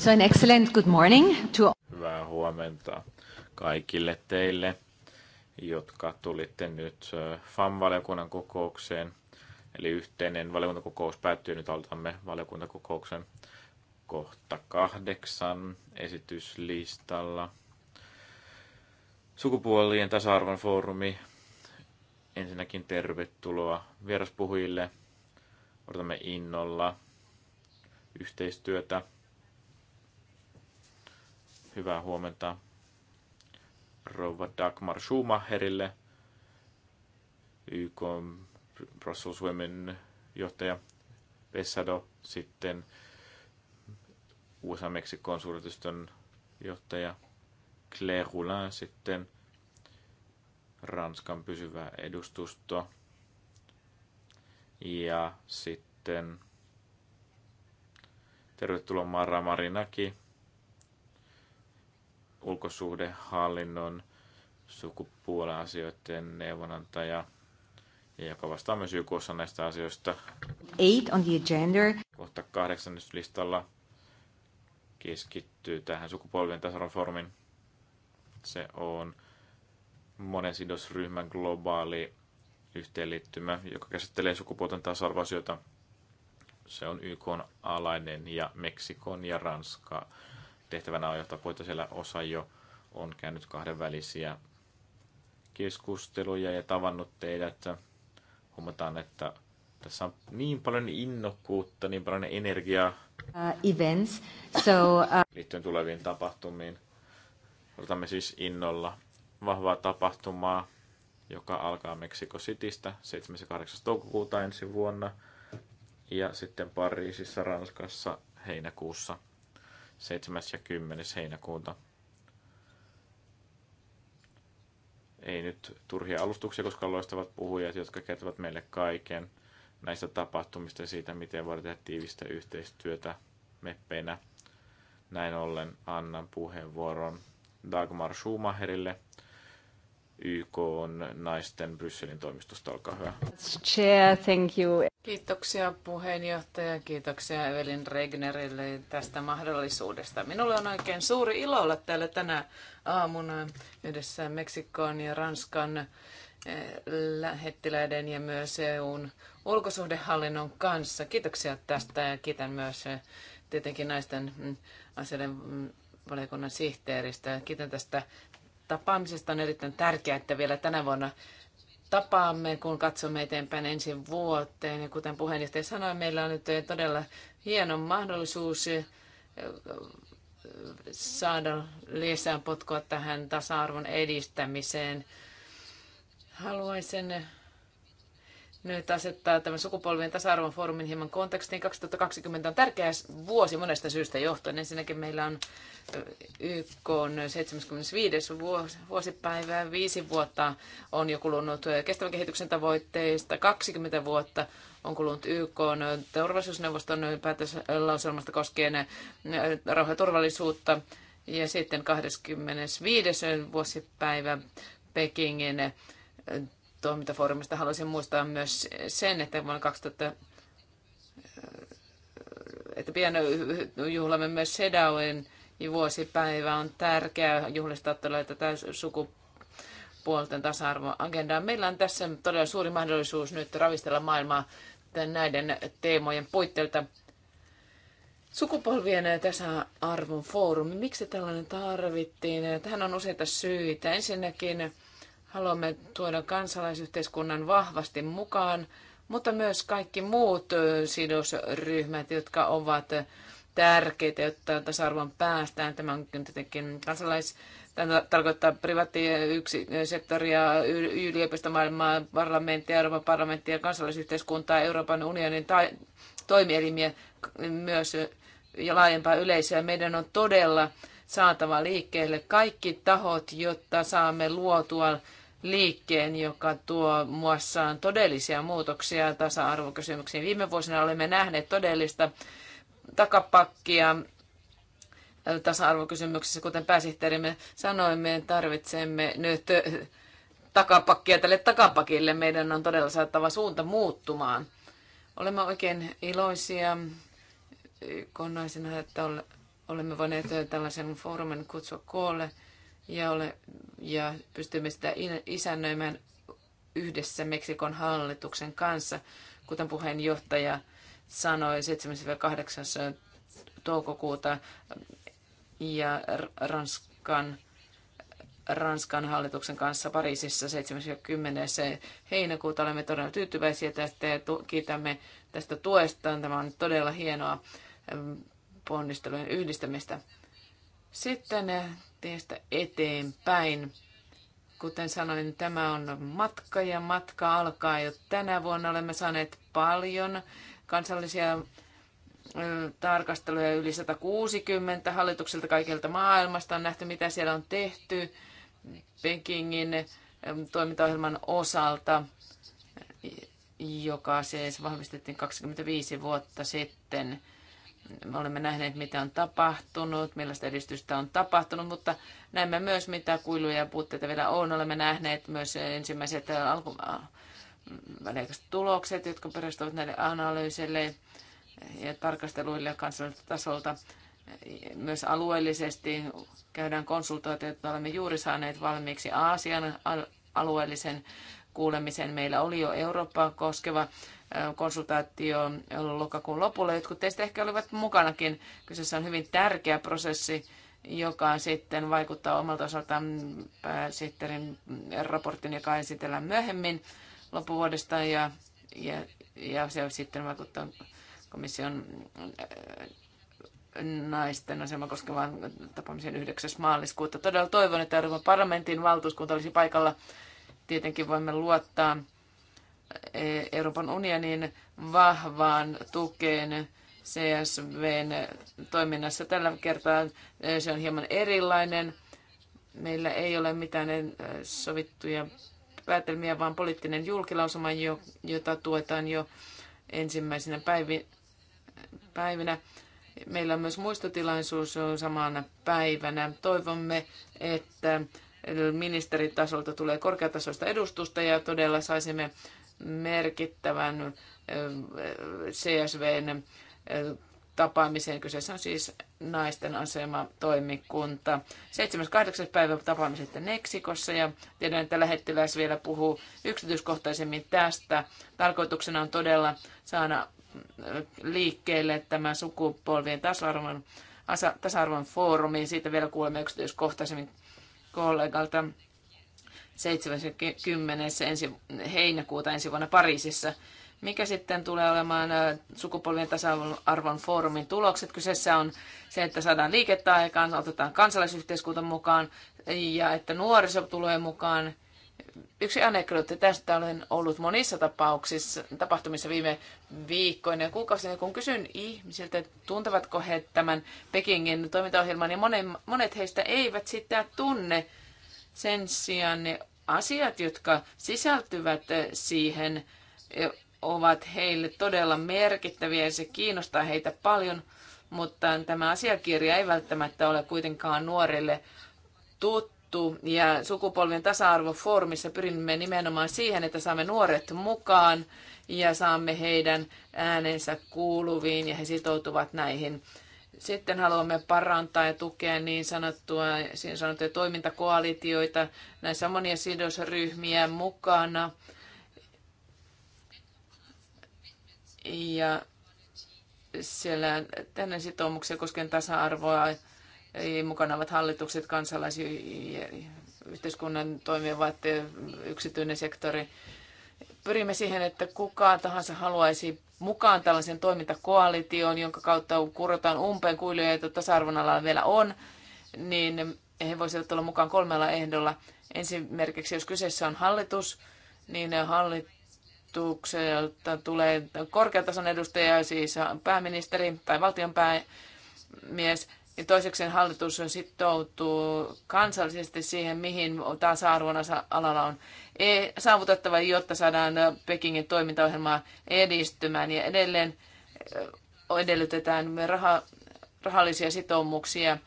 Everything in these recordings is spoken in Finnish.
So an excellent good morning to... Hyvää huomenta kaikille teille, jotka tulitte nyt FAM-valiokunnan kokoukseen. Eli yhteinen valiokuntakokous päättyy, nyt aloitamme valiokuntakokouksen kohta kahdeksan esityslistalla. Sukupuolien tasa-arvon foorumi. Ensinnäkin tervetuloa vieraspuhujille. Odotamme innolla yhteistyötä Hyvää huomenta rouva Dagmar Schumacherille, YK Brussels Women johtaja Pesado, sitten USA Meksikon suuritystön johtaja Claire Roulin, sitten Ranskan pysyvä edustusto ja sitten tervetuloa Mara Marinaki, ulkosuhdehallinnon asioiden neuvonantaja, ja joka vastaa myös YKssa näistä asioista. Eight on the agenda. Kohta kahdeksan listalla keskittyy tähän sukupolvien tasa Se on monen sidosryhmän globaali yhteenliittymä, joka käsittelee sukupuolten tasa-arvoasioita. Se on YK alainen ja Meksikon ja Ranska tehtävänä on johtaa puhetta. Siellä osa jo on käynyt kahdenvälisiä keskusteluja ja tavannut teidät. Huomataan, että tässä on niin paljon innokkuutta, niin paljon energiaa uh, events. So, uh... liittyen tuleviin tapahtumiin. Odotamme siis innolla vahvaa tapahtumaa, joka alkaa Mexico Citystä 7. 8. toukokuuta ensi vuonna ja sitten Pariisissa, Ranskassa heinäkuussa – 7. ja 10. heinäkuuta. Ei nyt turhia alustuksia, koska loistavat puhujat, jotka kertovat meille kaiken näistä tapahtumista ja siitä, miten voidaan tehdä tiivistä yhteistyötä meppeinä. Näin ollen annan puheenvuoron Dagmar Schumacherille, YK on naisten Brysselin toimistosta. Olkaa hyvä. Chair, thank you. Kiitoksia puheenjohtaja, kiitoksia Evelin Regnerille tästä mahdollisuudesta. Minulle on oikein suuri ilo olla täällä tänä aamuna yhdessä Meksikon ja Ranskan eh, lähettiläiden ja myös EUn ulkosuhdehallinnon kanssa. Kiitoksia tästä ja kiitän myös eh, tietenkin naisten mm, asioiden mm, valiokunnan sihteeristä. Kiitän tästä tapaamisesta. On erittäin tärkeää, että vielä tänä vuonna tapaamme, kun katsomme eteenpäin ensi vuoteen. Ja kuten puheenjohtaja sanoi, meillä on nyt todella hieno mahdollisuus eh, saada lisää potkua tähän tasa-arvon edistämiseen. Haluaisin nyt asettaa tämän sukupolvien tasa-arvon foorumin hieman kontekstiin. 2020 on tärkeä vuosi monesta syystä johtuen. Ensinnäkin meillä on YK 75. vuosipäivää, viisi vuotta on jo kulunut kestävän kehityksen tavoitteista, 20 vuotta on kulunut YK turvallisuusneuvoston päätöslauselmasta koskien rauha- ja turvallisuutta, ja sitten 25. vuosipäivä Pekingin toimintafoorumista haluaisin muistaa myös sen, että vuonna 2000 että pian juhlamme myös Sedawin niin vuosipäivä on tärkeää juhlistaa todella tätä sukupuolten tasa-arvoagendaa. Meillä on tässä todella suuri mahdollisuus nyt ravistella maailmaa näiden teemojen puitteilta. Sukupolvien tasa-arvon foorumi, miksi tällainen tarvittiin? Tähän on useita syitä. Ensinnäkin Haluamme tuoda kansalaisyhteiskunnan vahvasti mukaan, mutta myös kaikki muut sidosryhmät, jotka ovat tärkeitä, jotta tasa-arvon päästään. Tämä on tietenkin kansalais, tämä tarkoittaa sektoria, yliopistomaailmaa, parlamenttia, Euroopan parlamenttia, kansalaisyhteiskuntaa, Euroopan unionin ta- toimielimiä myös ja laajempaa yleisöä. Meidän on todella saatava liikkeelle kaikki tahot, jotta saamme luotua liikkeen, joka tuo muassaan todellisia muutoksia tasa-arvokysymyksiin. Viime vuosina olemme nähneet todellista takapakkia tasa-arvokysymyksissä, kuten pääsihteerimme sanoi me tarvitsemme nyt takapakkia tälle takapakille. Meidän on todella saattava suunta muuttumaan. Olemme oikein iloisia kun naisena, että olemme voineet tällaisen foorumin kutsua koolle – ja, ole, ja pystymme sitä isännöimään yhdessä Meksikon hallituksen kanssa, kuten puheenjohtaja sanoi 7.8. toukokuuta ja Ranskan, Ranskan hallituksen kanssa Pariisissa 70. heinäkuuta. Olemme todella tyytyväisiä tästä ja kiitämme tästä tuestaan. Tämä on todella hienoa ponnistelujen yhdistämistä. Sitten tiestä eteenpäin. Kuten sanoin, tämä on matka ja matka alkaa jo tänä vuonna. Olemme saaneet paljon kansallisia tarkasteluja yli 160 hallitukselta kaikilta maailmasta. On nähty, mitä siellä on tehty Pekingin toimintaohjelman osalta, joka siis vahvistettiin 25 vuotta sitten. Me olemme nähneet, mitä on tapahtunut, millaista edistystä on tapahtunut, mutta näemme myös, mitä kuiluja ja puutteita vielä on. Olemme nähneet myös ensimmäiset äh, alku- äh, tulokset, jotka perustuvat näille analyyseille ja tarkasteluille kansalliselta tasolta. Myös alueellisesti käydään konsultaatioita, olemme juuri saaneet valmiiksi Aasian alueellisen kuulemisen. Meillä oli jo Eurooppaa koskeva konsultaatio lokakuun lopulla. Jotkut teistä ehkä olivat mukanakin. Kyseessä on hyvin tärkeä prosessi, joka sitten vaikuttaa omalta osaltaan pääsihteerin raportin, joka esitellään myöhemmin loppuvuodesta ja, ja, ja se sitten vaikuttaa komission naisten asema koskevaan tapaamisen 9. maaliskuuta. Todella toivon, että Euroopan parlamentin valtuuskunta olisi paikalla. Tietenkin voimme luottaa E, Euroopan unionin vahvaan tukeen CSVn toiminnassa. Tällä kertaa e, se on hieman erilainen. Meillä ei ole mitään e, sovittuja päätelmiä, vaan poliittinen julkilausuma, jota tuetaan jo ensimmäisenä päivinä. Meillä on myös muistotilaisuus samana päivänä. Toivomme, että ministeritasolta tulee korkeatasoista edustusta ja todella saisimme merkittävän CSVn tapaamiseen. Kyseessä on siis naisten asema toimikunta. 7.8. päivä tapaamisesta sitten Meksikossa ja tiedän, että lähettiläs vielä puhuu yksityiskohtaisemmin tästä. Tarkoituksena on todella saada liikkeelle tämä sukupolvien tasa-arvon, tasa-arvon foorumi. Siitä vielä kuulemme yksityiskohtaisemmin kollegalta. 7. ja 10. Ensi, heinäkuuta ensi vuonna Pariisissa. Mikä sitten tulee olemaan äh, sukupolvien tasa-arvon foorumin tulokset? Kyseessä on se, että saadaan liikettä aikaan, otetaan kansalaisyhteiskunta mukaan ja että nuoriso tulee mukaan. Yksi anekdootti tästä olen ollut monissa tapauksissa, tapahtumissa viime viikkoina ja kuukausina, kun kysyn ihmisiltä, että tuntevatko he tämän Pekingin toimintaohjelman, niin monet heistä eivät sitä tunne. Sen sijaan ne asiat, jotka sisältyvät siihen, e, ovat heille todella merkittäviä ja se kiinnostaa heitä paljon, mutta tämä asiakirja ei välttämättä ole kuitenkaan nuorille tuttu. Ja sukupolvien tasa-arvofoorumissa pyrimme nimenomaan siihen, että saamme nuoret mukaan ja saamme heidän äänensä kuuluviin ja he sitoutuvat näihin sitten haluamme parantaa ja tukea niin sanottua, siinä sanottuja toimintakoalitioita. Näissä monia sidosryhmiä mukana. Ja siellä tänne sitoumuksia koskien tasa-arvoa mukana ovat hallitukset, yhteiskunnan toimivat, eh, yksityinen sektori. Pyrimme siihen, että kuka tahansa haluaisi mukaan tällaisen toimintakoalitioon, jonka kautta kurotaan umpeen kuilijoita, joita tasa-arvon alalla vielä on, niin he voisivat olla mukaan kolmella ehdolla. Esimerkiksi jos kyseessä on hallitus, niin hallitukselta tulee korkeatason edustaja, siis pääministeri tai valtionpäämies, ja toiseksi hallitus sitoutuu kansallisesti siihen, mihin tasa-arvon alalla on e- saavutettava, jotta saadaan Pekingin toimintaohjelmaa edistymään. Ja edelleen edellytetään raha, rahallisia sitoumuksia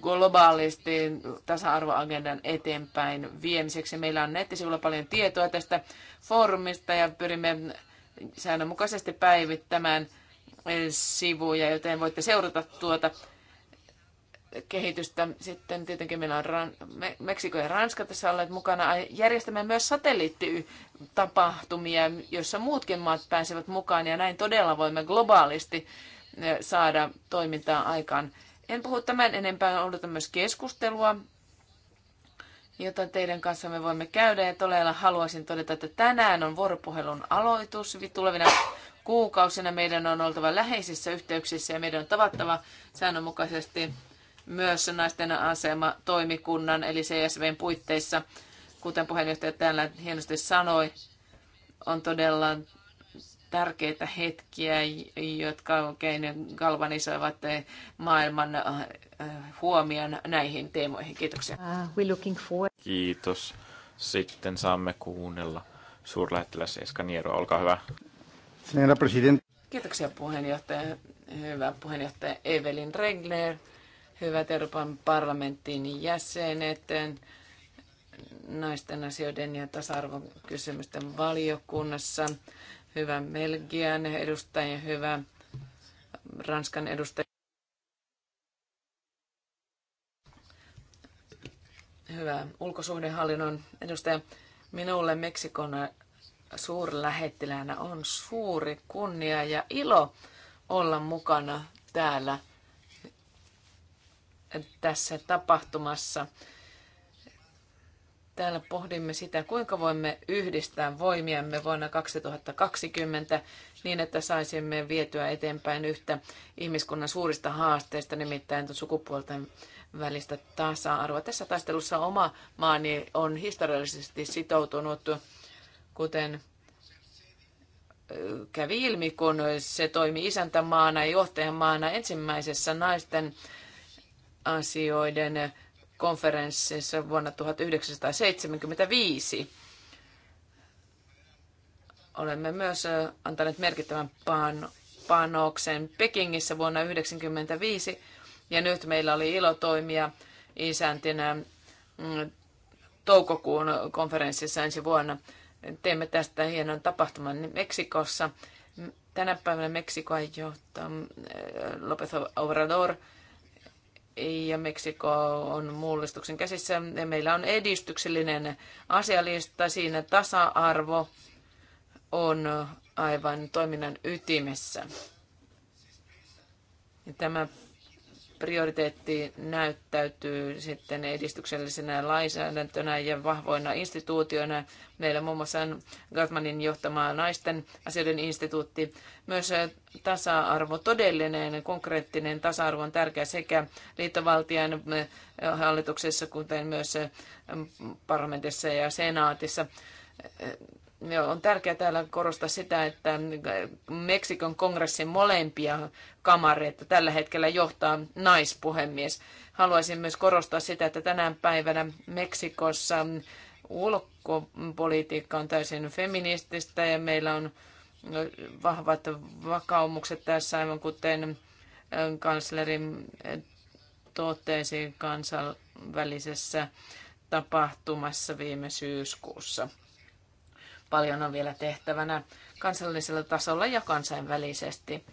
globaalisti tasa-arvoagendan eteenpäin viemiseksi. Meillä on nettisivulla paljon tietoa tästä foorumista ja pyrimme säännönmukaisesti päivittämään sivuja, joten voitte seurata tuota kehitystä. Sitten tietenkin meillä on Ran- Me- Meksiko ja Ranska tässä olleet mukana. Järjestämme myös satelliittitapahtumia, joissa muutkin maat pääsevät mukaan ja näin todella voimme globaalisti eh, saada toimintaa aikaan. En puhu tämän enempää, odotan myös keskustelua, jota teidän kanssa me voimme käydä. Ja todella haluaisin todeta, että tänään on vuoropuhelun aloitus. Tulevina kuukausina meidän on oltava läheisissä yhteyksissä ja meidän on tavattava säännönmukaisesti myös naisten asema toimikunnan eli CSVn puitteissa. Kuten puheenjohtaja täällä hienosti sanoi, on todella tärkeitä hetkiä, jotka oikein galvanisoivat maailman äh, äh, huomion näihin teemoihin. Kiitoksia. Uh, Kiitos. Sitten saamme kuunnella suurlähettiläs Eska Niero. Olkaa hyvä. Kiitoksia puheenjohtaja. Hyvä puheenjohtaja Evelin Regner. Hyvät Euroopan parlamentin jäsenet, naisten asioiden ja tasa-arvon kysymysten valiokunnassa. Hyvä Belgian edustaja, hyvä Ranskan edustaja. Hyvä ulkosuhdehallinnon edustaja. Minulle Meksikon suurlähettiläänä on suuri kunnia ja ilo olla mukana täällä tässä tapahtumassa. Täällä pohdimme sitä, kuinka voimme yhdistää voimiamme vuonna 2020 niin, että saisimme vietyä eteenpäin yhtä ihmiskunnan suurista haasteista, nimittäin sukupuolten välistä tasa-arvoa. Tässä taistelussa oma maani on historiallisesti sitoutunut, kuten kävi ilmi, kun se toimi isäntämaana ja johtajamaana ensimmäisessä naisten asioiden konferenssissa vuonna 1975. Olemme myös antaneet merkittävän panoksen Pekingissä vuonna 1995 ja nyt meillä oli ilo toimia isäntinä mm, toukokuun konferenssissa ensi vuonna. Teemme tästä hienon tapahtuman Meksikossa. Tänä päivänä Meksikoa johtaa López Obrador – ja Meksiko on mullistuksen käsissä. Meillä on edistyksellinen asialista, siinä tasa-arvo on aivan toiminnan ytimessä. Ja tämä prioriteetti näyttäytyy sitten edistyksellisenä lainsäädäntönä ja vahvoina instituutioina. Meillä muun muassa on Gatmanin johtama naisten asioiden instituutti. Myös äh, tasa-arvo, todellinen, konkreettinen tasa-arvo on tärkeä sekä liittovaltion äh, hallituksessa, kuten myös äh, parlamentissa ja senaatissa on tärkeää täällä korostaa sitä, että Meksikon kongressin molempia kamareita tällä hetkellä johtaa naispuhemies. Haluaisin myös korostaa sitä, että tänä päivänä Meksikossa ulkopolitiikka on täysin feminististä ja meillä on vahvat vakaumukset tässä, aivan kuten äh, kanslerin äh, totesi kansainvälisessä tapahtumassa viime syyskuussa. Paljon on vielä tehtävänä kansallisella tasolla ja kansainvälisesti.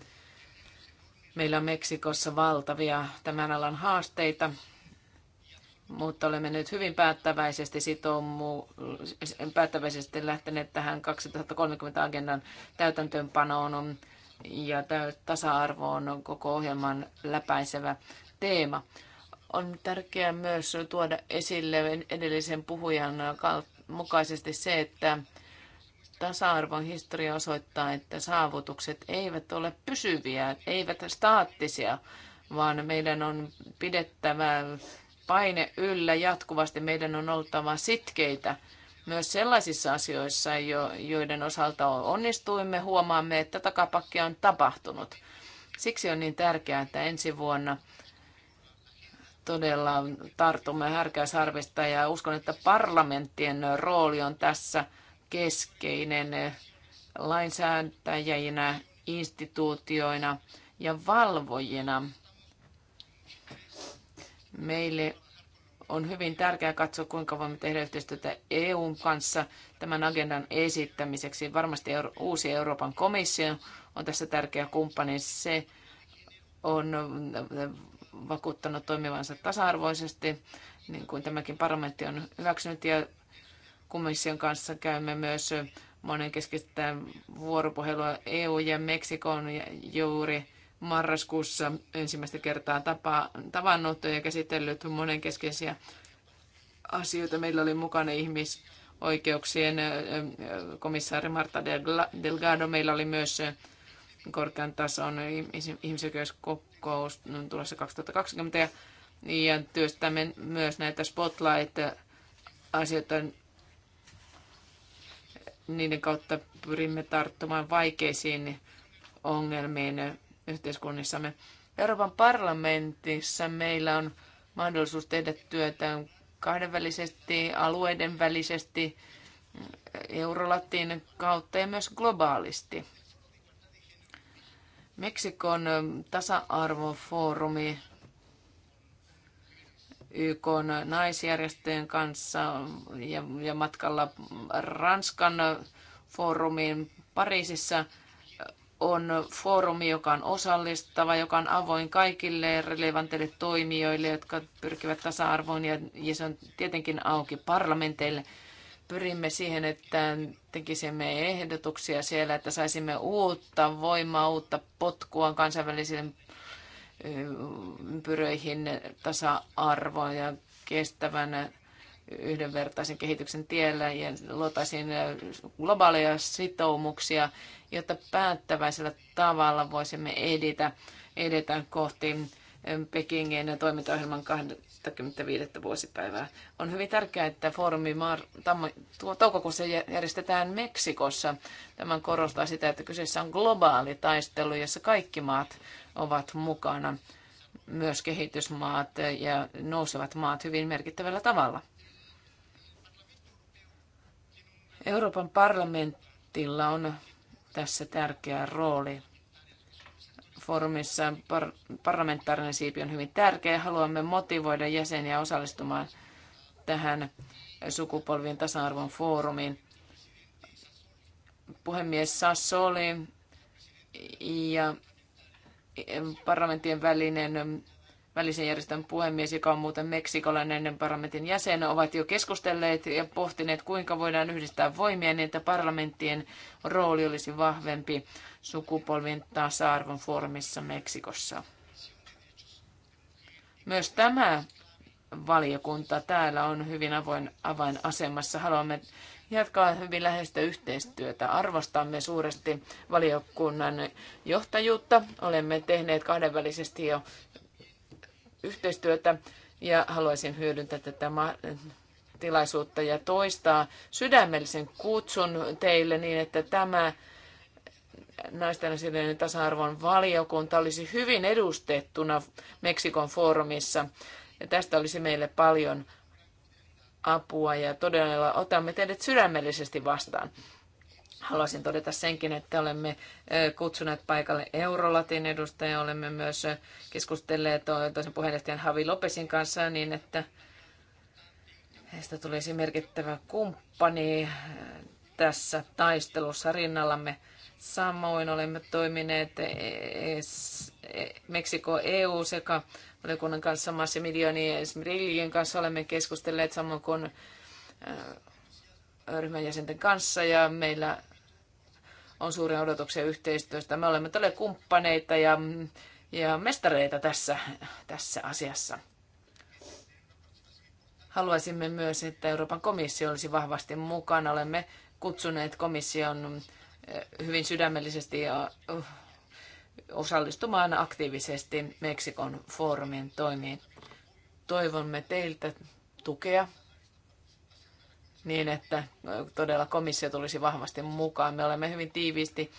Meillä on Meksikossa valtavia tämän alan haasteita, mutta olemme nyt hyvin päättäväisesti, sitoumu, päättäväisesti lähteneet tähän 2030-agendan täytäntöönpanoon ja tasa-arvoon on koko ohjelman läpäisevä teema. On tärkeää myös tuoda esille edellisen puhujan mukaisesti se, että Tasa-arvon historia osoittaa, että saavutukset eivät ole pysyviä, eivät staattisia, vaan meidän on pidettävä paine yllä jatkuvasti. Meidän on oltava sitkeitä myös sellaisissa asioissa, joiden osalta onnistuimme, huomaamme, että takapakki on tapahtunut. Siksi on niin tärkeää, että ensi vuonna todella tartumme härkäsarvista ja uskon, että parlamenttien rooli on tässä – keskeinen lainsäätäjinä, instituutioina ja valvojina. Meille on hyvin tärkeää katsoa, kuinka voimme tehdä yhteistyötä EUn kanssa tämän agendan esittämiseksi. Varmasti uusi Euroopan komissio on tässä tärkeä kumppani. Se on vakuuttanut toimivansa tasa-arvoisesti, niin kuin tämäkin parlamentti on hyväksynyt, ja komission kanssa käymme myös monenkeskistä vuoropuhelua EU ja Meksikon juuri marraskuussa ensimmäistä kertaa tapa, tavannut ja käsitellyt monenkeskeisiä asioita. Meillä oli mukana ihmisoikeuksien komissaari Marta Delgado. Meillä oli myös korkean tason ihmisoikeuskokous tulossa 2020 ja työstämme myös näitä spotlight-asioita niiden kautta pyrimme tarttumaan vaikeisiin ongelmiin yhteiskunnissamme. Euroopan parlamentissa meillä on mahdollisuus tehdä työtä kahdenvälisesti, alueiden välisesti, Eurolatin kautta ja myös globaalisti. Meksikon tasa-arvofoorumi YK naisjärjestöjen kanssa ja, ja matkalla Ranskan foorumiin Pariisissa on foorumi, joka on osallistava, joka on avoin kaikille relevanteille toimijoille, jotka pyrkivät tasa-arvoon ja, ja se on tietenkin auki parlamenteille. Pyrimme siihen, että tekisimme ehdotuksia siellä, että saisimme uutta voimaa, uutta potkua kansainvälisille ympyröihin, tasa arvoa ja kestävän yhdenvertaisen kehityksen tiellä ja luotaisiin globaaleja sitoumuksia, jotta päättäväisellä tavalla voisimme edetä, edetä kohti Pekingin toimintaohjelman 25. vuosipäivää. On hyvin tärkeää, että foorumi mar- tam- toukokuussa järjestetään Meksikossa. Tämän korostaa sitä, että kyseessä on globaali taistelu, jossa kaikki maat ovat mukana myös kehitysmaat ja nousevat maat hyvin merkittävällä tavalla. Euroopan parlamentilla on tässä tärkeä rooli. Foorumissa par- parlamentaarinen siipi on hyvin tärkeä. Haluamme motivoida jäseniä osallistumaan tähän sukupolvien tasa-arvon foorumiin. Puhemies Sassoli ja parlamenttien välinen välisen järjestön puhemies, joka on muuten meksikolainen parlamentin jäsen, ovat jo keskustelleet ja pohtineet, kuinka voidaan yhdistää voimia niin, että parlamenttien rooli olisi vahvempi sukupolvien tasa-arvon foorumissa Meksikossa. Myös tämä valiokunta täällä on hyvin avoin avainasemassa. Haluamme jatkaa hyvin läheistä yhteistyötä. Arvostamme suuresti valiokunnan johtajuutta. Olemme tehneet kahdenvälisesti jo yhteistyötä ja haluaisin hyödyntää tätä tilaisuutta ja toistaa sydämellisen kutsun teille niin, että tämä naisten asioiden tasa-arvon valiokunta olisi hyvin edustettuna Meksikon foorumissa. Ja tästä olisi meille paljon apua ja todella otamme teidät sydämellisesti vastaan. Haluaisin todeta senkin, että olemme kutsuneet paikalle Eurolatin edustajia. Olemme myös keskustelleet toisen puheenjohtajan Havi Lopesin kanssa niin, että heistä tulisi merkittävä kumppani tässä taistelussa rinnallamme. Samoin olemme toimineet e- e- Meksiko EU sekä valiokunnan kanssa Massimiljoni ja Esmerillien kanssa olemme keskustelleet samoin kuin ryhmän jäsenten kanssa ja meillä on suuria odotuksia yhteistyöstä. Me olemme todella kumppaneita ja, ja mestareita tässä, tässä asiassa. Haluaisimme myös, että Euroopan komissio olisi vahvasti mukana. Olemme kutsuneet komission hyvin sydämellisesti ja uh, osallistumaan aktiivisesti Meksikon foorumin toimiin. Toivomme teiltä tukea niin, että uh, todella komissio tulisi vahvasti mukaan. Me olemme hyvin tiiviisti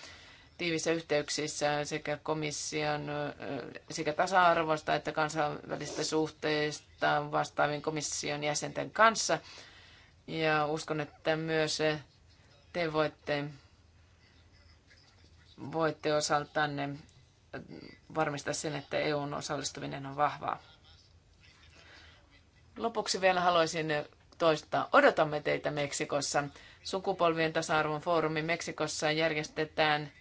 tiivissä yhteyksissä sekä komission uh, sekä tasa-arvosta että kansainvälisistä suhteista vastaavien komission jäsenten kanssa. Ja uskon, että myös te voitte voitte osaltanne varmistaa sen, että EUn osallistuminen on vahvaa. Lopuksi vielä haluaisin toistaa. Odotamme teitä Meksikossa. Sukupolvien tasa-arvon foorumi Meksikossa järjestetään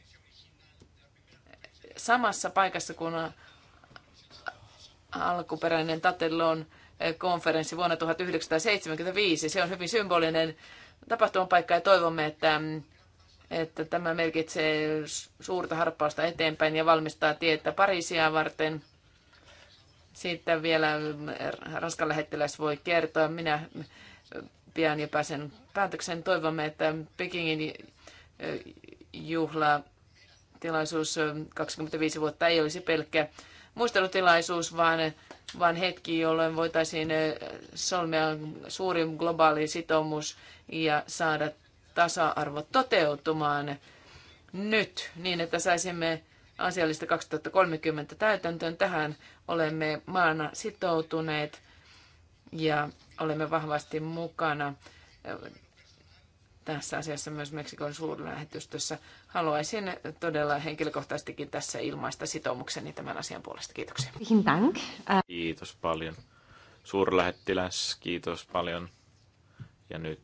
samassa paikassa kuin alkuperäinen Tatelon konferenssi vuonna 1975. Se on hyvin symbolinen tapahtumapaikka ja toivomme, että että tämä merkitsee suurta harppausta eteenpäin ja valmistaa tietä Pariisia varten. Siitä vielä mm, Ranskan lähettiläs voi kertoa. Minä mm, pian jo pääsen päätöksen. Toivomme, että Pekingin juhla tilaisuus 25 vuotta ei olisi pelkkä muistelutilaisuus, vaan, vaan hetki, jolloin voitaisiin solmia suuri globaali sitoumus ja saada tasa-arvo toteutumaan nyt niin, että saisimme asiallista 2030 täytäntöön. Tähän olemme maana sitoutuneet ja olemme vahvasti mukana tässä asiassa myös Meksikon suurlähetystössä. Haluaisin todella henkilökohtaisestikin tässä ilmaista sitoumukseni tämän asian puolesta. Kiitoksia. Kiitos paljon. Suurlähettiläs, kiitos paljon. Ja nyt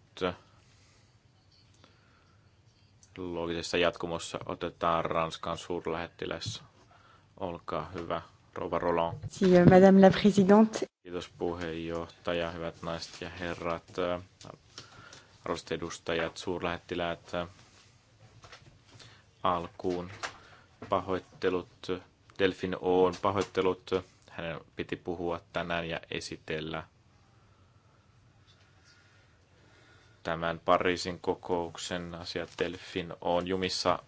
loogisessa jatkumossa otetaan Ranskan suurlähettiläs. Olkaa hyvä, Rova Roland. Euh, madame la Présidente. Kiitos puheenjohtaja, hyvät naiset ja herrat, äh, arvoisat edustajat, suurlähettiläät. Alkuun pahoittelut, Delfin Oon pahoittelut. Hänen piti puhua tänään ja esitellä tämän Pariisin kokouksen asia Delfin on jumissa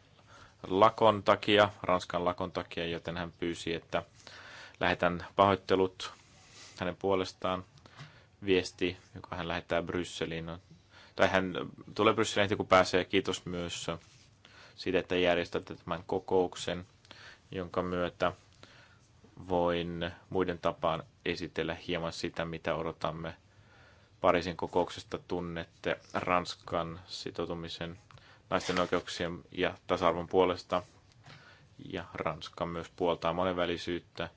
lakon takia, Ranskan lakon takia, joten hän pyysi, että lähetän pahoittelut hänen puolestaan. Viesti, joka hän lähettää Brysseliin, tai hän tulee Brysseliin heti kun pääsee. Kiitos myös siitä, että järjestätte tämän kokouksen, jonka myötä voin muiden tapaan esitellä hieman sitä, mitä odotamme Pariisin kokouksesta tunnette Ranskan sitoutumisen naisten oikeuksien ja tasa-arvon puolesta. Ja Ranska myös puoltaa monenvälisyyttä.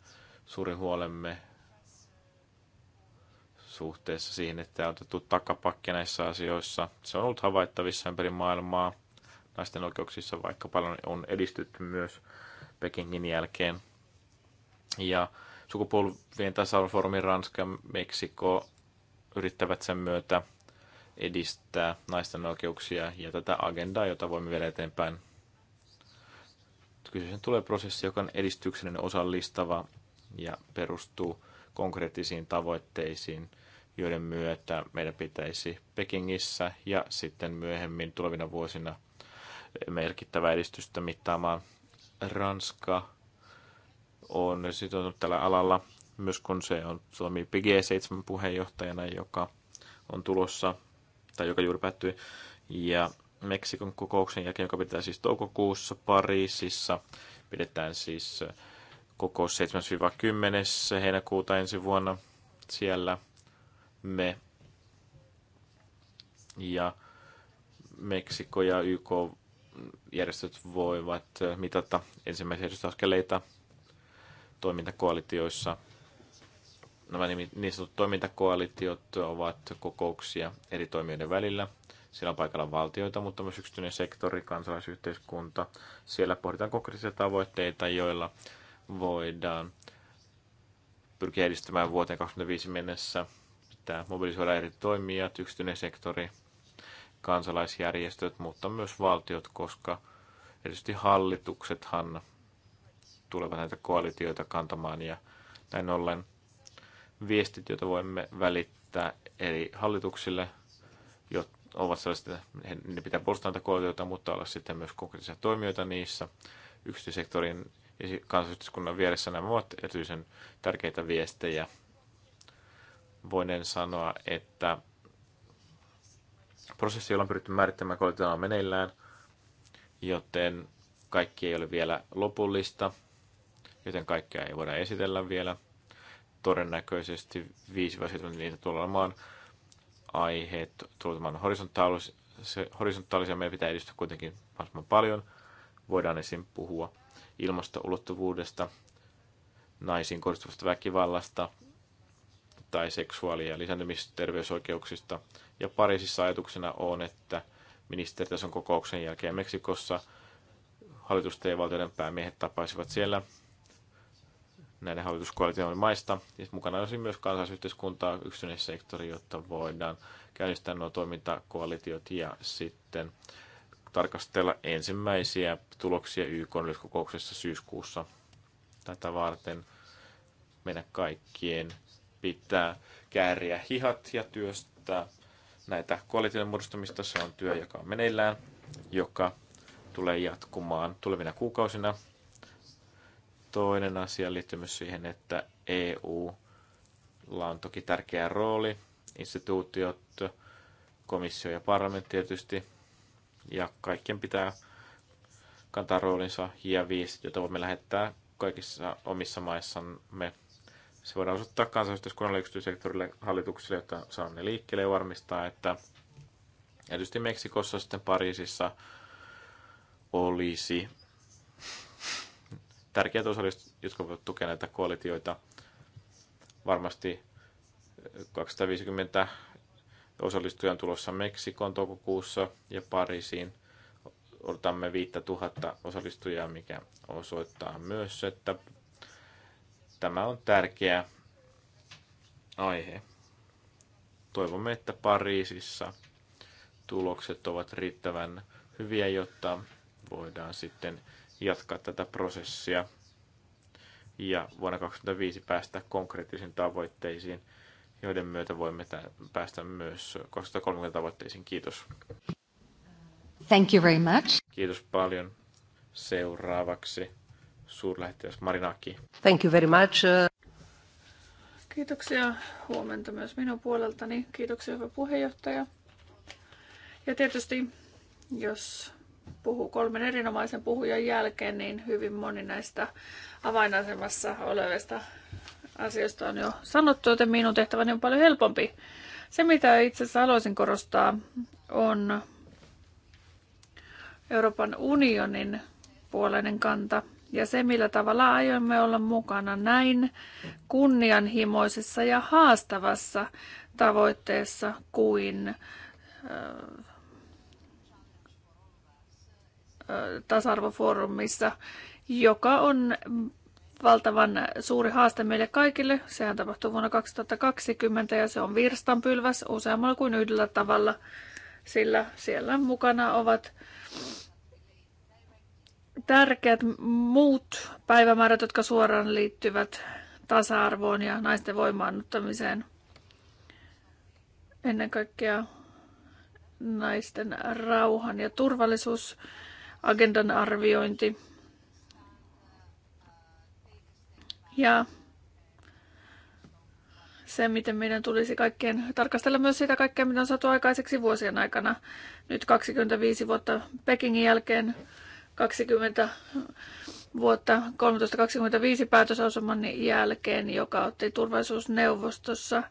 Suuri huolemme suhteessa siihen, että on otettu takapakki näissä asioissa. Se on ollut havaittavissa ympäri maailmaa. Naisten oikeuksissa vaikka paljon on edistytty myös Pekingin jälkeen. Ja sukupolvien tasa arvofoorumi Ranska, Meksiko, yrittävät sen myötä edistää naisten oikeuksia ja tätä agendaa, jota voimme viedä eteenpäin. Kyseisen tulee prosessi, joka on edistyksellinen, osallistava ja perustuu konkreettisiin tavoitteisiin, joiden myötä meidän pitäisi Pekingissä ja sitten myöhemmin tulevina vuosina merkittävää edistystä mittaamaan. Ranska on sitoutunut tällä alalla myös kun se on Suomi PG7 puheenjohtajana, joka on tulossa, tai joka juuri päättyi, ja Meksikon kokouksen jälkeen, joka pitää siis toukokuussa Pariisissa, pidetään siis kokous 7-10. heinäkuuta ensi vuonna siellä me ja Meksiko ja YK järjestöt voivat mitata ensimmäisiä edustaskeleita toimintakoalitioissa nämä niin sanotut toimintakoalitiot ovat kokouksia eri toimijoiden välillä. Siellä on paikalla valtioita, mutta myös yksityinen sektori, kansalaisyhteiskunta. Siellä pohditaan konkreettisia tavoitteita, joilla voidaan pyrkiä edistämään vuoteen 2025 mennessä. Pitää mobilisoida eri toimijat, yksityinen sektori, kansalaisjärjestöt, mutta myös valtiot, koska erityisesti hallituksethan tulevat näitä koalitioita kantamaan ja näin ollen viestit, joita voimme välittää eri hallituksille, jotka ovat sellaiset, että ne pitää puolustaa näitä mutta olla sitten myös konkreettisia toimijoita niissä. Yksityissektorin ja kansallisuuskunnan vieressä nämä ovat erityisen tärkeitä viestejä. Voinen sanoa, että prosessi, jolla on pyritty määrittämään koulutuksia, on meneillään, joten kaikki ei ole vielä lopullista, joten kaikkea ei voida esitellä vielä todennäköisesti 5-7 niitä tulee olemaan aiheet tulemaan horisontaalisia, Meidän pitää edistää kuitenkin mahdollisimman paljon. Voidaan esim. puhua ilmastoulottuvuudesta, naisiin kohdistuvasta väkivallasta tai seksuaali- ja lisääntymisterveysoikeuksista. Ja Pariisissa ajatuksena on, että ministeritason kokouksen jälkeen Meksikossa hallitusten ja valtioiden päämiehet tapaisivat siellä näiden hallituskoalitioiden maista. Siis mukana olisi siis myös kansalaisyhteiskuntaa, yksityinen sektori, jotta voidaan käynnistää nuo toimintakoalitiot ja sitten tarkastella ensimmäisiä tuloksia YK yleiskokouksessa syyskuussa. Tätä varten meidän kaikkien pitää kääriä hihat ja työstää näitä koalitioiden muodostamista. Se on työ, joka on meneillään, joka tulee jatkumaan tulevina kuukausina Toinen asia liittyy myös siihen, että EU on toki tärkeä rooli, instituutiot, komissio ja parlamentti tietysti, ja kaikkien pitää kantaa roolinsa ja viestit, joita voimme lähettää kaikissa omissa maissamme. Se voidaan osoittaa kansallisuuskunnalle yksityissektorille, hallitukselle, jotta saamme ne liikkeelle ja varmistaa, että erityisesti Meksikossa sitten Pariisissa olisi tärkeät osallistujat, jotka voivat tukea näitä koalitioita. Varmasti 250 eh, osallistujan tulossa Meksikon toukokuussa ja Pariisiin. Odotamme 5000 osallistujaa, mikä osoittaa myös, että tämä on tärkeä aihe. Toivomme, että Pariisissa tulokset ovat riittävän hyviä, jotta voidaan sitten jatkaa tätä prosessia ja vuonna 2005 päästä konkreettisiin tavoitteisiin, joiden myötä voimme päästä myös 2030 tavoitteisiin. Kiitos. Thank you very much. Kiitos paljon. Seuraavaksi suurlähettiläs Marinaki. Thank you very much. Kiitoksia huomenta myös minun puoleltani. Kiitoksia hyvä puheenjohtaja. Ja tietysti, jos puhuu kolmen erinomaisen puhujan jälkeen, niin hyvin moni näistä avainasemassa olevista asioista on jo sanottu, joten minun tehtäväni on paljon helpompi. Se, mitä itse asiassa haluaisin korostaa, on Euroopan unionin puoleinen kanta ja se, millä tavalla aiomme olla mukana näin kunnianhimoisessa ja haastavassa tavoitteessa kuin äh, tasa-arvofoorumissa, joka on valtavan suuri haaste meille kaikille. Sehän tapahtui vuonna 2020 ja se on virstanpylväs useammalla kuin yhdellä tavalla, sillä siellä mukana ovat tärkeät muut päivämäärät, jotka suoraan liittyvät tasa-arvoon ja naisten voimaannuttamiseen. Ennen kaikkea naisten rauhan ja turvallisuus agendan arviointi. Ja se, miten meidän tulisi kaikkien tarkastella myös sitä kaikkea, mitä on saatu aikaiseksi vuosien aikana. Nyt 25 vuotta Pekingin jälkeen, 20 vuotta 1325 päätösausuman jälkeen, joka otti turvallisuusneuvostossa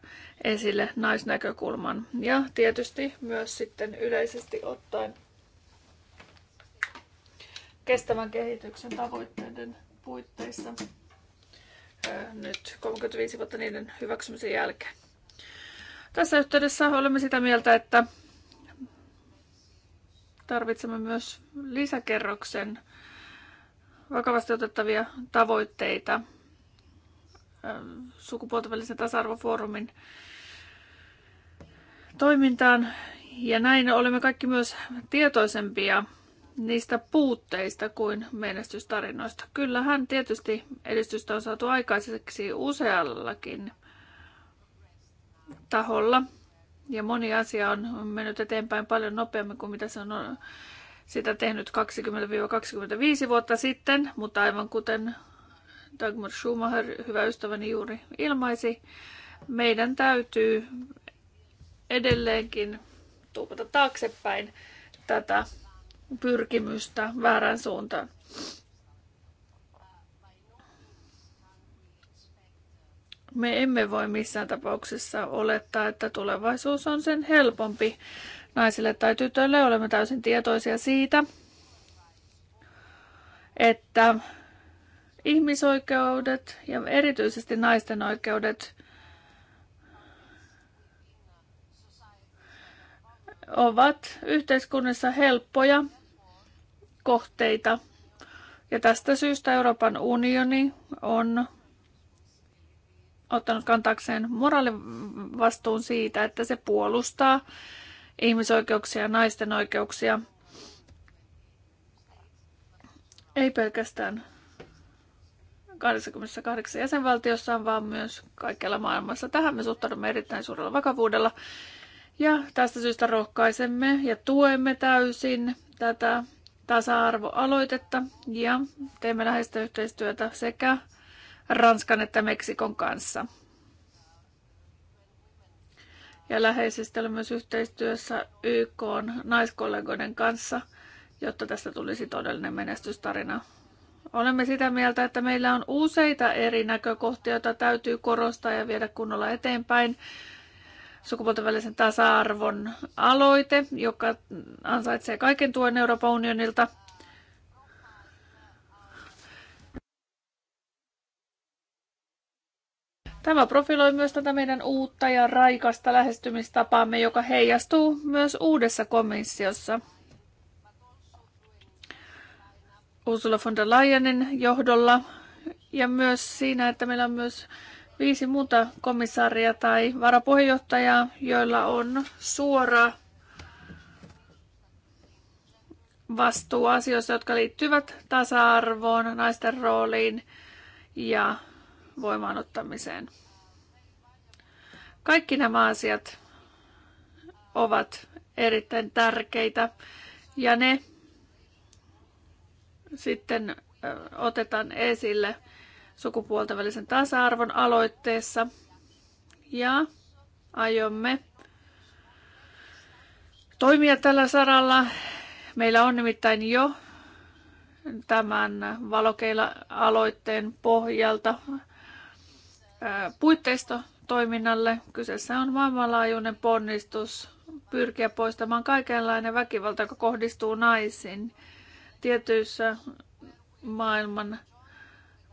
esille naisnäkökulman. Ja tietysti myös sitten yleisesti ottaen kestävän kehityksen tavoitteiden puitteissa nyt 35 vuotta niiden hyväksymisen jälkeen. Tässä yhteydessä olemme sitä mieltä, että tarvitsemme myös lisäkerroksen vakavasti otettavia tavoitteita sukupuolten välisen tasa-arvofoorumin toimintaan. Ja näin olemme kaikki myös tietoisempia niistä puutteista kuin menestystarinoista. Kyllähän tietysti edistystä on saatu aikaiseksi useallakin taholla. Ja moni asia on mennyt eteenpäin paljon nopeammin kuin mitä se on sitä tehnyt 20-25 vuotta sitten, mutta aivan kuten Dagmar Schumacher, hyvä ystäväni juuri ilmaisi, meidän täytyy edelleenkin tuupata taaksepäin tätä pyrkimystä väärään suuntaan. Me emme voi missään tapauksessa olettaa, että tulevaisuus on sen helpompi naisille tai tytöille. Olemme täysin tietoisia siitä, että ihmisoikeudet ja erityisesti naisten oikeudet ovat yhteiskunnassa helppoja kohteita. Ja tästä syystä Euroopan unioni on ottanut kantakseen moraalivastuun siitä, että se puolustaa ihmisoikeuksia ja naisten oikeuksia. Ei pelkästään 28 jäsenvaltiossa, vaan myös kaikkialla maailmassa. Tähän me suhtaudumme erittäin suurella vakavuudella. Ja tästä syystä rohkaisemme ja tuemme täysin tätä tasa-arvoaloitetta ja teemme läheistä yhteistyötä sekä Ranskan että Meksikon kanssa. Ja läheisesti olemme myös yhteistyössä YK naiskollegoiden kanssa, jotta tästä tulisi todellinen menestystarina. Olemme sitä mieltä, että meillä on useita eri näkökohtia, joita täytyy korostaa ja viedä kunnolla eteenpäin sukupuolten välisen tasa-arvon aloite, joka ansaitsee kaiken tuen Euroopan unionilta. Tämä profiloi myös tätä meidän uutta ja raikasta lähestymistapaamme, joka heijastuu myös uudessa komissiossa. Ursula von der Leyenin johdolla ja myös siinä, että meillä on myös viisi muuta komissaaria tai varapuheenjohtajaa, joilla on suora vastuu asioista, jotka liittyvät tasa-arvoon, naisten rooliin ja voimaanottamiseen. Kaikki nämä asiat ovat erittäin tärkeitä ja ne sitten otetaan esille – sukupuolten välisen tasa-arvon aloitteessa. Ja aiomme toimia tällä saralla. Meillä on nimittäin jo tämän valokeila-aloitteen pohjalta puitteisto toiminnalle. Kyseessä on maailmanlaajuinen ponnistus pyrkiä poistamaan kaikenlainen väkivalta, joka kohdistuu naisiin tietyissä maailman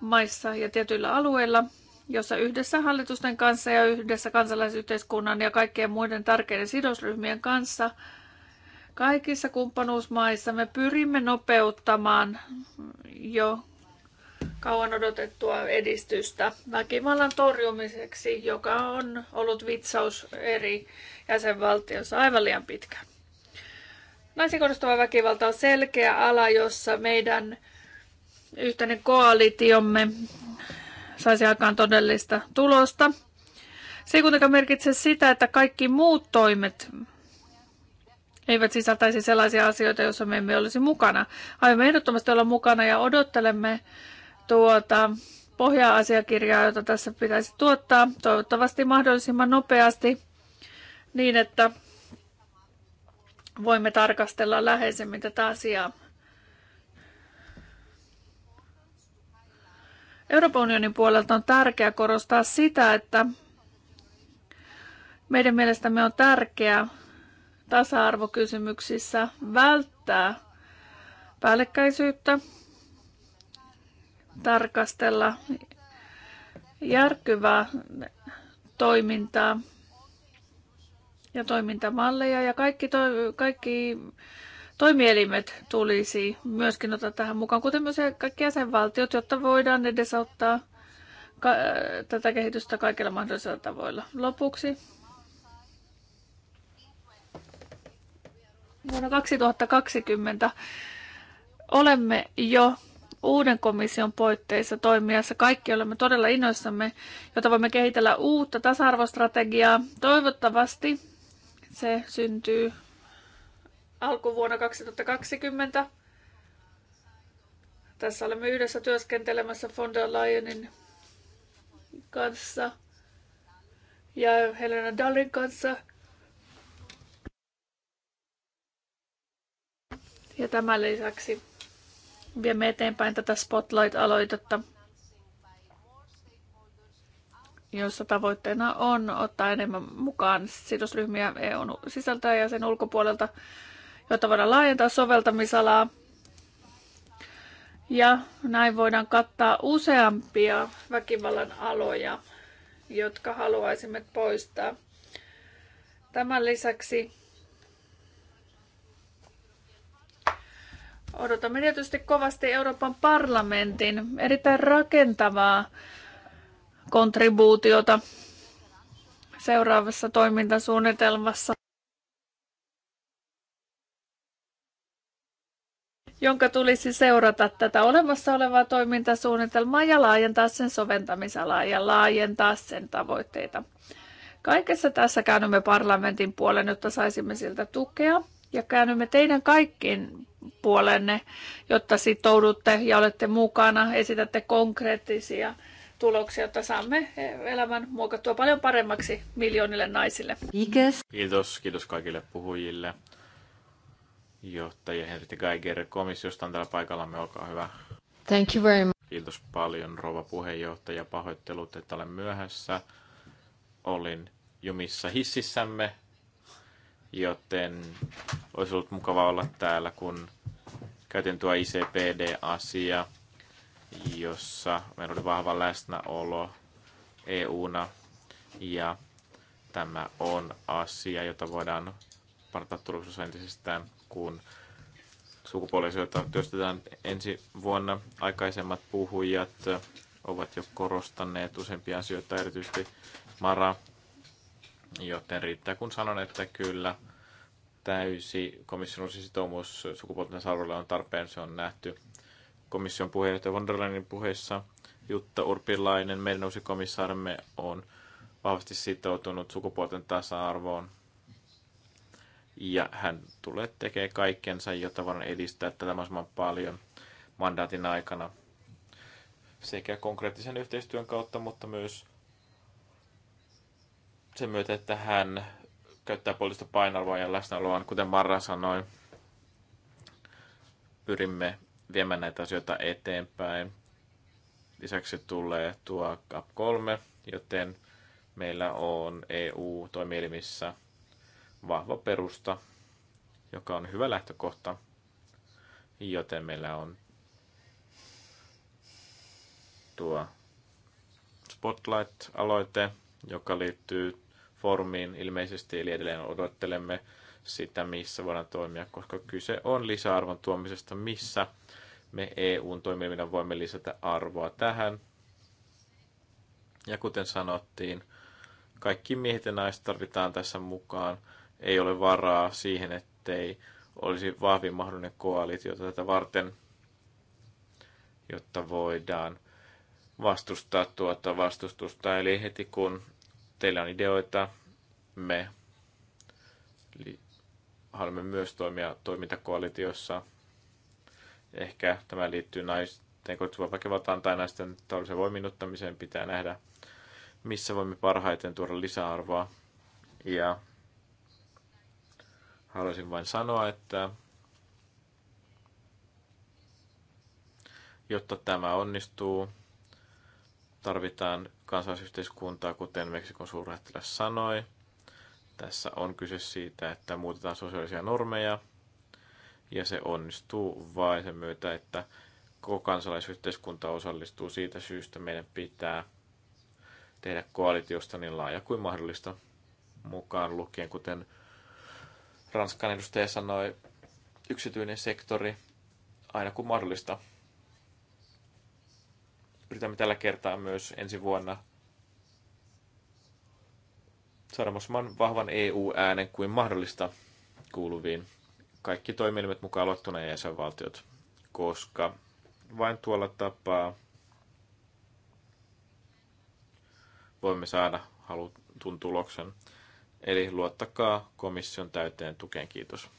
maissa ja tietyillä alueilla, jossa yhdessä hallitusten kanssa ja yhdessä kansalaisyhteiskunnan ja kaikkien muiden tärkeiden sidosryhmien kanssa kaikissa kumppanuusmaissa me pyrimme nopeuttamaan jo kauan odotettua edistystä väkivallan torjumiseksi, joka on ollut vitsaus eri jäsenvaltioissa aivan liian pitkään. Naisiin kohdistuva väkivalta on selkeä ala, jossa meidän yhteinen koalitiomme saisi aikaan todellista tulosta. Se ei kuitenkaan merkitse sitä, että kaikki muut toimet eivät sisältäisi sellaisia asioita, joissa me emme olisi mukana. Aiomme ehdottomasti olla mukana ja odottelemme tuota pohja-asiakirjaa, jota tässä pitäisi tuottaa, toivottavasti mahdollisimman nopeasti, niin että voimme tarkastella läheisemmin tätä asiaa. Euroopan unionin puolelta on tärkeää korostaa sitä, että meidän mielestämme on tärkeää tasa-arvokysymyksissä välttää päällekkäisyyttä, tarkastella järkyvää toimintaa ja toimintamalleja ja kaikki, to, kaikki toimielimet tulisi myöskin ottaa tähän mukaan, kuten myös kaikki jäsenvaltiot, jotta voidaan edesauttaa tätä kehitystä kaikilla mahdollisilla tavoilla. Lopuksi vuonna 2020 olemme jo uuden komission poitteissa toimijassa. Kaikki olemme todella innoissamme, jota voimme kehitellä uutta tasa-arvostrategiaa. Toivottavasti se syntyy alkuvuonna 2020. Tässä olemme yhdessä työskentelemässä von der Leyenin kanssa ja Helena Dallin kanssa. Ja tämän lisäksi viemme eteenpäin tätä Spotlight-aloitetta, jossa tavoitteena on ottaa enemmän mukaan sidosryhmiä EUn sisältä ja sen ulkopuolelta jotta voidaan laajentaa soveltamisalaa. Ja näin voidaan kattaa useampia väkivallan aloja, jotka haluaisimme poistaa. Tämän lisäksi odotamme tietysti kovasti Euroopan parlamentin erittäin rakentavaa kontribuutiota seuraavassa toimintasuunnitelmassa. jonka tulisi seurata tätä olemassa olevaa toimintasuunnitelmaa ja laajentaa sen soventamisalaa ja laajentaa sen tavoitteita. Kaikessa tässä käännymme parlamentin puolen, jotta saisimme siltä tukea ja käännymme teidän kaikkiin puolenne, jotta sitoudutte ja olette mukana, esitätte konkreettisia tuloksia, jotta saamme elämän muokattua paljon paremmaksi miljoonille naisille. Kiitos. Kiitos, kiitos kaikille puhujille johtaja Henriette Geiger komissiosta on täällä paikallamme. Olkaa hyvä. Thank you very much. Kiitos paljon rouva puheenjohtaja. Pahoittelut, että olen myöhässä. Olin jumissa hississämme, joten olisi ollut mukava olla täällä, kun käytin tuo ICPD-asia, jossa meillä oli vahva läsnäolo EUna ja tämä on asia, jota voidaan parantaa turvallisuus entisestään kun sukupuolisuutta työstetään ensi vuonna. Aikaisemmat puhujat ovat jo korostaneet useampia asioita, erityisesti Mara, joten riittää kun sanon, että kyllä täysi komission sitoumus sukupuolten sarvolle on tarpeen, se on nähty komission puheenjohtaja von der Leyenin puheessa. Jutta Urpilainen, meidän uusi komissaarimme, on vahvasti sitoutunut sukupuolten tasa-arvoon ja hän tulee tekemään kaikkensa, jotta voidaan edistää tätä mahdollisimman paljon mandaatin aikana sekä konkreettisen yhteistyön kautta, mutta myös sen myötä, että hän käyttää poliittista painoarvoa ja läsnäoloaan, kuten Marra sanoi, pyrimme viemään näitä asioita eteenpäin. Lisäksi tulee tuo CAP 3, joten meillä on EU-toimielimissä vahva perusta, joka on hyvä lähtökohta, joten meillä on tuo Spotlight-aloite, joka liittyy foorumiin ilmeisesti, eli edelleen odottelemme sitä, missä voidaan toimia, koska kyse on lisäarvon tuomisesta, missä me EUn toimiminen voimme lisätä arvoa tähän. Ja kuten sanottiin, kaikki miehet ja naiset tarvitaan tässä mukaan ei ole varaa siihen, ettei olisi vahvin mahdollinen koalitio tätä varten, jotta voidaan vastustaa tuota vastustusta. Eli heti kun teillä on ideoita, me haluamme myös toimia toimintakoalitiossa. Ehkä tämä liittyy naisten kohdistuvan väkivaltaan tai naisten taloudellisen voiminnuttamiseen. Pitää nähdä, missä voimme parhaiten tuoda lisäarvoa. Ja Haluaisin vain sanoa, että jotta tämä onnistuu, tarvitaan kansalaisyhteiskuntaa, kuten Meksikon suurlähettiläs sanoi. Tässä on kyse siitä, että muutetaan sosiaalisia normeja, ja se onnistuu vain sen myötä, että koko kansalaisyhteiskunta osallistuu siitä syystä, meidän pitää tehdä koalitiosta niin laaja kuin mahdollista mukaan lukien, kuten Ranskan edustaja sanoi, yksityinen sektori aina kun mahdollista. Yritämme tällä kertaa myös ensi vuonna saada mahdollisimman vahvan EU-äänen kuin mahdollista kuuluviin kaikki toimielimet mukaan luettuna jäsenvaltiot, koska vain tuolla tapaa voimme saada halutun tuloksen. Eli luottakaa komission täyteen tukeen. Kiitos.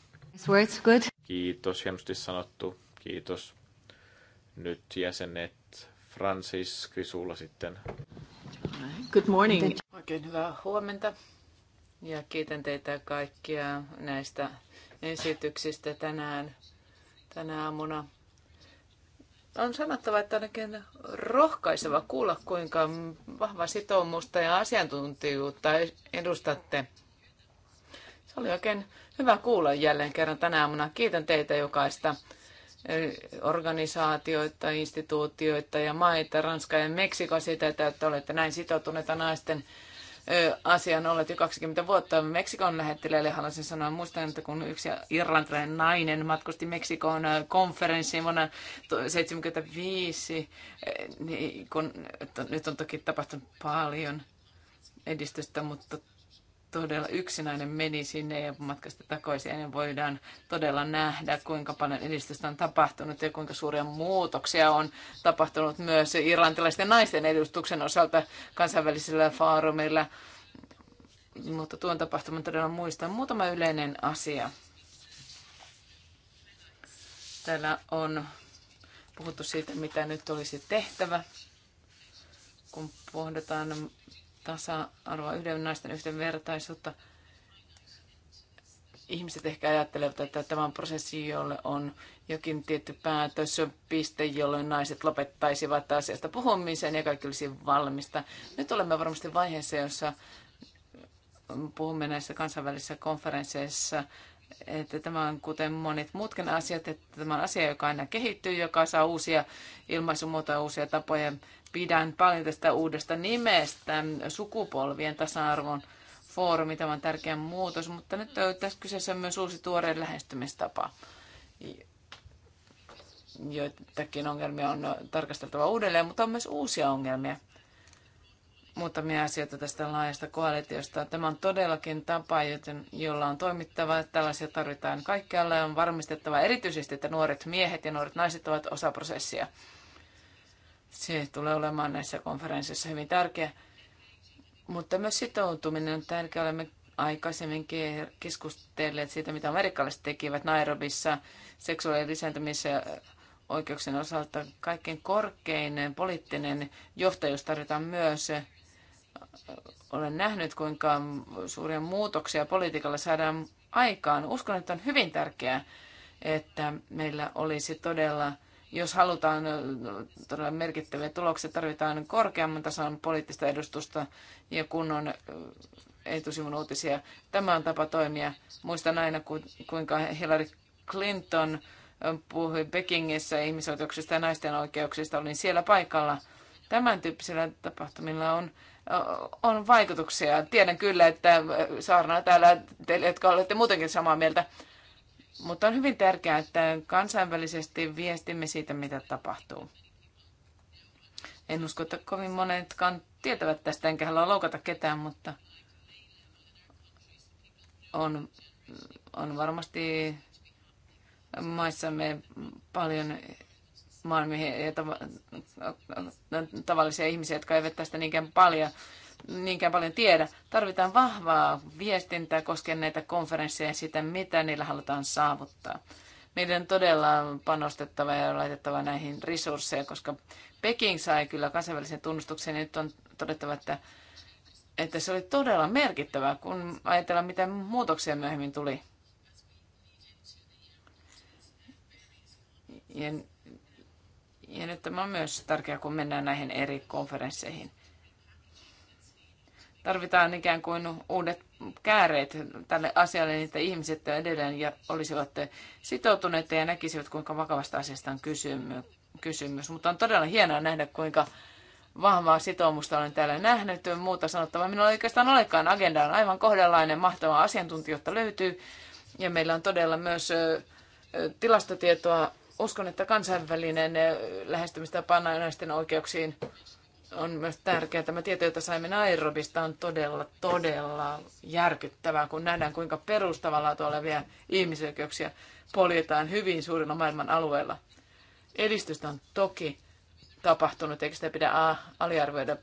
good. Kiitos, hienosti sanottu. Kiitos. Nyt jäsenet Francis Krisulla sitten. Good morning. Oikein hyvää huomenta. Ja kiitän teitä kaikkia näistä esityksistä tänään, tänä aamuna on sanottava, että ainakin rohkaiseva kuulla, kuinka vahva sitoumusta ja asiantuntijuutta edustatte. Se oli oikein hyvä kuulla jälleen kerran tänä aamuna. Kiitän teitä jokaista eh, organisaatioita, instituutioita ja maita, Ranska ja Meksiko, sitä, että olette näin sitoutuneita naisten asian olet jo 20 vuotta Meksikon lähettiläille. Haluaisin sanoa, muistan, että kun yksi irlantilainen nainen matkusti Meksikoon konferenssiin vuonna 1975, niin kun, nyt on toki tapahtunut paljon edistystä, mutta todella yksinäinen meni sinne ja matkasta takaisin, niin voidaan todella nähdä, kuinka paljon edistystä on tapahtunut ja kuinka suuria muutoksia on tapahtunut myös irlantilaisten naisten edustuksen osalta kansainvälisillä faarumeilla. Mutta tuon tapahtuman todella muistan. Muutama yleinen asia. Täällä on puhuttu siitä, mitä nyt olisi tehtävä, kun pohditaan tasa-arvoa, yhden naisten yhdenvertaisuutta. Ihmiset ehkä ajattelevat, että tämä on prosessi, jolle on jokin tietty päätös, piste, jolloin naiset lopettaisivat asiasta puhumisen ja kaikki olisi valmista. Nyt olemme varmasti vaiheessa, jossa puhumme näissä kansainvälisissä konferensseissa, että tämä on kuten monet muutkin asiat, että tämä on asia, joka aina kehittyy, joka saa uusia ilmaisumuotoja, uusia tapoja pidän paljon tästä uudesta nimestä, sukupolvien tasa-arvon foorumi, tämä on tärkeä muutos, mutta nyt tässä kyseessä myös uusi tuoreen lähestymistapa. Joitakin ongelmia on tarkasteltava uudelleen, mutta on myös uusia ongelmia. Muutamia asioita tästä laajasta koalitiosta. Tämä on todellakin tapa, joten, jolla on toimittava. Tällaisia tarvitaan kaikkialla ja on varmistettava erityisesti, että nuoret miehet ja nuoret naiset ovat osa prosessia. Se tulee olemaan näissä konferensseissa hyvin tärkeä. Mutta myös sitoutuminen on tärkeää. Olemme aikaisemmin keskustelleet siitä, mitä amerikkalaiset tekivät Nairobissa seksuaalisen lisääntymisen oikeuksien osalta. Kaikkein korkein poliittinen johtajuus tarvitaan myös. Olen nähnyt, kuinka suuria muutoksia politiikalla saadaan aikaan. Uskon, että on hyvin tärkeää, että meillä olisi todella jos halutaan todella merkittäviä tuloksia, tarvitaan korkeamman tason poliittista edustusta ja kunnon etusivun uutisia. Tämä on tapa toimia. Muistan aina, kuinka Hillary Clinton puhui Pekingissä ihmisoikeuksista ja naisten oikeuksista. Olin siellä paikalla. Tämän tyyppisillä tapahtumilla on, on vaikutuksia. Tiedän kyllä, että saarna täällä teille, jotka olette muutenkin samaa mieltä. Mutta on hyvin tärkeää, että kansainvälisesti viestimme siitä, mitä tapahtuu. En usko, että kovin monetkaan tietävät tästä, enkä halua loukata ketään, mutta on, on varmasti maissamme paljon maailmia ja tavallisia ihmisiä, jotka eivät tästä niinkään paljon niinkään paljon tiedä. Tarvitaan vahvaa viestintää koskien näitä konferensseja ja sitä, mitä niillä halutaan saavuttaa. Meidän todella on panostettava ja laitettava näihin resursseja, koska Peking sai kyllä kansainvälisen tunnustuksen. Nyt on todettava, että, että se oli todella merkittävää, kun ajatellaan, mitä muutoksia myöhemmin tuli. Ja, ja nyt tämä on myös tärkeää, kun mennään näihin eri konferensseihin – tarvitaan ikään kuin uudet kääreet tälle asialle, niin että ihmiset edelleen ja olisivat sitoutuneet ja näkisivät, kuinka vakavasta asiasta on kysymys. Mutta on todella hienoa nähdä, kuinka vahvaa sitoumusta olen täällä nähnyt. Muuta sanottavaa minulla ei oikeastaan olekaan. Agenda on aivan kohdallainen, mahtavaa asiantuntijoita löytyy. Ja meillä on todella myös tilastotietoa. Uskon, että kansainvälinen lähestymistapa naisten oikeuksiin on myös tärkeää. Tämä tieto, jota saimme Nairobista, on todella, todella järkyttävää, kun nähdään, kuinka perustavanlaatu olevia ihmisoikeuksia poljetaan hyvin suurilla maailman alueella. Edistystä on toki tapahtunut, eikä sitä pidä aliarvioida.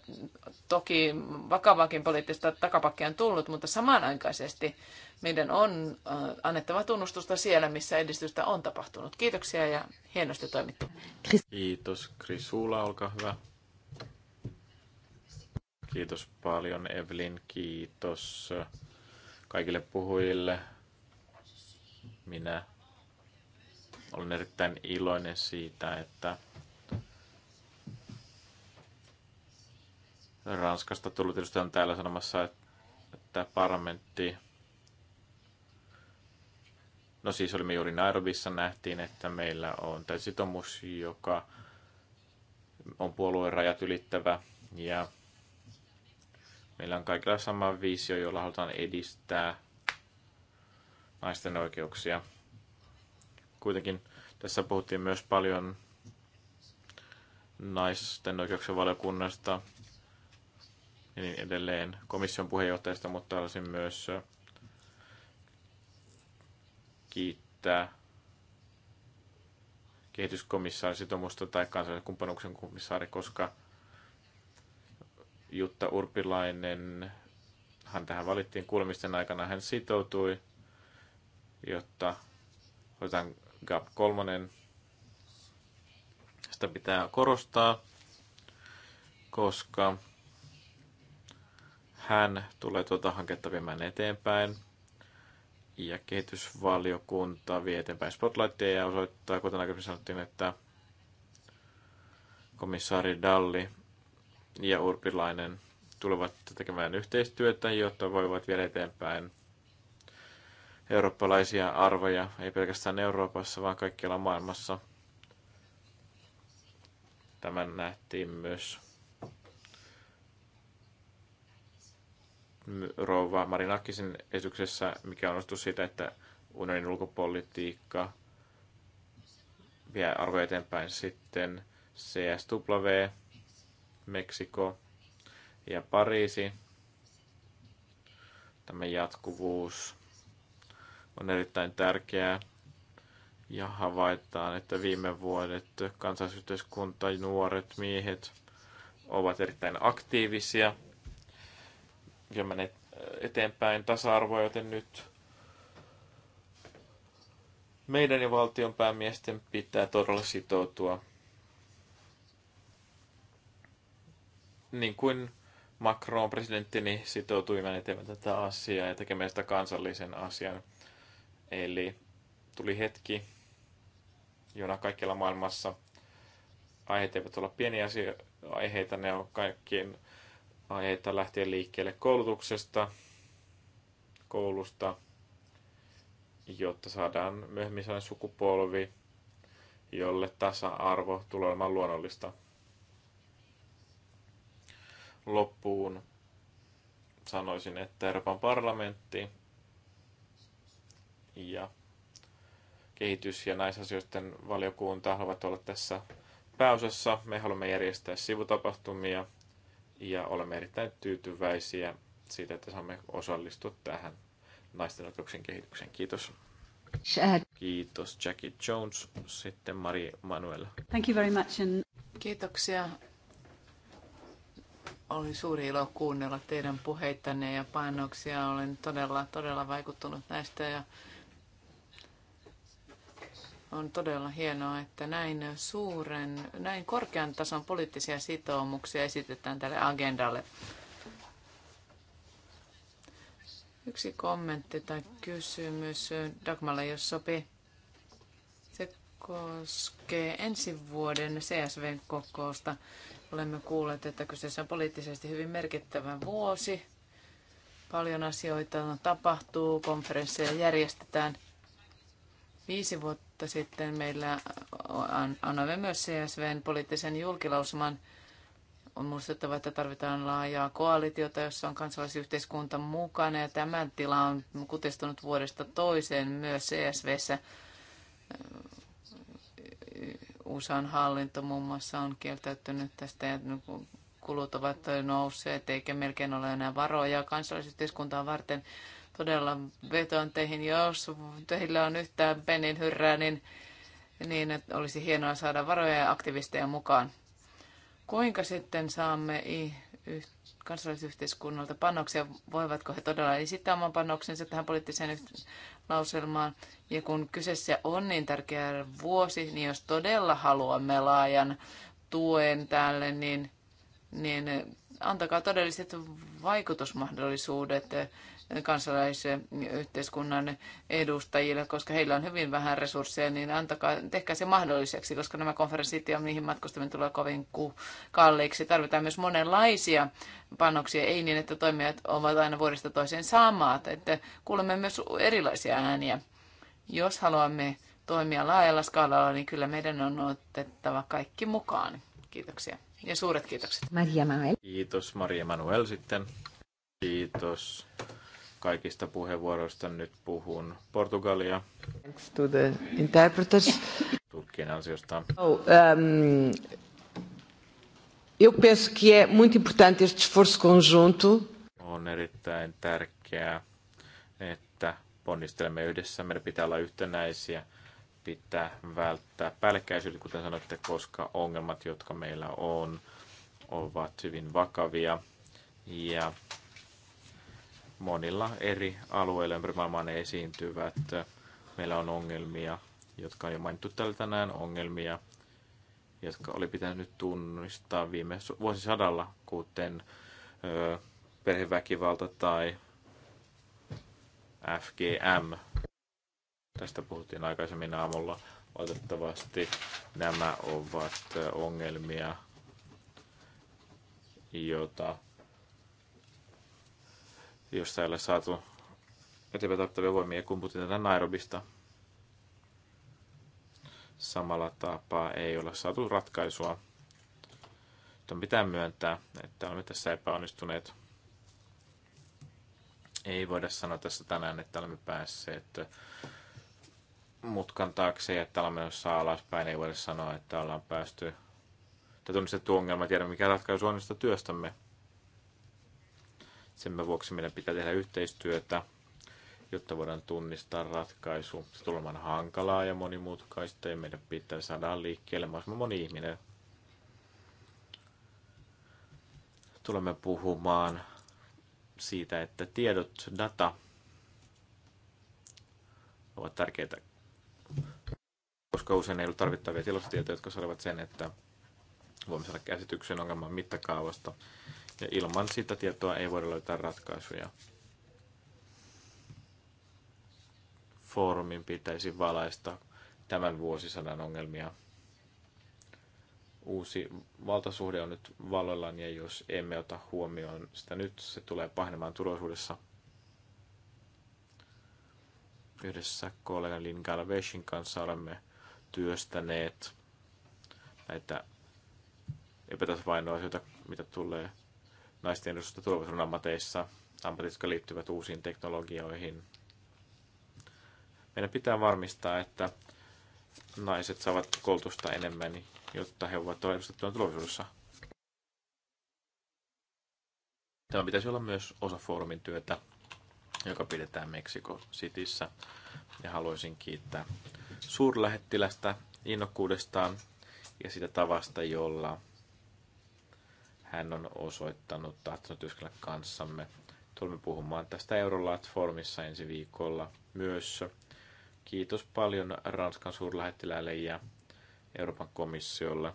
Toki vakavaakin poliittista takapakkia on tullut, mutta samanaikaisesti meidän on annettava tunnustusta siellä, missä edistystä on tapahtunut. Kiitoksia ja hienosti toimittu. Kiitos. Krisula, olkaa hyvä. Kiitos paljon Evelin, kiitos kaikille puhujille. Minä olen erittäin iloinen siitä, että Ranskasta tullut edustaja on täällä sanomassa, että parlamentti No siis olimme juuri Nairobissa, nähtiin, että meillä on tämä sitomus, joka on puolueen rajat ylittävä ja Meillä on kaikilla sama visio, jolla halutaan edistää naisten oikeuksia. Kuitenkin tässä puhuttiin myös paljon naisten oikeuksien valiokunnasta ja niin edelleen komission puheenjohtajasta, mutta haluaisin myös kiittää kehityskomissaari sitomusta tai kansallisen kumppanuksen komissaari, koska Jutta Urpilainen, hän tähän valittiin kuulemisten aikana, hän sitoutui, jotta otetaan GAP 3. Sitä pitää korostaa, koska hän tulee tuota hanketta viemään eteenpäin ja kehitysvaliokunta vie eteenpäin spotlightia ja osoittaa, kuten aikaisemmin sanottiin, että komissaari Dalli ja Urpilainen tulevat tekemään yhteistyötä, jotta voivat viedä eteenpäin eurooppalaisia arvoja, ei pelkästään Euroopassa, vaan kaikkialla maailmassa. Tämän nähtiin myös rouva Marinakisin esityksessä, mikä on nostus siitä, että unionin ulkopolitiikka vie arvoja eteenpäin sitten CSW, Meksiko ja Pariisi. Tämä jatkuvuus on erittäin tärkeää ja havaitaan, että viime vuodet kansallisyhteiskunta ja nuoret miehet ovat erittäin aktiivisia ja menet eteenpäin tasa-arvoa, joten nyt meidän ja valtion päämiesten pitää todella sitoutua niin kuin Macron niin sitoutui menetelmään tätä asiaa ja tekemään sitä kansallisen asian. Eli tuli hetki, jona kaikkialla maailmassa aiheet eivät olla pieniä asio- aiheita, ne on kaikkien aiheita lähtien liikkeelle koulutuksesta, koulusta, jotta saadaan myöhemmin sukupolvi, jolle tasa-arvo tulee olemaan luonnollista loppuun sanoisin, että Euroopan parlamentti ja kehitys- ja naisasioiden valiokunta haluavat olla tässä pääosassa. Me haluamme järjestää sivutapahtumia ja olemme erittäin tyytyväisiä siitä, että saamme osallistua tähän naisten oikeuksien kehitykseen. Kiitos. Kiitos Jackie Jones. Sitten Mari Manuela. Thank you very much. And... Kiitoksia oli suuri ilo kuunnella teidän puheitanne ja painoksia. Olen todella, todella vaikuttunut näistä ja on todella hienoa, että näin suuren, näin korkean tason poliittisia sitoumuksia esitetään tälle agendalle. Yksi kommentti tai kysymys Dagmalle, jos sopii. Se koskee ensi vuoden CSV-kokousta. Olemme kuulleet, että kyseessä on poliittisesti hyvin merkittävä vuosi. Paljon asioita tapahtuu, konferensseja järjestetään. Viisi vuotta sitten meillä annoimme myös CSVn poliittisen julkilausuman. On muistettava, että tarvitaan laajaa koalitiota, jossa on kansalaisyhteiskunta mukana. Ja tämä tila on kutistunut vuodesta toiseen myös CSVssä USAn hallinto muun muassa on kieltäytynyt tästä ja kulut ovat nousseet eikä melkein ole enää varoja kansallisyhteiskuntaa varten. Todella vetoan teihin, jos teillä on yhtään pennin hyrrää, niin, niin olisi hienoa saada varoja ja aktivisteja mukaan. Kuinka sitten saamme yhteyttä? kansalaisyhteiskunnalta panoksia, voivatko he todella esittää oman panoksensa tähän poliittiseen lauselmaan. Ja kun kyseessä on niin tärkeä vuosi, niin jos todella haluamme laajan tuen tälle, niin, niin antakaa todelliset vaikutusmahdollisuudet kansalaisyhteiskunnan edustajille, koska heillä on hyvin vähän resursseja, niin antakaa, tehkää se mahdolliseksi, koska nämä konferenssit ja niihin matkustaminen tulee kovin kalliiksi. Tarvitaan myös monenlaisia panoksia, ei niin, että toimijat ovat aina vuodesta toiseen samat, että kuulemme myös erilaisia ääniä. Jos haluamme toimia laajalla skaalalla, niin kyllä meidän on otettava kaikki mukaan. Kiitoksia. Ja suuret kiitokset. Maria Manuel. Kiitos Maria Manuel sitten. Kiitos kaikista puheenvuoroista. Nyt puhun Portugalia. Thanks to the interpreters. Turkkien ansiosta. Oh, um, eu penso que é muito importante este esforço conjunto. On erittäin tärkeää, että ponnistelemme yhdessä. Meidän pitää olla yhtenäisiä, pitää välttää päällekkäisyyttä, kuten sanoitte, koska ongelmat, jotka meillä on, ovat hyvin vakavia. Ja monilla eri alueilla ympäri maailmaa ne esiintyvät. Meillä on ongelmia, jotka on jo mainittu täällä tänään, ongelmia, jotka oli pitänyt tunnistaa viime vuosisadalla, kuten ö, perheväkivalta tai FGM. Tästä puhuttiin aikaisemmin aamulla. Valitettavasti nämä ovat ongelmia, joita josta ei ole saatu eteenpäin voimia voimia, kun tätä Nairobista. Samalla tapaa ei ole saatu ratkaisua. Nyt pitää myöntää, että olemme tässä epäonnistuneet. Ei voida sanoa tässä tänään, että olemme päässeet mutkan taakse ja että olemme menossa alaspäin. Ei voida sanoa, että ollaan päästy tai tunnistettu ongelma. Tiedä, mikä ratkaisu on työstämme sen vuoksi meidän pitää tehdä yhteistyötä, jotta voidaan tunnistaa ratkaisu. Se tulee olemaan hankalaa ja monimutkaista ja meidän pitää saada liikkeelle mahdollisimman moni ihminen. Tulemme puhumaan siitä, että tiedot, data ovat tärkeitä, koska usein ei ole tarvittavia tilastotietoja, jotka saivat sen, että voimme saada käsityksen ongelman mittakaavasta ja ilman sitä tietoa ei voida löytää ratkaisuja. Foorumin pitäisi valaista tämän vuosisadan ongelmia. Uusi valtasuhde on nyt valollaan ja jos emme ota huomioon sitä nyt, se tulee pahenemaan turvallisuudessa yhdessä kollega Lin Galveshin kanssa olemme työstäneet näitä epätasapainoasioita, mitä tulee naisten edustusta tulevaisuuden ammateissa, ammatit, jotka liittyvät uusiin teknologioihin. Meidän pitää varmistaa, että naiset saavat koulutusta enemmän, jotta he ovat edustettuna tulevaisuudessa. Tämä pitäisi olla myös osa foorumin työtä, joka pidetään Meksiko Cityssä. Ja haluaisin kiittää suurlähettilästä innokkuudestaan ja sitä tavasta, jolla hän on osoittanut tahtonut työskennellä kanssamme. Tulemme puhumaan tästä Eurolatformissa ensi viikolla myös. Kiitos paljon Ranskan suurlähettiläälle ja Euroopan komissiolle.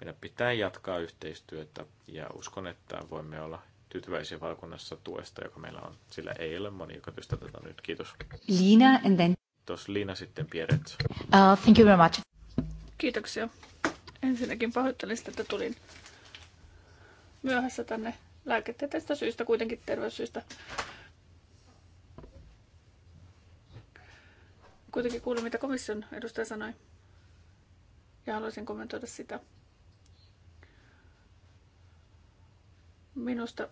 Meidän pitää jatkaa yhteistyötä ja uskon, että voimme olla tyytyväisiä valkunnassa tuesta, joka meillä on. Sillä ei ole moni, joka työstää tätä nyt. Kiitos. Liina and then... Kiitos Liina sitten Pieret. Uh, thank you very much. Kiitoksia. Ensinnäkin pahoittelen sitä, että tulin myöhässä tänne lääketieteestä syystä, kuitenkin terveyssyistä. Kuitenkin kuulin, mitä komission edustaja sanoi. Ja haluaisin kommentoida sitä. Minusta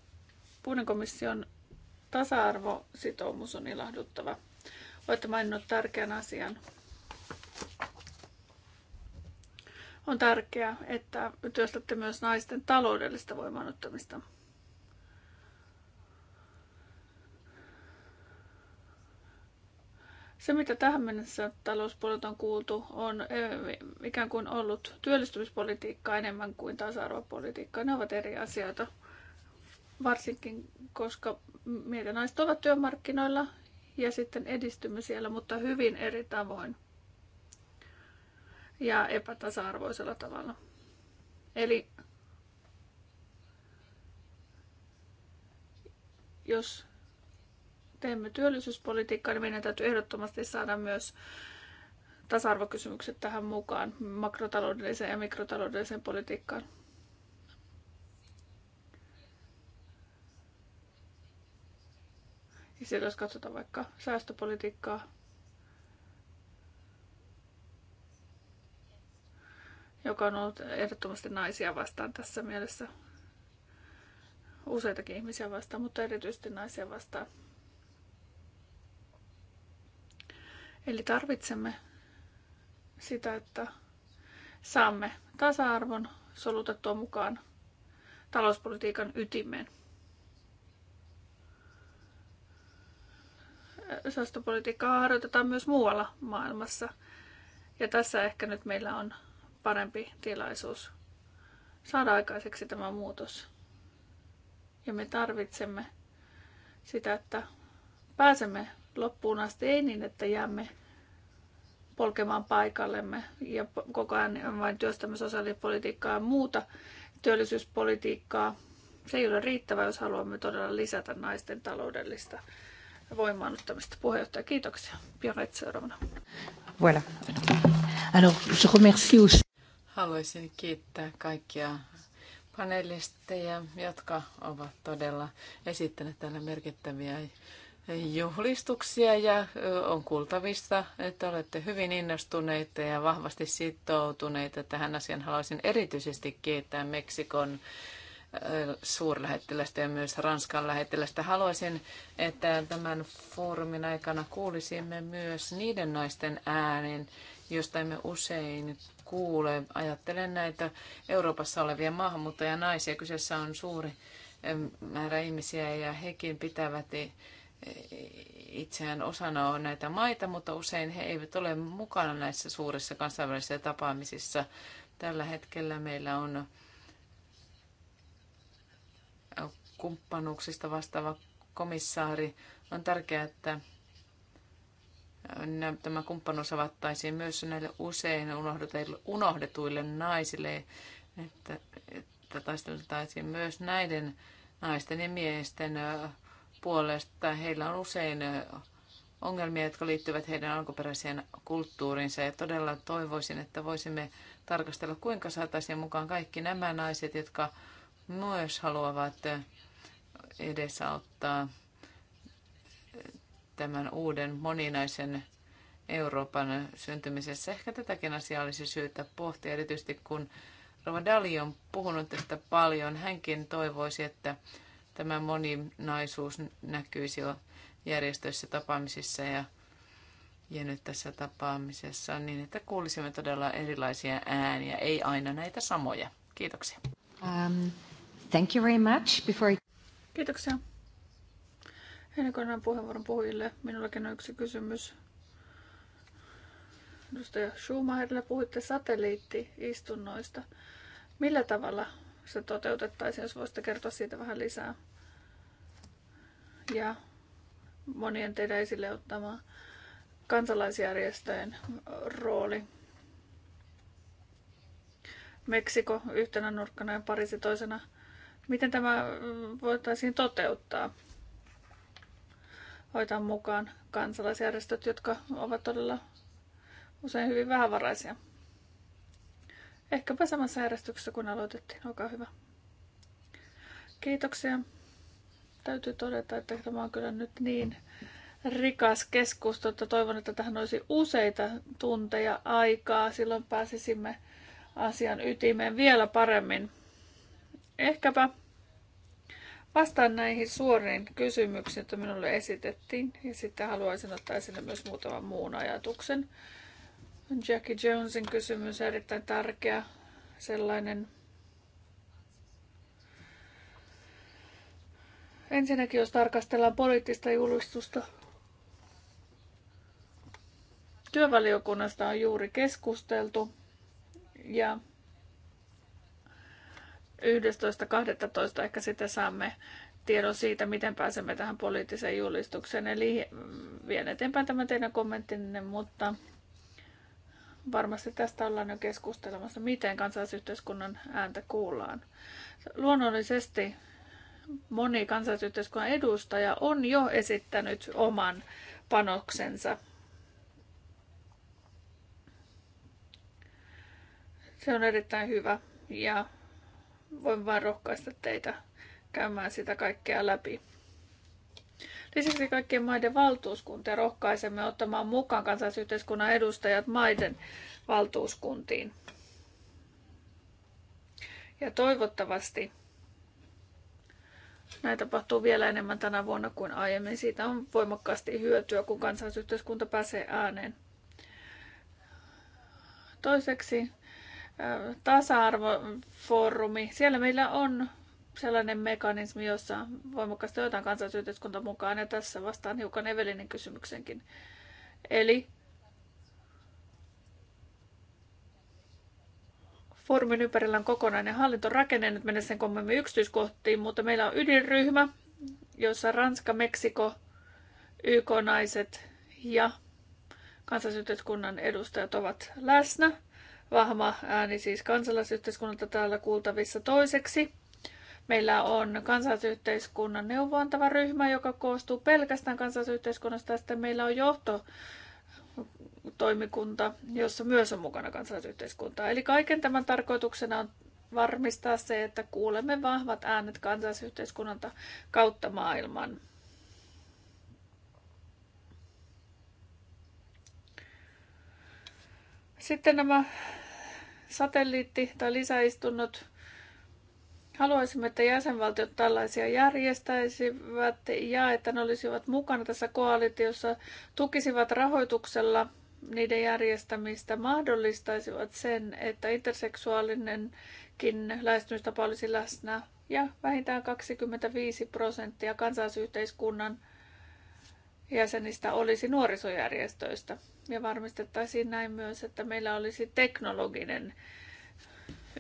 puunen komission tasa-arvositoumus on ilahduttava. Olette maininnut tärkeän asian. On tärkeää, että työstätte myös naisten taloudellista voimaannuttamista. Se, mitä tähän mennessä talouspuolelta on kuultu, on eh, ikään kuin ollut työllistymispolitiikkaa enemmän kuin tasa-arvopolitiikkaa. Ne ovat eri asioita, varsinkin koska ja naiset ovat työmarkkinoilla ja sitten edistymme siellä, mutta hyvin eri tavoin ja epätasa-arvoisella tavalla. Eli jos teemme työllisyyspolitiikkaa, niin meidän täytyy ehdottomasti saada myös tasa-arvokysymykset tähän mukaan, makrotaloudelliseen ja mikrotaloudelliseen politiikkaan. Ja sitten jos katsotaan vaikka säästöpolitiikkaa, joka on ollut ehdottomasti naisia vastaan tässä mielessä. Useitakin ihmisiä vastaan, mutta erityisesti naisia vastaan. Eli tarvitsemme sitä, että saamme tasa-arvon solutettua mukaan talouspolitiikan ytimeen. Säästöpolitiikkaa harjoitetaan myös muualla maailmassa. Ja tässä ehkä nyt meillä on parempi tilaisuus saada aikaiseksi tämä muutos. Ja me tarvitsemme sitä, että pääsemme loppuun asti, ei niin, että jäämme polkemaan paikallemme ja koko ajan vain työstämme sosiaalipolitiikkaa ja muuta työllisyyspolitiikkaa. Se ei ole riittävä, jos haluamme todella lisätä naisten taloudellista voimaannuttamista. Puheenjohtaja, kiitoksia. Pian seuraavana. Voilà. Alors, je remercie aussi. Haluaisin kiittää kaikkia panelisteja, jotka ovat todella esittäneet täällä merkittäviä juhlistuksia ja on kuultavissa, että olette hyvin innostuneita ja vahvasti sitoutuneita tähän asiaan. Haluaisin erityisesti kiittää Meksikon suurlähettilästä ja myös Ranskan lähettilästä. Haluaisin, että tämän foorumin aikana kuulisimme myös niiden naisten äänen, josta emme usein kuule. Ajattelen näitä Euroopassa olevia maahanmuuttajanaisia. Kyseessä on suuri määrä ihmisiä ja hekin pitävät itseään osana on näitä maita, mutta usein he eivät ole mukana näissä suurissa kansainvälisissä tapaamisissa. Tällä hetkellä meillä on kumppanuuksista vastaava komissaari. On tärkeää, että tämä kumppanuus avattaisiin myös näille usein unohdetuille naisille, että, että taisteltaisiin myös näiden naisten ja miesten puolesta. Heillä on usein ongelmia, jotka liittyvät heidän alkuperäiseen kulttuuriinsa. Ja todella toivoisin, että voisimme tarkastella, kuinka saataisiin mukaan kaikki nämä naiset, jotka myös haluavat edesauttaa tämän uuden moninaisen Euroopan syntymisessä. Ehkä tätäkin asiaa olisi syytä pohtia, erityisesti kun Rova Dali on puhunut tästä paljon. Hänkin toivoisi, että tämä moninaisuus näkyisi jo järjestöissä tapaamisissa ja, ja nyt tässä tapaamisessa niin, että kuulisimme todella erilaisia ääniä, ei aina näitä samoja. Kiitoksia. Um, thank you very much. Before... Kiitoksia. Ennen kuin annan puheenvuoron puhujille, minullakin on yksi kysymys. Edustaja Schumacherille puhuitte satelliittiistunnoista. Millä tavalla se toteutettaisiin, jos voisitte kertoa siitä vähän lisää? Ja monien teidän esille ottama kansalaisjärjestöjen rooli. Meksiko yhtenä nurkkana ja Pariisi toisena. Miten tämä voitaisiin toteuttaa? hoitaa mukaan kansalaisjärjestöt, jotka ovat todella usein hyvin vähävaraisia. Ehkäpä samassa järjestyksessä kun aloitettiin. Olkaa hyvä. Kiitoksia. Täytyy todeta, että tämä on kyllä nyt niin rikas keskustelu, että toivon, että tähän olisi useita tunteja aikaa. Silloin pääsisimme asian ytimeen vielä paremmin. Ehkäpä vastaan näihin suoriin kysymyksiin, joita minulle esitettiin. Ja sitten haluaisin ottaa esille myös muutaman muun ajatuksen. Jackie Jonesin kysymys on erittäin tärkeä sellainen. Ensinnäkin, jos tarkastellaan poliittista julistusta, työvaliokunnasta on juuri keskusteltu ja 11.12. ehkä sitten saamme tiedon siitä, miten pääsemme tähän poliittiseen julistukseen. Eli vien eteenpäin tämän teidän kommenttinne, mutta varmasti tästä ollaan jo keskustelemassa, miten kansalaisyhteiskunnan ääntä kuullaan. Luonnollisesti moni kansalaisyhteiskunnan edustaja on jo esittänyt oman panoksensa. Se on erittäin hyvä ja voin vain rohkaista teitä käymään sitä kaikkea läpi. Lisäksi kaikkien maiden valtuuskuntia rohkaisemme ottamaan mukaan kansalaisyhteiskunnan edustajat maiden valtuuskuntiin. Ja toivottavasti näitä tapahtuu vielä enemmän tänä vuonna kuin aiemmin. Siitä on voimakkaasti hyötyä, kun kansalaisyhteiskunta pääsee ääneen. Toiseksi tasa-arvofoorumi. Siellä meillä on sellainen mekanismi, jossa voimakkaasti otetaan kansallisyhteiskunta mukaan, ja tässä vastaan hiukan Evelinin kysymyksenkin. Eli foorumin ympärillä on kokonainen hallintorakenne, nyt mennä sen kommemmin yksityiskohtiin, mutta meillä on ydinryhmä, jossa Ranska, Meksiko, YK-naiset ja kansallisyhteiskunnan edustajat ovat läsnä vahva ääni siis kansalaisyhteiskunnalta täällä kuultavissa toiseksi. Meillä on kansalaisyhteiskunnan neuvontava ryhmä, joka koostuu pelkästään kansalaisyhteiskunnasta. Ja sitten meillä on johto toimikunta, jossa myös on mukana kansalaisyhteiskuntaa. Eli kaiken tämän tarkoituksena on varmistaa se, että kuulemme vahvat äänet kansalaisyhteiskunnalta kautta maailman. Sitten nämä satelliitti- tai lisäistunnot. Haluaisimme, että jäsenvaltiot tällaisia järjestäisivät ja että ne olisivat mukana tässä koalitiossa, tukisivat rahoituksella niiden järjestämistä, mahdollistaisivat sen, että interseksuaalinenkin lähestymistapa olisi läsnä ja vähintään 25 prosenttia kansalaisyhteiskunnan jäsenistä olisi nuorisojärjestöistä. Ja varmistettaisiin näin myös, että meillä olisi teknologinen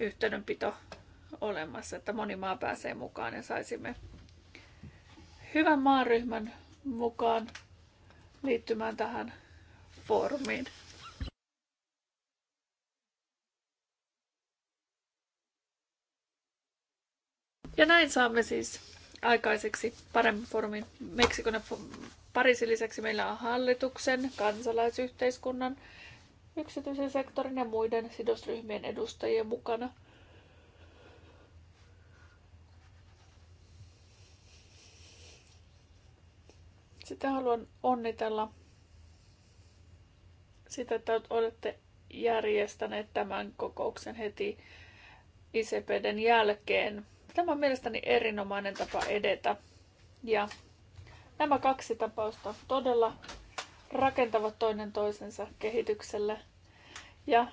yhteydenpito olemassa, että moni maa pääsee mukaan ja saisimme hyvän maaryhmän mukaan liittymään tähän foorumiin. Ja näin saamme siis aikaiseksi paremmin foorumin Meksikon ja Pariisin lisäksi meillä on hallituksen, kansalaisyhteiskunnan, yksityisen sektorin ja muiden sidosryhmien edustajia mukana. Sitten haluan onnitella sitä, että olette järjestäneet tämän kokouksen heti ICPDn jälkeen. Tämä on mielestäni erinomainen tapa edetä ja Nämä kaksi tapausta todella rakentavat toinen toisensa kehitykselle. Ja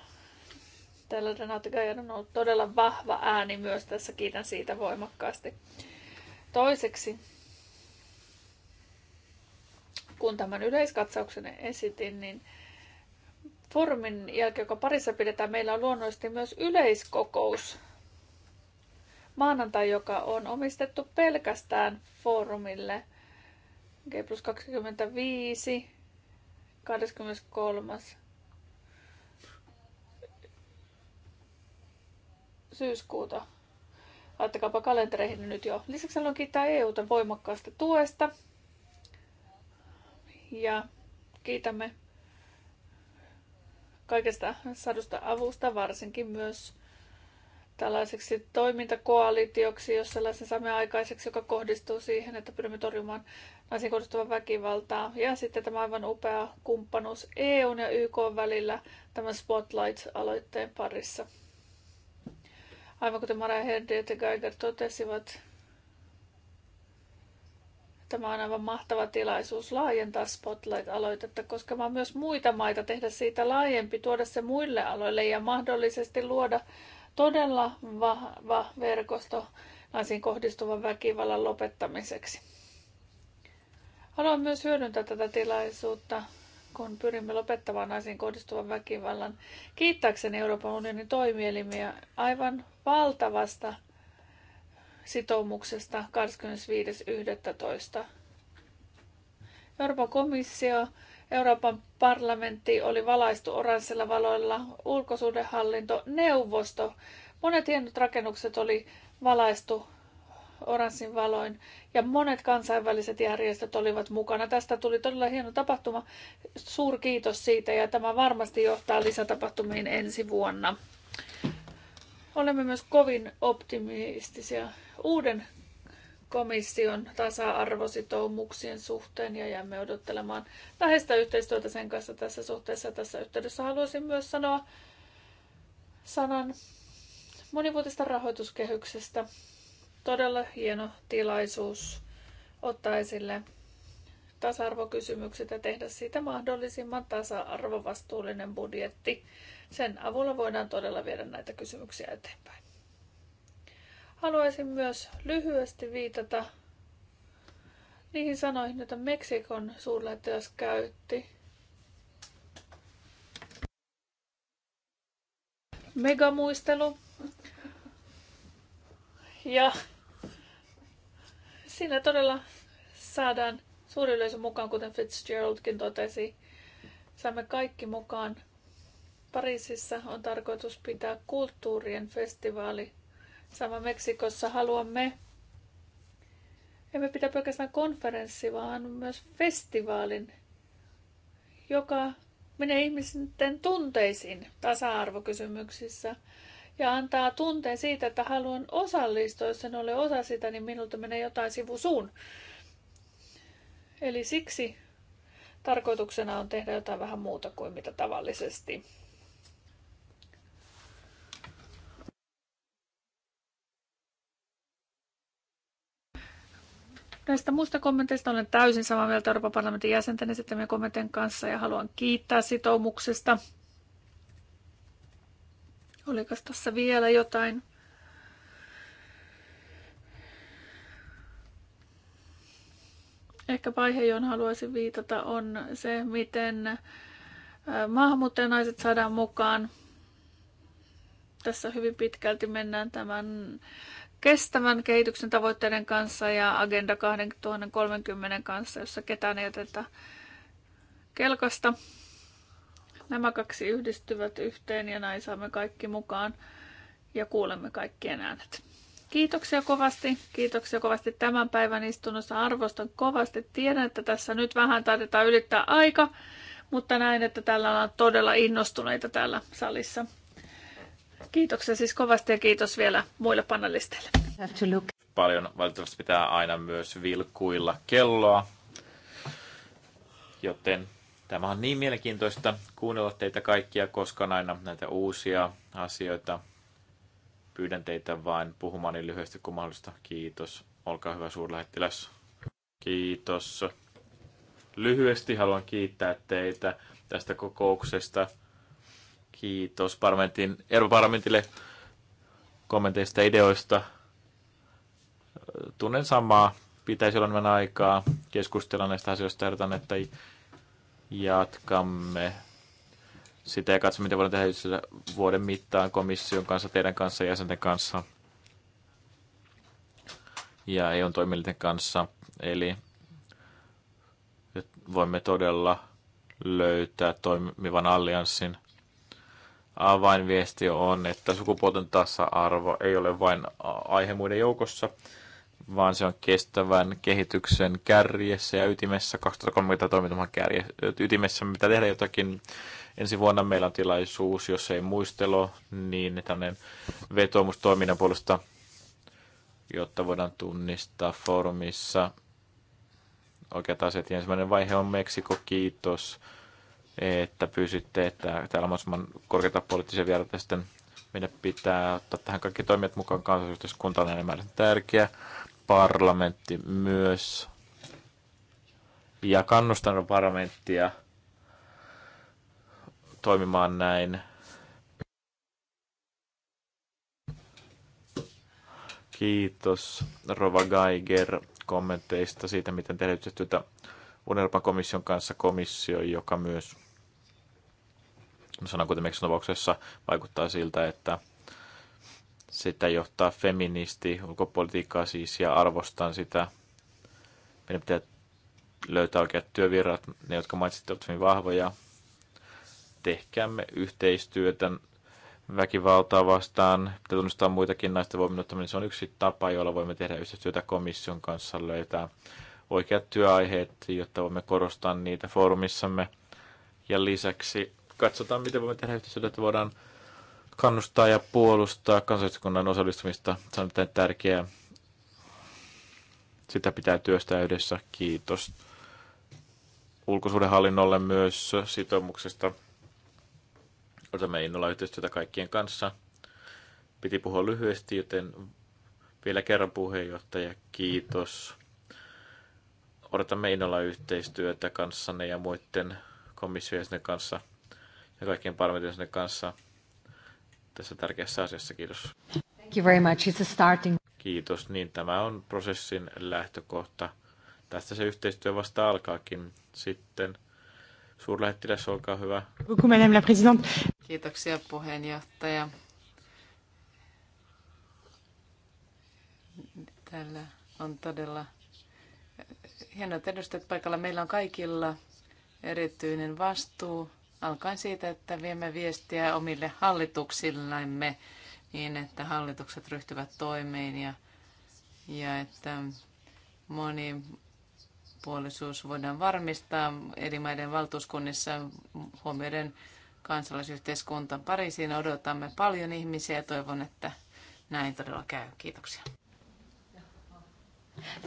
täällä Renate Gajan on ollut todella vahva ääni myös tässä. Kiitän siitä voimakkaasti. Toiseksi, kun tämän yleiskatsauksen esitin, niin foorumin jälkeen, joka parissa pidetään, meillä on luonnollisesti myös yleiskokous. Maanantai, joka on omistettu pelkästään foorumille – G plus 25, 23. syyskuuta. Laittakaapa kalentereihin nyt jo. Lisäksi haluan kiittää EUta voimakkaasta tuesta. Ja kiitämme kaikesta sadusta avusta, varsinkin myös tällaiseksi toimintakoalitioksi, jos sellaisen saamme aikaiseksi, joka kohdistuu siihen, että pyrimme torjumaan naisiin kohdistuvaa väkivaltaa. Ja sitten tämä aivan upea kumppanuus EUn ja YK välillä tämän Spotlight-aloitteen parissa. Aivan kuten Mara Herdi ja Geiger totesivat, tämä on aivan mahtava tilaisuus laajentaa Spotlight-aloitetta vaan myös muita maita, tehdä siitä laajempi, tuoda se muille aloille ja mahdollisesti luoda todella vahva verkosto naisiin kohdistuvan väkivallan lopettamiseksi. Haluan myös hyödyntää tätä tilaisuutta, kun pyrimme lopettamaan naisiin kohdistuvan väkivallan, kiittääkseni Euroopan unionin toimielimiä aivan valtavasta sitoumuksesta 25.11. Euroopan komissio, Euroopan parlamentti oli valaistu oranssilla valoilla, ulkosuhdehallinto, neuvosto, monet hienot rakennukset oli valaistu oranssin valoin ja monet kansainväliset järjestöt olivat mukana. Tästä tuli todella hieno tapahtuma. kiitos siitä ja tämä varmasti johtaa lisätapahtumiin ensi vuonna. Olemme myös kovin optimistisia uuden komission tasa-arvositoumuksien suhteen ja jäämme odottelemaan läheistä yhteistyötä sen kanssa tässä suhteessa. Tässä yhteydessä haluaisin myös sanoa sanan monivuotista rahoituskehyksestä todella hieno tilaisuus ottaa esille tasa-arvokysymykset ja tehdä siitä mahdollisimman tasa-arvovastuullinen budjetti. Sen avulla voidaan todella viedä näitä kysymyksiä eteenpäin. Haluaisin myös lyhyesti viitata niihin sanoihin, joita Meksikon suurlähettiläs käytti. Megamuistelu ja Siinä todella saadaan suuri yleisö mukaan, kuten Fitzgeraldkin totesi. Saamme kaikki mukaan. Pariisissa on tarkoitus pitää kulttuurien festivaali. Sama Meksikossa haluamme. Emme pitää pelkästään konferenssi, vaan myös festivaalin, joka menee ihmisten tunteisiin tasa-arvokysymyksissä ja antaa tunteen siitä, että haluan osallistua. Jos en ole osa sitä, niin minulta menee jotain sivusuun. Eli siksi tarkoituksena on tehdä jotain vähän muuta kuin mitä tavallisesti. Näistä muista kommenteista olen täysin samaa mieltä Euroopan parlamentin jäsenten esittämien kommenttien kanssa ja haluan kiittää sitoumuksesta Olikas tässä vielä jotain? Ehkä vaihe, johon haluaisin viitata, on se, miten äh, maahanmuuttajanaiset saadaan mukaan. Tässä hyvin pitkälti mennään tämän kestävän kehityksen tavoitteiden kanssa ja Agenda 2030 kanssa, jossa ketään ei jätetä kelkasta. Nämä kaksi yhdistyvät yhteen ja näin saamme kaikki mukaan ja kuulemme kaikkien äänet. Kiitoksia kovasti. Kiitoksia kovasti tämän päivän istunnossa. Arvostan kovasti. Tiedän, että tässä nyt vähän taitetaan ylittää aika, mutta näin, että täällä on todella innostuneita täällä salissa. Kiitoksia siis kovasti ja kiitos vielä muille panelisteille. Paljon valitettavasti pitää aina myös vilkuilla kelloa, joten Tämä on niin mielenkiintoista kuunnella teitä kaikkia, koska on aina näitä uusia asioita. Pyydän teitä vain puhumaan niin lyhyesti kuin mahdollista. Kiitos. Olkaa hyvä suurlähettiläs. Kiitos. Lyhyesti haluan kiittää teitä tästä kokouksesta. Kiitos parlamentin, Euroopan parlamentille kommenteista ja ideoista. Tunnen samaa. Pitäisi olla enemmän aikaa keskustella näistä asioista. Ehdotan, että jatkamme sitä ja katsomme, mitä voidaan tehdä vuoden mittaan komission kanssa, teidän kanssa, jäsenten kanssa ja on e toimielinten kanssa. Eli voimme todella löytää toimivan allianssin. Avainviesti on, että sukupuolten tasa-arvo ei ole vain aihe muiden joukossa, vaan se on kestävän kehityksen kärjessä ja ytimessä, 2030 toimintamaan kärjessä, ytimessä, mitä tehdä jotakin. Ensi vuonna meillä on tilaisuus, jos ei muistelo, niin tämmöinen vetoomus toiminnan puolesta, jotta voidaan tunnistaa foorumissa oikeat asiat. Ja ensimmäinen vaihe on Meksiko, kiitos, että pysytte, että täällä on mahdollisimman korkeita poliittisia vieraita sitten meidän pitää ottaa tähän kaikki toimijat mukaan kansallisyhteiskunta on enemmän tärkeä parlamentti myös. Ja kannustan parlamenttia toimimaan näin. Kiitos Rova Geiger kommenteista siitä, miten tehdään yhteistyötä Unelpan komission kanssa komissio, joka myös no sanon kuten tapauksessa vaikuttaa siltä, että sitä johtaa feministi, ulkopolitiikkaa siis, ja arvostan sitä. Meidän pitää löytää oikeat työvirrat, ne jotka mainitsitte ovat hyvin vahvoja. Tehkäämme yhteistyötä väkivaltaa vastaan. Pitää tunnustaa muitakin naisten voiminnuttaminen. Se on yksi tapa, jolla voimme tehdä yhteistyötä komission kanssa, löytää oikeat työaiheet, jotta voimme korostaa niitä foorumissamme. Ja lisäksi katsotaan, miten voimme tehdä yhteistyötä, että voidaan kannustaa ja puolustaa kansalliskunnan osallistumista. Se on erittäin tärkeää. Sitä pitää työstää yhdessä. Kiitos ulkosuhdehallinnolle myös sitoumuksesta. Otamme innolla yhteistyötä kaikkien kanssa. Piti puhua lyhyesti, joten vielä kerran puheenjohtaja, kiitos. Odotamme innolla yhteistyötä kanssanne ja muiden komissioiden kanssa ja kaikkien parlamentin kanssa tässä tärkeässä asiassa. Kiitos. Thank you very much. It's a starting. Kiitos. Niin tämä on prosessin lähtökohta. Tästä se yhteistyö vasta alkaakin sitten. Suurlähettiläs, olkaa hyvä. Kiitoksia puheenjohtaja. Täällä on todella hienot edustajat paikalla. Meillä on kaikilla erityinen vastuu alkaen siitä, että viemme viestiä omille hallituksillemme niin, että hallitukset ryhtyvät toimeen ja, ja että monipuolisuus voidaan varmistaa eri maiden valtuuskunnissa huomioiden kansalaisyhteiskunta. Pariisiin odotamme paljon ihmisiä ja toivon, että näin todella käy. Kiitoksia.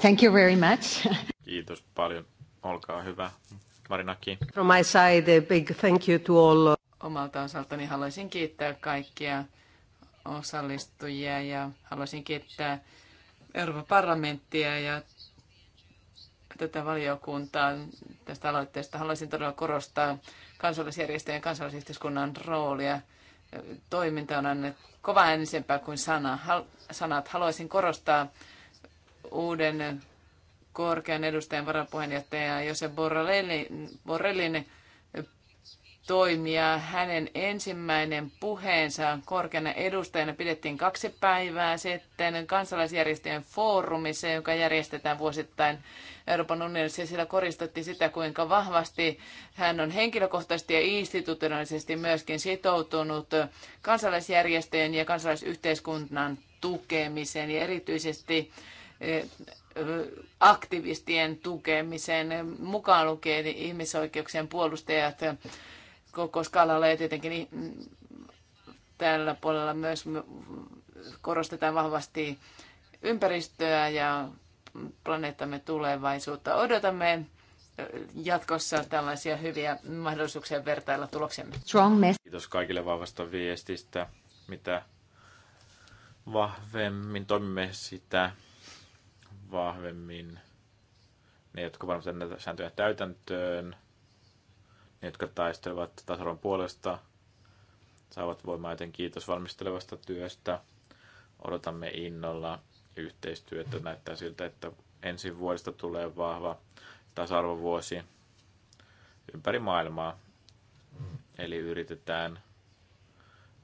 Thank you very much. Kiitos paljon. Olkaa hyvä. Marinaki. From my side, a big thank you to all. Omalta osaltani haluaisin kiittää kaikkia osallistujia ja haluaisin kiittää Euroopan parlamenttia ja tätä valiokuntaa tästä aloitteesta. Haluaisin todella korostaa kansalaisjärjestöjen ja kansalaisyhteiskunnan roolia. Toiminta on aina kova äänisempää kuin sana. Hal- sanat. Haluaisin korostaa uuden korkean edustajan varapuheenjohtaja Jose Borrellin, Borrellin eh, toimia. Hänen ensimmäinen puheensa korkeana edustajana pidettiin kaksi päivää sitten kansalaisjärjestöjen foorumissa, joka järjestetään vuosittain Euroopan unionissa. Siellä koristettiin sitä, kuinka vahvasti hän on henkilökohtaisesti ja institutionaalisesti myöskin sitoutunut kansalaisjärjestöjen ja kansalaisyhteiskunnan tukemiseen ja erityisesti eh, aktivistien tukemiseen, mukaan lukien ihmisoikeuksien puolustajat koko skaalalla ja tietenkin tällä puolella myös korostetaan vahvasti ympäristöä ja planeettamme tulevaisuutta. Odotamme jatkossa tällaisia hyviä mahdollisuuksia vertailla tuloksemme. Strong message. Kiitos kaikille vahvasta viestistä. Mitä vahvemmin toimimme sitä vahvemmin ne, jotka varmasti näitä sääntöjä täytäntöön, ne, jotka taistelevat tasa puolesta, saavat voimaa, joten kiitos valmistelevasta työstä. Odotamme innolla yhteistyötä. Näyttää siltä, että ensi vuodesta tulee vahva tasa-arvovuosi ympäri maailmaa. Eli yritetään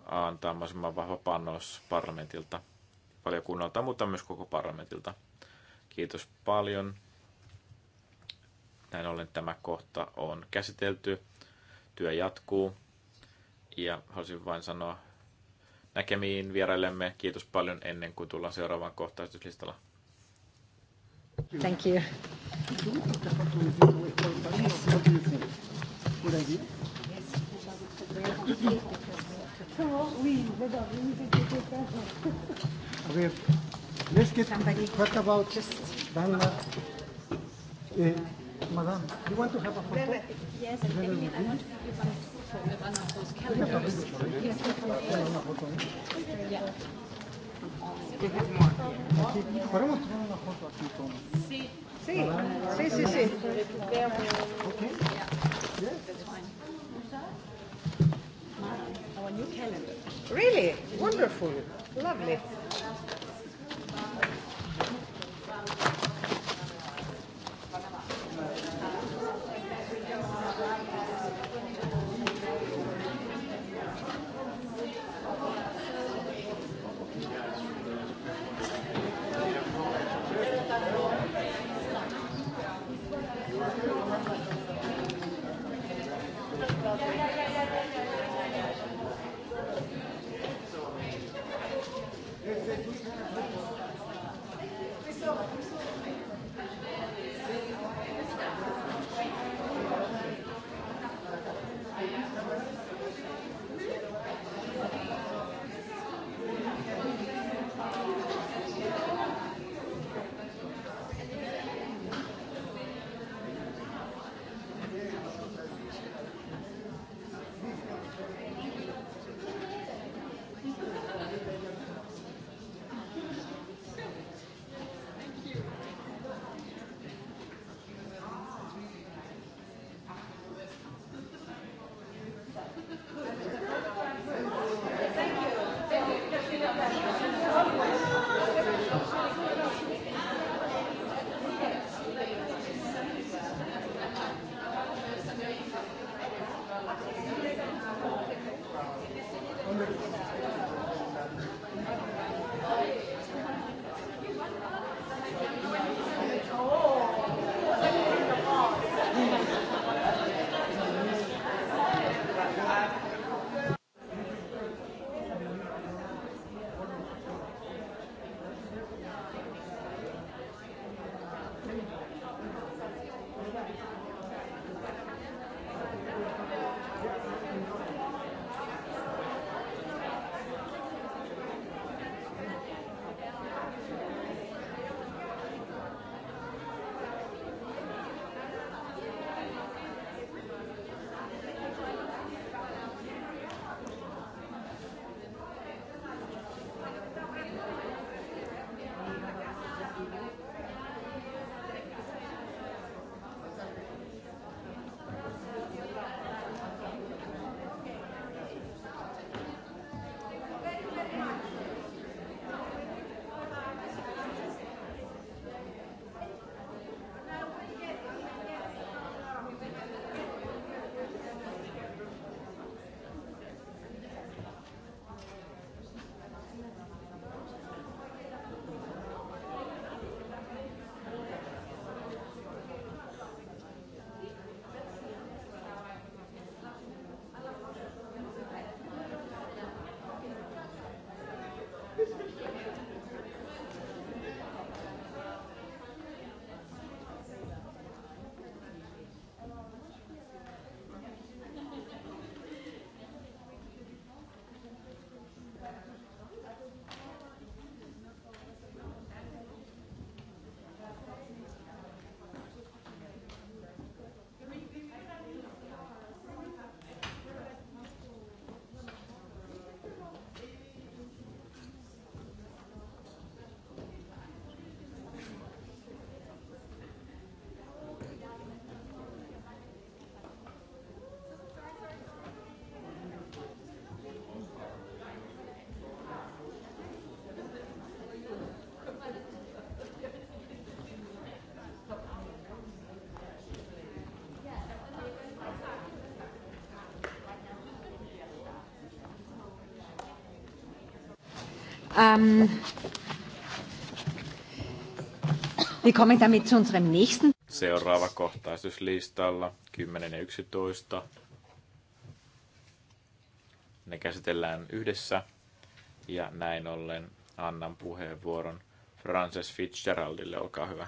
antaa mahdollisimman vahva panos parlamentilta, valiokunnalta, mutta myös koko parlamentilta. Kiitos paljon. Näin ollen tämä kohta on käsitelty. Työ jatkuu. Ja haluaisin vain sanoa näkemiin vieraillemme kiitos paljon ennen kuin tullaan seuraavaan kohtaistuslistalla. Thank you. Oui, Let's get Somebody. what about just Dana? Uh, madam, you want to have a photo? Yes, I want to give one photo, Yes, Sí. Sí, sí, sí, Yes. Really? Wonderful. Lovely. Ähm, wir kommen damit zu unserem nächsten. Seuraava kohtaisuuslistalla 10 ja 11. Ne käsitellään yhdessä ja näin ollen annan puheenvuoron Frances Fitzgeraldille. Olkaa hyvä.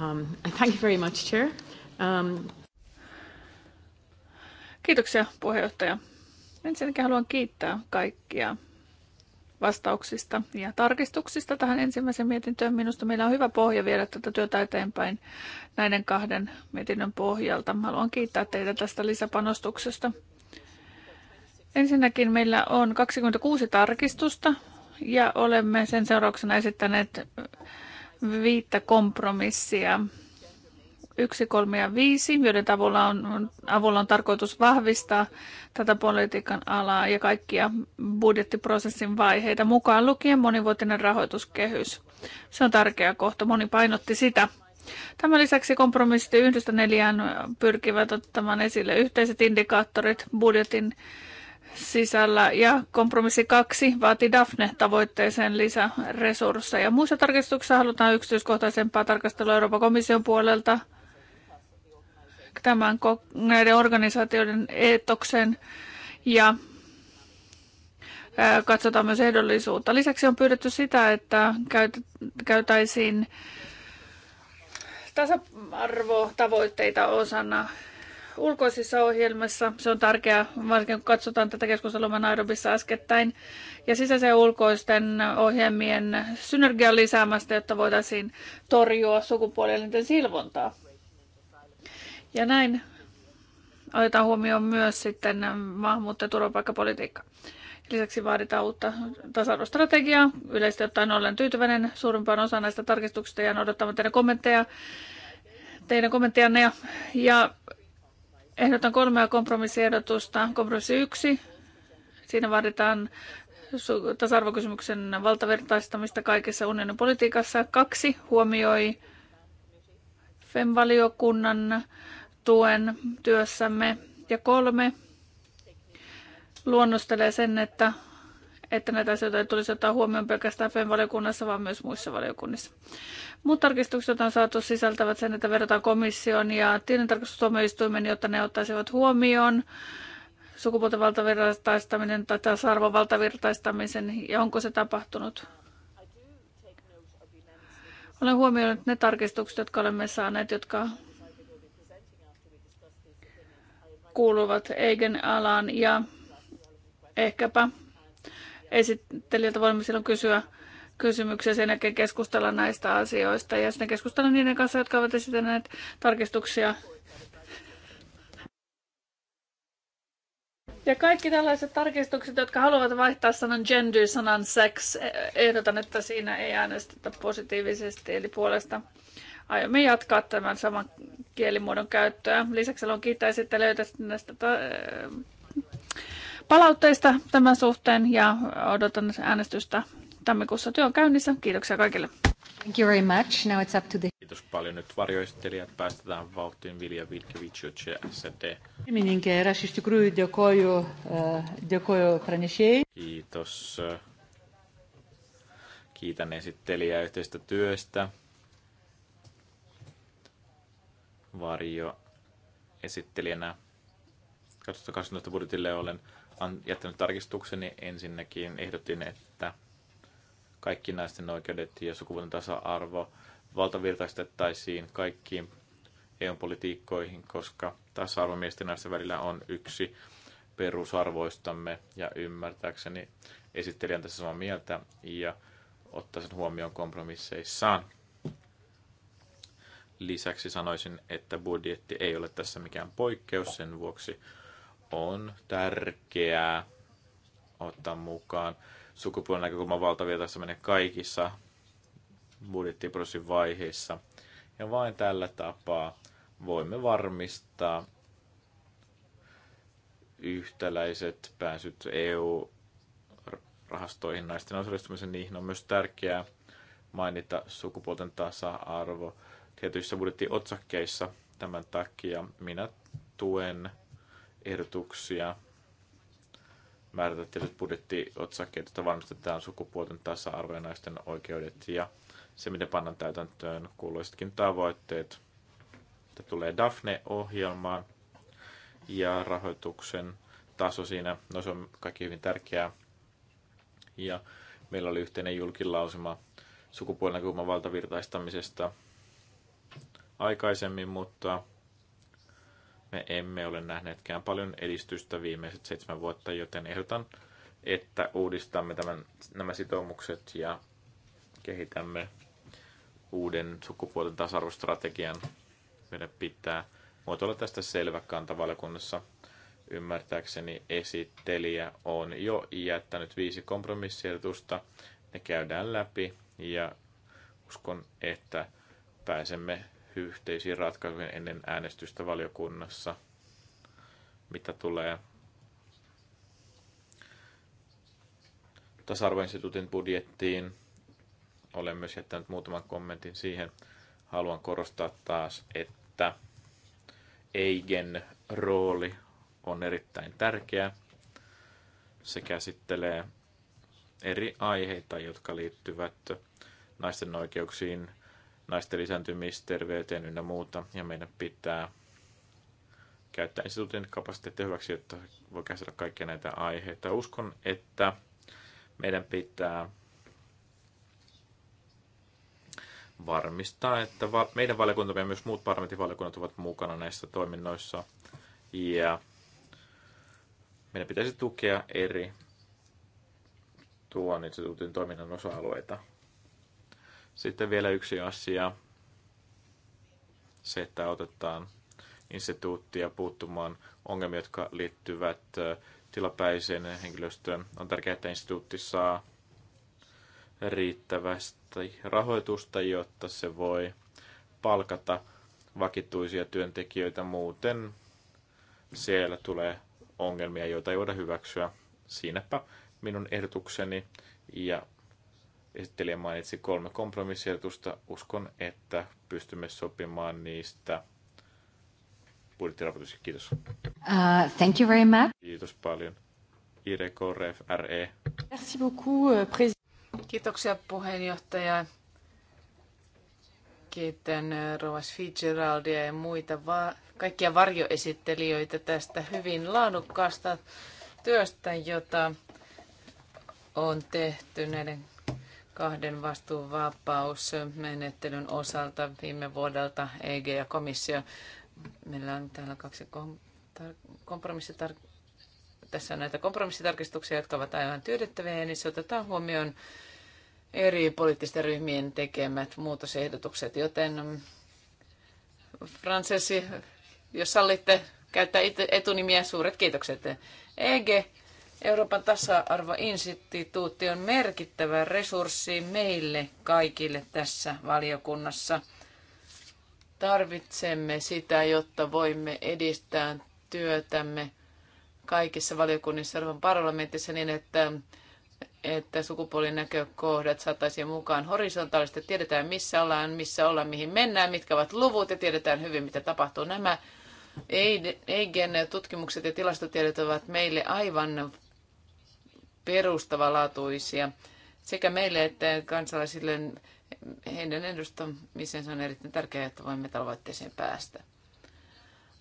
Um, thank you very much, Chair. Um... Kiitoksia puheenjohtaja. Ensinnäkin haluan kiittää kaikkia vastauksista ja tarkistuksista tähän ensimmäiseen mietintöön. Minusta meillä on hyvä pohja viedä tätä työtä eteenpäin näiden kahden mietinnön pohjalta. Haluan kiittää teitä tästä lisäpanostuksesta. Ensinnäkin meillä on 26 tarkistusta ja olemme sen seurauksena esittäneet viittä kompromissia 1, 3 ja 5, joiden avulla on, avulla on tarkoitus vahvistaa tätä politiikan alaa ja kaikkia budjettiprosessin vaiheita, mukaan lukien monivuotinen rahoituskehys. Se on tärkeä kohta, moni painotti sitä. Tämän lisäksi kompromissit yhdestä neljään pyrkivät ottamaan esille yhteiset indikaattorit budjetin sisällä ja kompromissi kaksi vaati DAFNE-tavoitteeseen lisäresursseja. Muissa tarkistuksissa halutaan yksityiskohtaisempaa tarkastelua Euroopan komission puolelta tämän näiden organisaatioiden etoksen ja katsotaan myös ehdollisuutta. Lisäksi on pyydetty sitä, että käytäisiin tasa-arvotavoitteita osana ulkoisissa ohjelmissa. Se on tärkeää, varsinkin kun katsotaan tätä keskustelua Nairobissa äskettäin. Ja sisäisen ja ulkoisten ohjelmien synergian lisäämästä, jotta voitaisiin torjua sukupuolielinten silvontaa. Ja näin otetaan huomioon myös sitten maahanmuutto- ja turvapaikkapolitiikka. Lisäksi vaaditaan uutta tasa-arvostrategiaa. Yleisesti ottaen olen tyytyväinen suurimpaan osaan näistä tarkistuksista ja odottamaan teidän kommentteja, teidän kommenttianne. Ja, ja ehdotan kolmea kompromissiehdotusta. Kompromissi yksi. Siinä vaaditaan tasa-arvokysymyksen valtavertaistamista kaikessa unionin politiikassa. Kaksi huomioi FEM-valiokunnan tuen työssämme. Ja kolme luonnostelee sen, että, että näitä asioita ei tulisi ottaa huomioon pelkästään FEM-valiokunnassa, vaan myös muissa valiokunnissa. Muut tarkistukset, joita on saatu, sisältävät sen, että verrataan komission ja tilintarkastustuomioistuimen, jotta ne ottaisivat huomioon sukupuolten valtavirtaistaminen tai tasa-arvon valtavirtaistamisen ja onko se tapahtunut. Olen huomioinut ne tarkistukset, jotka olemme saaneet, jotka kuuluvat Eigen-alaan ja ehkäpä esittelijältä voimme silloin kysyä kysymyksiä, sen jälkeen keskustella näistä asioista ja sitten keskustella niiden kanssa, jotka ovat esittäneet tarkistuksia. Ja kaikki tällaiset tarkistukset, jotka haluavat vaihtaa sanan gender sanan sex, ehdotan, että siinä ei äänestetä positiivisesti eli puolesta aiomme jatkaa tämän saman kielimuodon käyttöä. Lisäksi haluan kiittää löytästä näistä palautteista tämän suhteen ja odotan äänestystä tammikuussa työn käynnissä. Kiitoksia kaikille. Thank you very much. Now it's up to the... Kiitos paljon. Nyt varjoistelijat päästetään vauhtiin Vilja Vilkevičius ja SD. Kiitos. Kiitän esittelijä yhteistä työstä. varjo esittelijänä 2018 budjetille olen jättänyt tarkistukseni. Ensinnäkin ehdotin, että kaikki naisten oikeudet ja sukupuolten tasa-arvo valtavirtaistettaisiin kaikkiin EU-politiikkoihin, koska tasa-arvo miesten ja naisten välillä on yksi perusarvoistamme ja ymmärtääkseni esittelijän tässä samaa mieltä ja ottaa sen huomioon kompromisseissaan. Lisäksi sanoisin, että budjetti ei ole tässä mikään poikkeus, sen vuoksi on tärkeää ottaa mukaan. Sukupuolen näkökulma valtavia tässä menee kaikissa budjettiprosessin vaiheissa. Ja vain tällä tapaa voimme varmistaa yhtäläiset pääsyt EU-rahastoihin naisten osallistumisen niihin on myös tärkeää mainita sukupuolten tasa-arvo tietyissä budjettiotsakkeissa. Tämän takia minä tuen ehdotuksia määrätä tietyt budjettiotsakkeet, joita varmistetaan sukupuolten tasa-arvo ja naisten oikeudet ja se, miten pannaan täytäntöön kuuluisatkin tavoitteet. Tämä tulee Daphne-ohjelmaan ja rahoituksen taso siinä, no se on kaikki hyvin tärkeää. Ja meillä oli yhteinen julkilausuma sukupuolinäkökulman valtavirtaistamisesta – aikaisemmin, mutta me emme ole nähneetkään paljon edistystä viimeiset seitsemän vuotta, joten ehdotan, että uudistamme tämän, nämä sitoumukset ja kehitämme uuden sukupuolten tasa-arvostrategian. Meidän pitää muotoilla tästä selvä kanta valiokunnassa. Ymmärtääkseni esittelijä on jo jättänyt viisi kompromissiehdotusta. Ne käydään läpi ja uskon, että pääsemme yhteisiin ratkaisuihin ennen äänestystä valiokunnassa, mitä tulee tasa-arvoinstituutin budjettiin. Olen myös jättänyt muutaman kommentin siihen. Haluan korostaa taas, että Eigen rooli on erittäin tärkeä. Se käsittelee eri aiheita, jotka liittyvät naisten oikeuksiin, naisten lisääntymisterveyteen ynnä muuta, ja meidän pitää käyttää instituutin kapasiteettia hyväksi, jotta voi käsitellä kaikkia näitä aiheita. Uskon, että meidän pitää varmistaa, että meidän valiokuntamme ja myös muut parlamentin ovat mukana näissä toiminnoissa. Ja meidän pitäisi tukea eri tuon instituutin toiminnan osa-alueita. Sitten vielä yksi asia. Se, että otetaan instituuttia puuttumaan ongelmia, jotka liittyvät tilapäiseen henkilöstöön. On tärkeää, että instituutti saa riittävästi rahoitusta, jotta se voi palkata vakituisia työntekijöitä. Muuten siellä tulee ongelmia, joita ei voida hyväksyä. Siinäpä minun ehdotukseni ja Esittelijä mainitsi kolme kompromissiehdotusta. Uskon, että pystymme sopimaan niistä. Budjettiraportus, kiitos. Uh, thank you very much. Kiitos paljon. IREKOREF RE. Merci beaucoup, euh, Kiitoksia puheenjohtaja. Kiitän äh, Rovas Fitzgeraldia ja muita va- kaikkia varjoesittelijöitä tästä hyvin laadukkaasta työstä, jota on tehty näiden kahden vastuunvapausmenettelyn osalta viime vuodelta EG ja komissio. Meillä on täällä kaksi kom- tar- kompromissitar- tässä on näitä kompromissitarkistuksia, jotka ovat aivan tyydyttäviä, niin se otetaan huomioon eri poliittisten ryhmien tekemät muutosehdotukset, joten mm, Francesi, jos sallitte käyttää etunimiä, suuret kiitokset. EG Euroopan tasa-arvoinstituutti on merkittävä resurssi meille kaikille tässä valiokunnassa. Tarvitsemme sitä, jotta voimme edistää työtämme kaikissa valiokunnissa Euroopan parlamentissa niin, että, että sukupuolinäkökohdat saataisiin mukaan horisontaalisesti. Tiedetään, missä ollaan, missä ollaan, mihin mennään, mitkä ovat luvut ja tiedetään hyvin, mitä tapahtuu. Nämä Eigen tutkimukset ja tilastotiedot ovat meille aivan perustavalaatuisia sekä meille että kansalaisille heidän edustamisensa on erittäin tärkeää, että voimme tavoitteeseen päästä.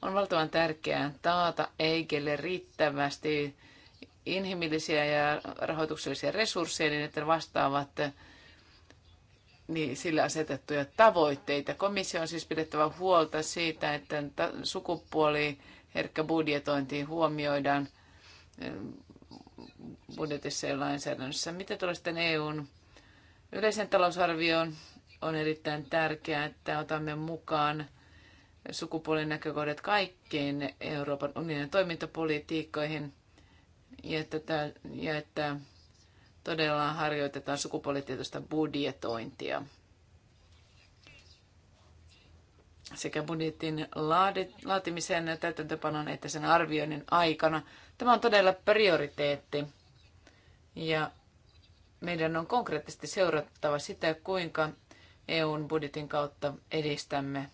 On valtavan tärkeää taata Eikelle riittävästi inhimillisiä ja rahoituksellisia resursseja niin, että vastaavat niin sillä asetettuja tavoitteita. Komissio on siis pidettävä huolta siitä, että sukupuoli herkkä budjetointi huomioidaan budjetissa ja lainsäädännössä. Mitä tulee sitten EUn yleisen talousarvioon? On erittäin tärkeää, että otamme mukaan sukupuolen näkökohdat kaikkiin Euroopan unionin toimintapolitiikkoihin ja että, ja että todella harjoitetaan sukupuolitietoista budjetointia sekä budjetin laatimisen, täytäntöpanon että sen arvioinnin aikana. Tämä on todella prioriteetti ja meidän on konkreettisesti seurattava sitä, kuinka EUn budjetin kautta edistämme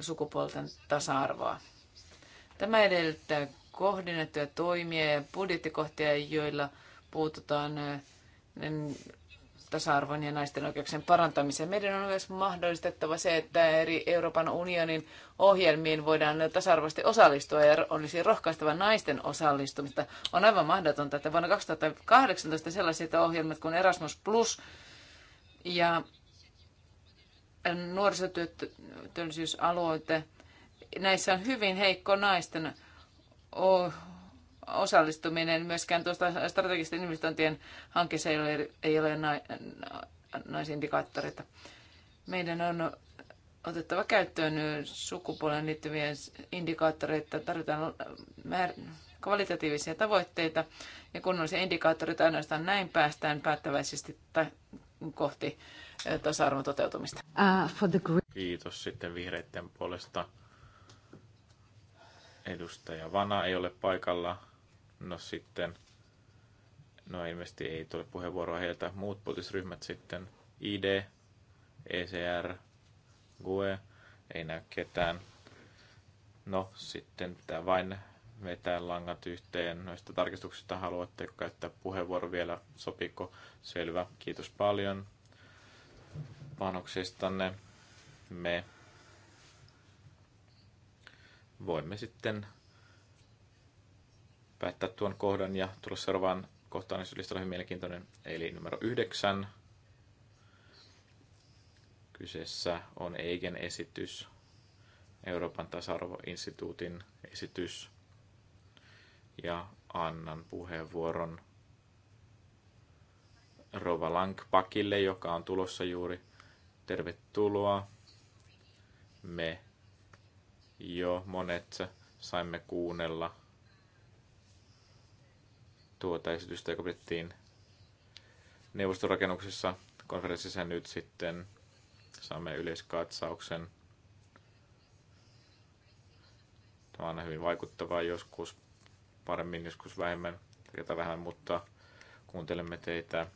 sukupuolten tasa-arvoa. Tämä edellyttää kohdennettuja toimia ja budjettikohtia, joilla puututaan tasa-arvon ja naisten oikeuksien parantamiseen. Meidän on myös mahdollistettava se, että eri Euroopan unionin ohjelmiin voidaan tasa-arvoisesti osallistua ja olisi rohkaistava naisten osallistumista. On aivan mahdotonta, että vuonna 2018 sellaiset ohjelmat kuin Erasmus Plus ja nuorisotyöllisyysaloite, näissä on hyvin heikko naisten osallistuminen myöskään tuosta strategisten investointien hankkeessa ei ole, ei ole naisindikaattoreita. Meidän on otettava käyttöön sukupuolen liittyviä indikaattoreita. Tarvitaan määr- kvalitatiivisia tavoitteita ja kunnollisia indikaattoreita. Ainoastaan näin päästään päättäväisesti kohti tasa-arvon toteutumista. Uh, the... Kiitos sitten vihreiden puolesta. Edustaja Vana ei ole paikalla. No sitten, no ilmeisesti ei tule puheenvuoroa heiltä. Muut poliisryhmät sitten, ID, ECR, GUE, ei näy ketään. No sitten pitää vain vetää langat yhteen noista tarkistuksista. Haluatte käyttää puheenvuoro vielä? Sopiiko? Selvä. Kiitos paljon panoksistanne. Me voimme sitten päättää tuon kohdan ja tulla seuraavaan kohtaan, jos niin hyvin mielenkiintoinen, eli numero yhdeksän. Kyseessä on Eigen esitys, Euroopan tasa-arvoinstituutin esitys. Ja annan puheenvuoron Rova Langpakille, joka on tulossa juuri. Tervetuloa. Me jo monet saimme kuunnella tuota esitystä, joka pidettiin neuvostorakennuksessa konferenssissa nyt sitten saamme yleiskatsauksen. Tämä on hyvin vaikuttavaa joskus paremmin, joskus vähemmän, kerta vähän, mutta kuuntelemme teitä.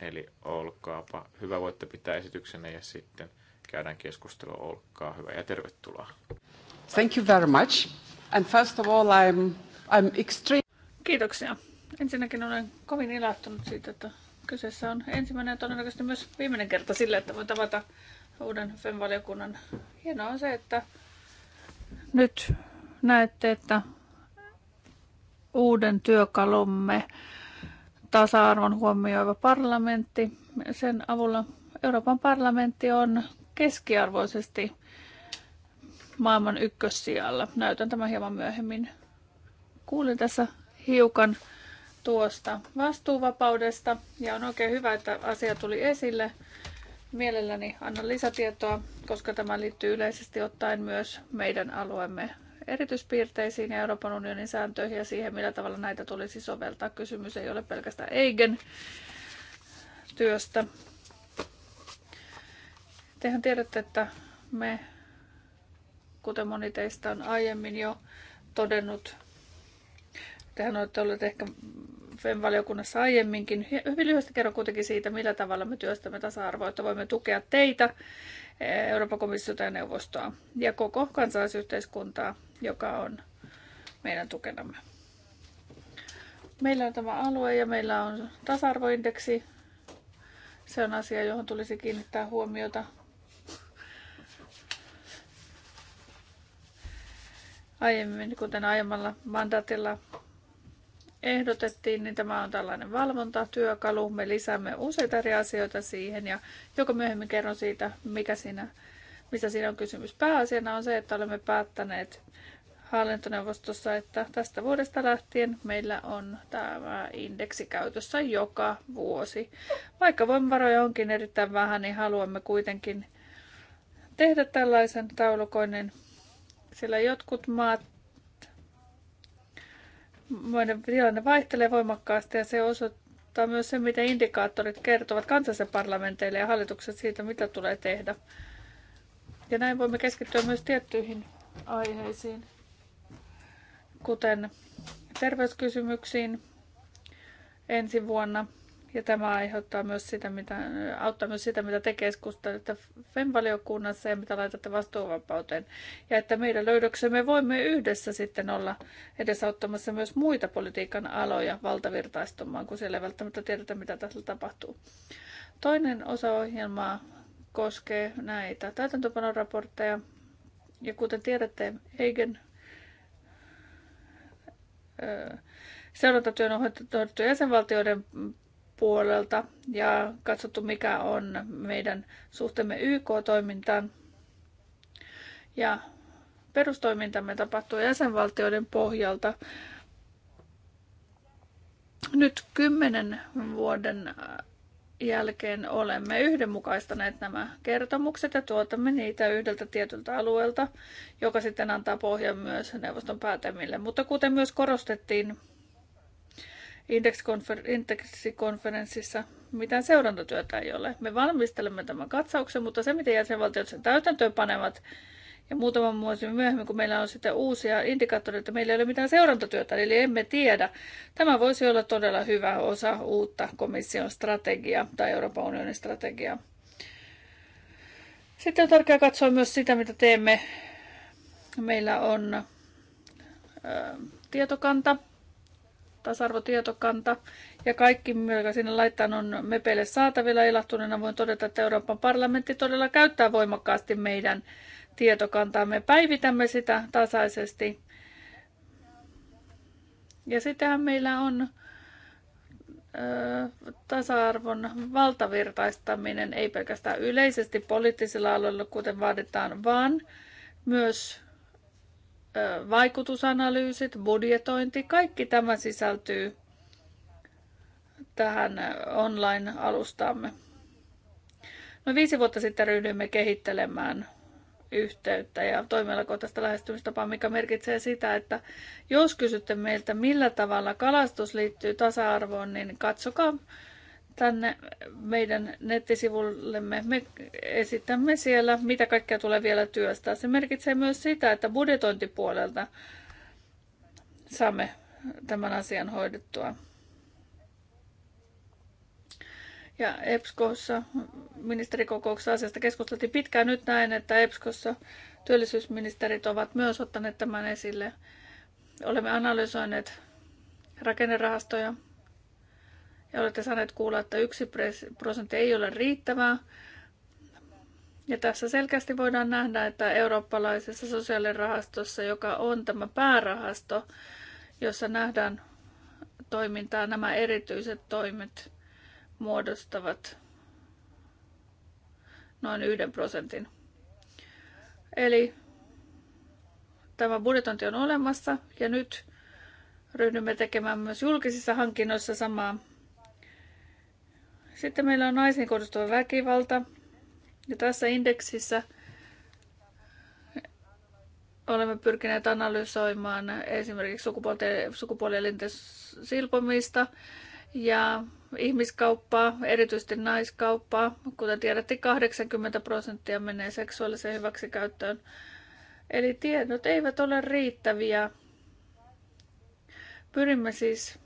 Eli olkaapa hyvä, voitte pitää esityksenne ja sitten käydään keskustelua. Olkaa hyvä ja tervetuloa. Thank you very much. And first of all, I'm, I'm extreme... Kiitoksia. Ensinnäkin olen kovin ilahtunut siitä, että kyseessä on ensimmäinen ja todennäköisesti myös viimeinen kerta sillä, että voin tavata uuden FEM-valiokunnan. Hienoa on se, että nyt näette, että uuden työkalumme tasa-arvon huomioiva parlamentti. Sen avulla Euroopan parlamentti on keskiarvoisesti maailman ykkössijalla. Näytän tämän hieman myöhemmin. Kuulin tässä hiukan tuosta vastuuvapaudesta ja on oikein hyvä, että asia tuli esille. Mielelläni annan lisätietoa, koska tämä liittyy yleisesti ottaen myös meidän alueemme erityispiirteisiin ja Euroopan unionin sääntöihin ja siihen, millä tavalla näitä tulisi soveltaa. Kysymys ei ole pelkästään Eigen työstä. Tehän tiedätte, että me, kuten moni teistä on aiemmin jo todennut, tehän olette olleet ehkä FEM-valiokunnassa aiemminkin. Hyvin lyhyesti kerron kuitenkin siitä, millä tavalla me työstämme tasa-arvoa, että voimme tukea teitä, eh, Euroopan komissiota ja neuvostoa ja koko kansalaisyhteiskuntaa, joka on meidän tukenamme. Meillä on tämä alue ja meillä on tasa-arvoindeksi. Se on asia, johon tulisi kiinnittää huomiota. Aiemmin, kuten aiemmalla mandaatilla, ehdotettiin, niin tämä on tällainen valvontatyökalu. Me lisäämme useita eri asioita siihen ja joko myöhemmin kerron siitä, mikä siinä, mistä siinä on kysymys. Pääasiana on se, että olemme päättäneet hallintoneuvostossa, että tästä vuodesta lähtien meillä on tämä indeksi käytössä joka vuosi. Vaikka voimavaroja onkin erittäin vähän, niin haluamme kuitenkin tehdä tällaisen taulukoinen, sillä jotkut maat Maiden tilanne vaihtelee voimakkaasti ja se osoittaa myös sen, miten indikaattorit kertovat kansallisen parlamenteille ja hallitukset siitä, mitä tulee tehdä. Ja näin voimme keskittyä myös tiettyihin aiheisiin, kuten terveyskysymyksiin ensi vuonna – ja tämä aiheuttaa myös sitä, mitä, auttaa myös sitä, mitä te keskustelette FEM-valiokunnassa ja mitä laitatte vastuuvapauteen. Ja että meidän löydöksemme voimme yhdessä sitten olla edesauttamassa myös muita politiikan aloja valtavirtaistumaan, kun siellä ei välttämättä tiedetä, mitä tässä tapahtuu. Toinen osa ohjelmaa koskee näitä täytäntöpanoraportteja. Ja kuten tiedätte, Eigen seurantatyön on hoidettu jäsenvaltioiden puolelta ja katsottu, mikä on meidän suhteemme YK-toimintaan. Ja perustoimintamme tapahtuu jäsenvaltioiden pohjalta. Nyt kymmenen vuoden jälkeen olemme yhdenmukaistaneet nämä kertomukset ja tuotamme niitä yhdeltä tietyltä alueelta, joka sitten antaa pohjan myös neuvoston päätämille. Mutta kuten myös korostettiin, indeksikonferenssissa mitään seurantatyötä ei ole. Me valmistelemme tämän katsauksen, mutta se, miten jäsenvaltiot sen täytäntöön panevat, ja muutaman vuosi myöhemmin, kun meillä on sitten uusia indikaattoreita, meillä ei ole mitään seurantatyötä, eli emme tiedä. Tämä voisi olla todella hyvä osa uutta komission strategiaa tai Euroopan unionin strategiaa. Sitten on tärkeää katsoa myös sitä, mitä teemme. Meillä on ä, tietokanta, tasa-arvotietokanta ja kaikki, mikä sinne laittaa, on mepeille saatavilla. Ilahtuneena voin todeta, että Euroopan parlamentti todella käyttää voimakkaasti meidän tietokantaa. Me päivitämme sitä tasaisesti. Ja sitähän meillä on tasa-arvon valtavirtaistaminen ei pelkästään yleisesti poliittisilla aloilla, kuten vaaditaan, vaan myös vaikutusanalyysit, budjetointi, kaikki tämä sisältyy tähän online-alustaamme. No viisi vuotta sitten ryhdyimme kehittelemään yhteyttä ja toimialakohtaista lähestymistapaa, mikä merkitsee sitä, että jos kysytte meiltä, millä tavalla kalastus liittyy tasa-arvoon, niin katsokaa tänne meidän nettisivullemme. Me esitämme siellä, mitä kaikkea tulee vielä työstää. Se merkitsee myös sitä, että budjetointipuolelta saamme tämän asian hoidettua. Ja EPSKossa ministerikokouksessa asiasta keskusteltiin pitkään. Nyt näen, että EPSKossa työllisyysministerit ovat myös ottaneet tämän esille. Olemme analysoineet rakennerahastoja, ja olette saaneet kuulla, että yksi prosentti ei ole riittävää. Ja tässä selkeästi voidaan nähdä, että eurooppalaisessa sosiaalirahastossa, joka on tämä päärahasto, jossa nähdään toimintaa, nämä erityiset toimet muodostavat noin yhden prosentin. Eli tämä budjetointi on olemassa ja nyt ryhdymme tekemään myös julkisissa hankinnoissa samaa. Sitten meillä on naisiin kohdistuva väkivalta. Ja tässä indeksissä olemme pyrkineet analysoimaan esimerkiksi sukupuolielinten silpomista ja ihmiskauppaa, erityisesti naiskauppaa. Kuten tiedätte, 80 prosenttia menee seksuaaliseen hyväksikäyttöön. Eli tiedot eivät ole riittäviä. Pyrimme siis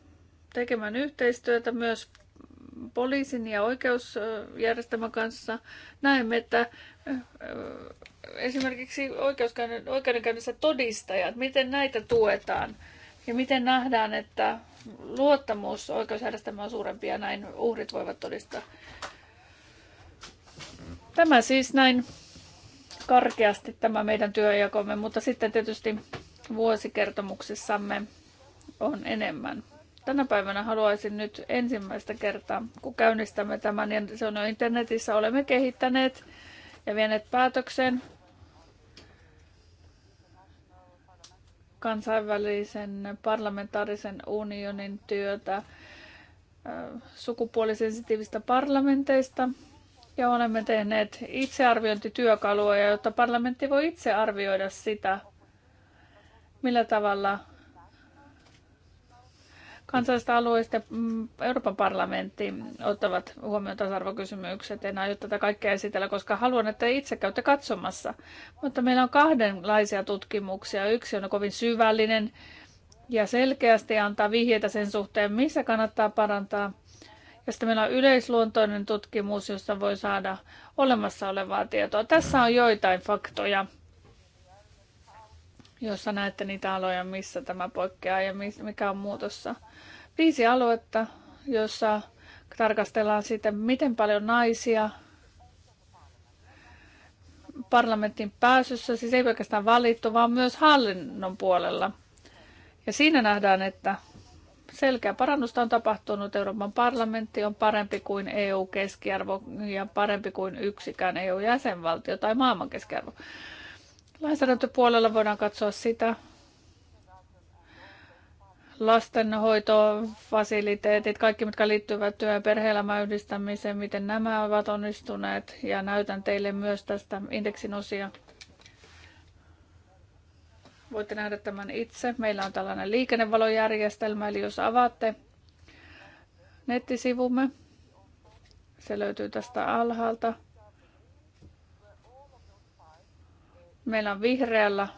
tekemään yhteistyötä myös poliisin ja oikeusjärjestelmän kanssa näemme, että äh, esimerkiksi oikeudenkäynnissä todistajat, miten näitä tuetaan ja miten nähdään, että luottamus oikeusjärjestelmään on suurempi ja näin uhrit voivat todistaa. Tämä siis näin karkeasti tämä meidän työjakomme, mutta sitten tietysti vuosikertomuksissamme on enemmän. Tänä päivänä haluaisin nyt ensimmäistä kertaa, kun käynnistämme tämän, ja se on jo internetissä, olemme kehittäneet ja vieneet päätöksen kansainvälisen parlamentaarisen unionin työtä sukupuolisensitiivistä parlamenteista. Ja olemme tehneet itsearviointityökaluja, jotta parlamentti voi itse arvioida sitä, millä tavalla kansallista alueista mm, Euroopan parlamentti ottavat huomioon tasa-arvokysymykset. En aio tätä kaikkea esitellä, koska haluan, että itse käytte katsomassa. Mutta meillä on kahdenlaisia tutkimuksia. Yksi on kovin syvällinen ja selkeästi antaa vihjeitä sen suhteen, missä kannattaa parantaa. Ja sitten meillä on yleisluontoinen tutkimus, josta voi saada olemassa olevaa tietoa. Tässä on joitain faktoja jossa näette niitä aloja, missä tämä poikkeaa ja mikä on muutossa. Viisi aluetta, jossa tarkastellaan sitä, miten paljon naisia parlamentin pääsyssä, siis ei pelkästään valittu, vaan myös hallinnon puolella. Ja siinä nähdään, että selkeä parannusta on tapahtunut. Euroopan parlamentti on parempi kuin EU-keskiarvo ja parempi kuin yksikään EU-jäsenvaltio tai maailman keskiarvo. Lainsäädäntöpuolella voidaan katsoa sitä, lastenhoito, fasiliteetit, kaikki mitkä liittyvät työ- ja perhe-elämän yhdistämiseen, miten nämä ovat onnistuneet ja näytän teille myös tästä indeksin osia. Voitte nähdä tämän itse. Meillä on tällainen liikennevalojärjestelmä, eli jos avaatte nettisivumme, se löytyy tästä alhaalta. Meillä on vihreällä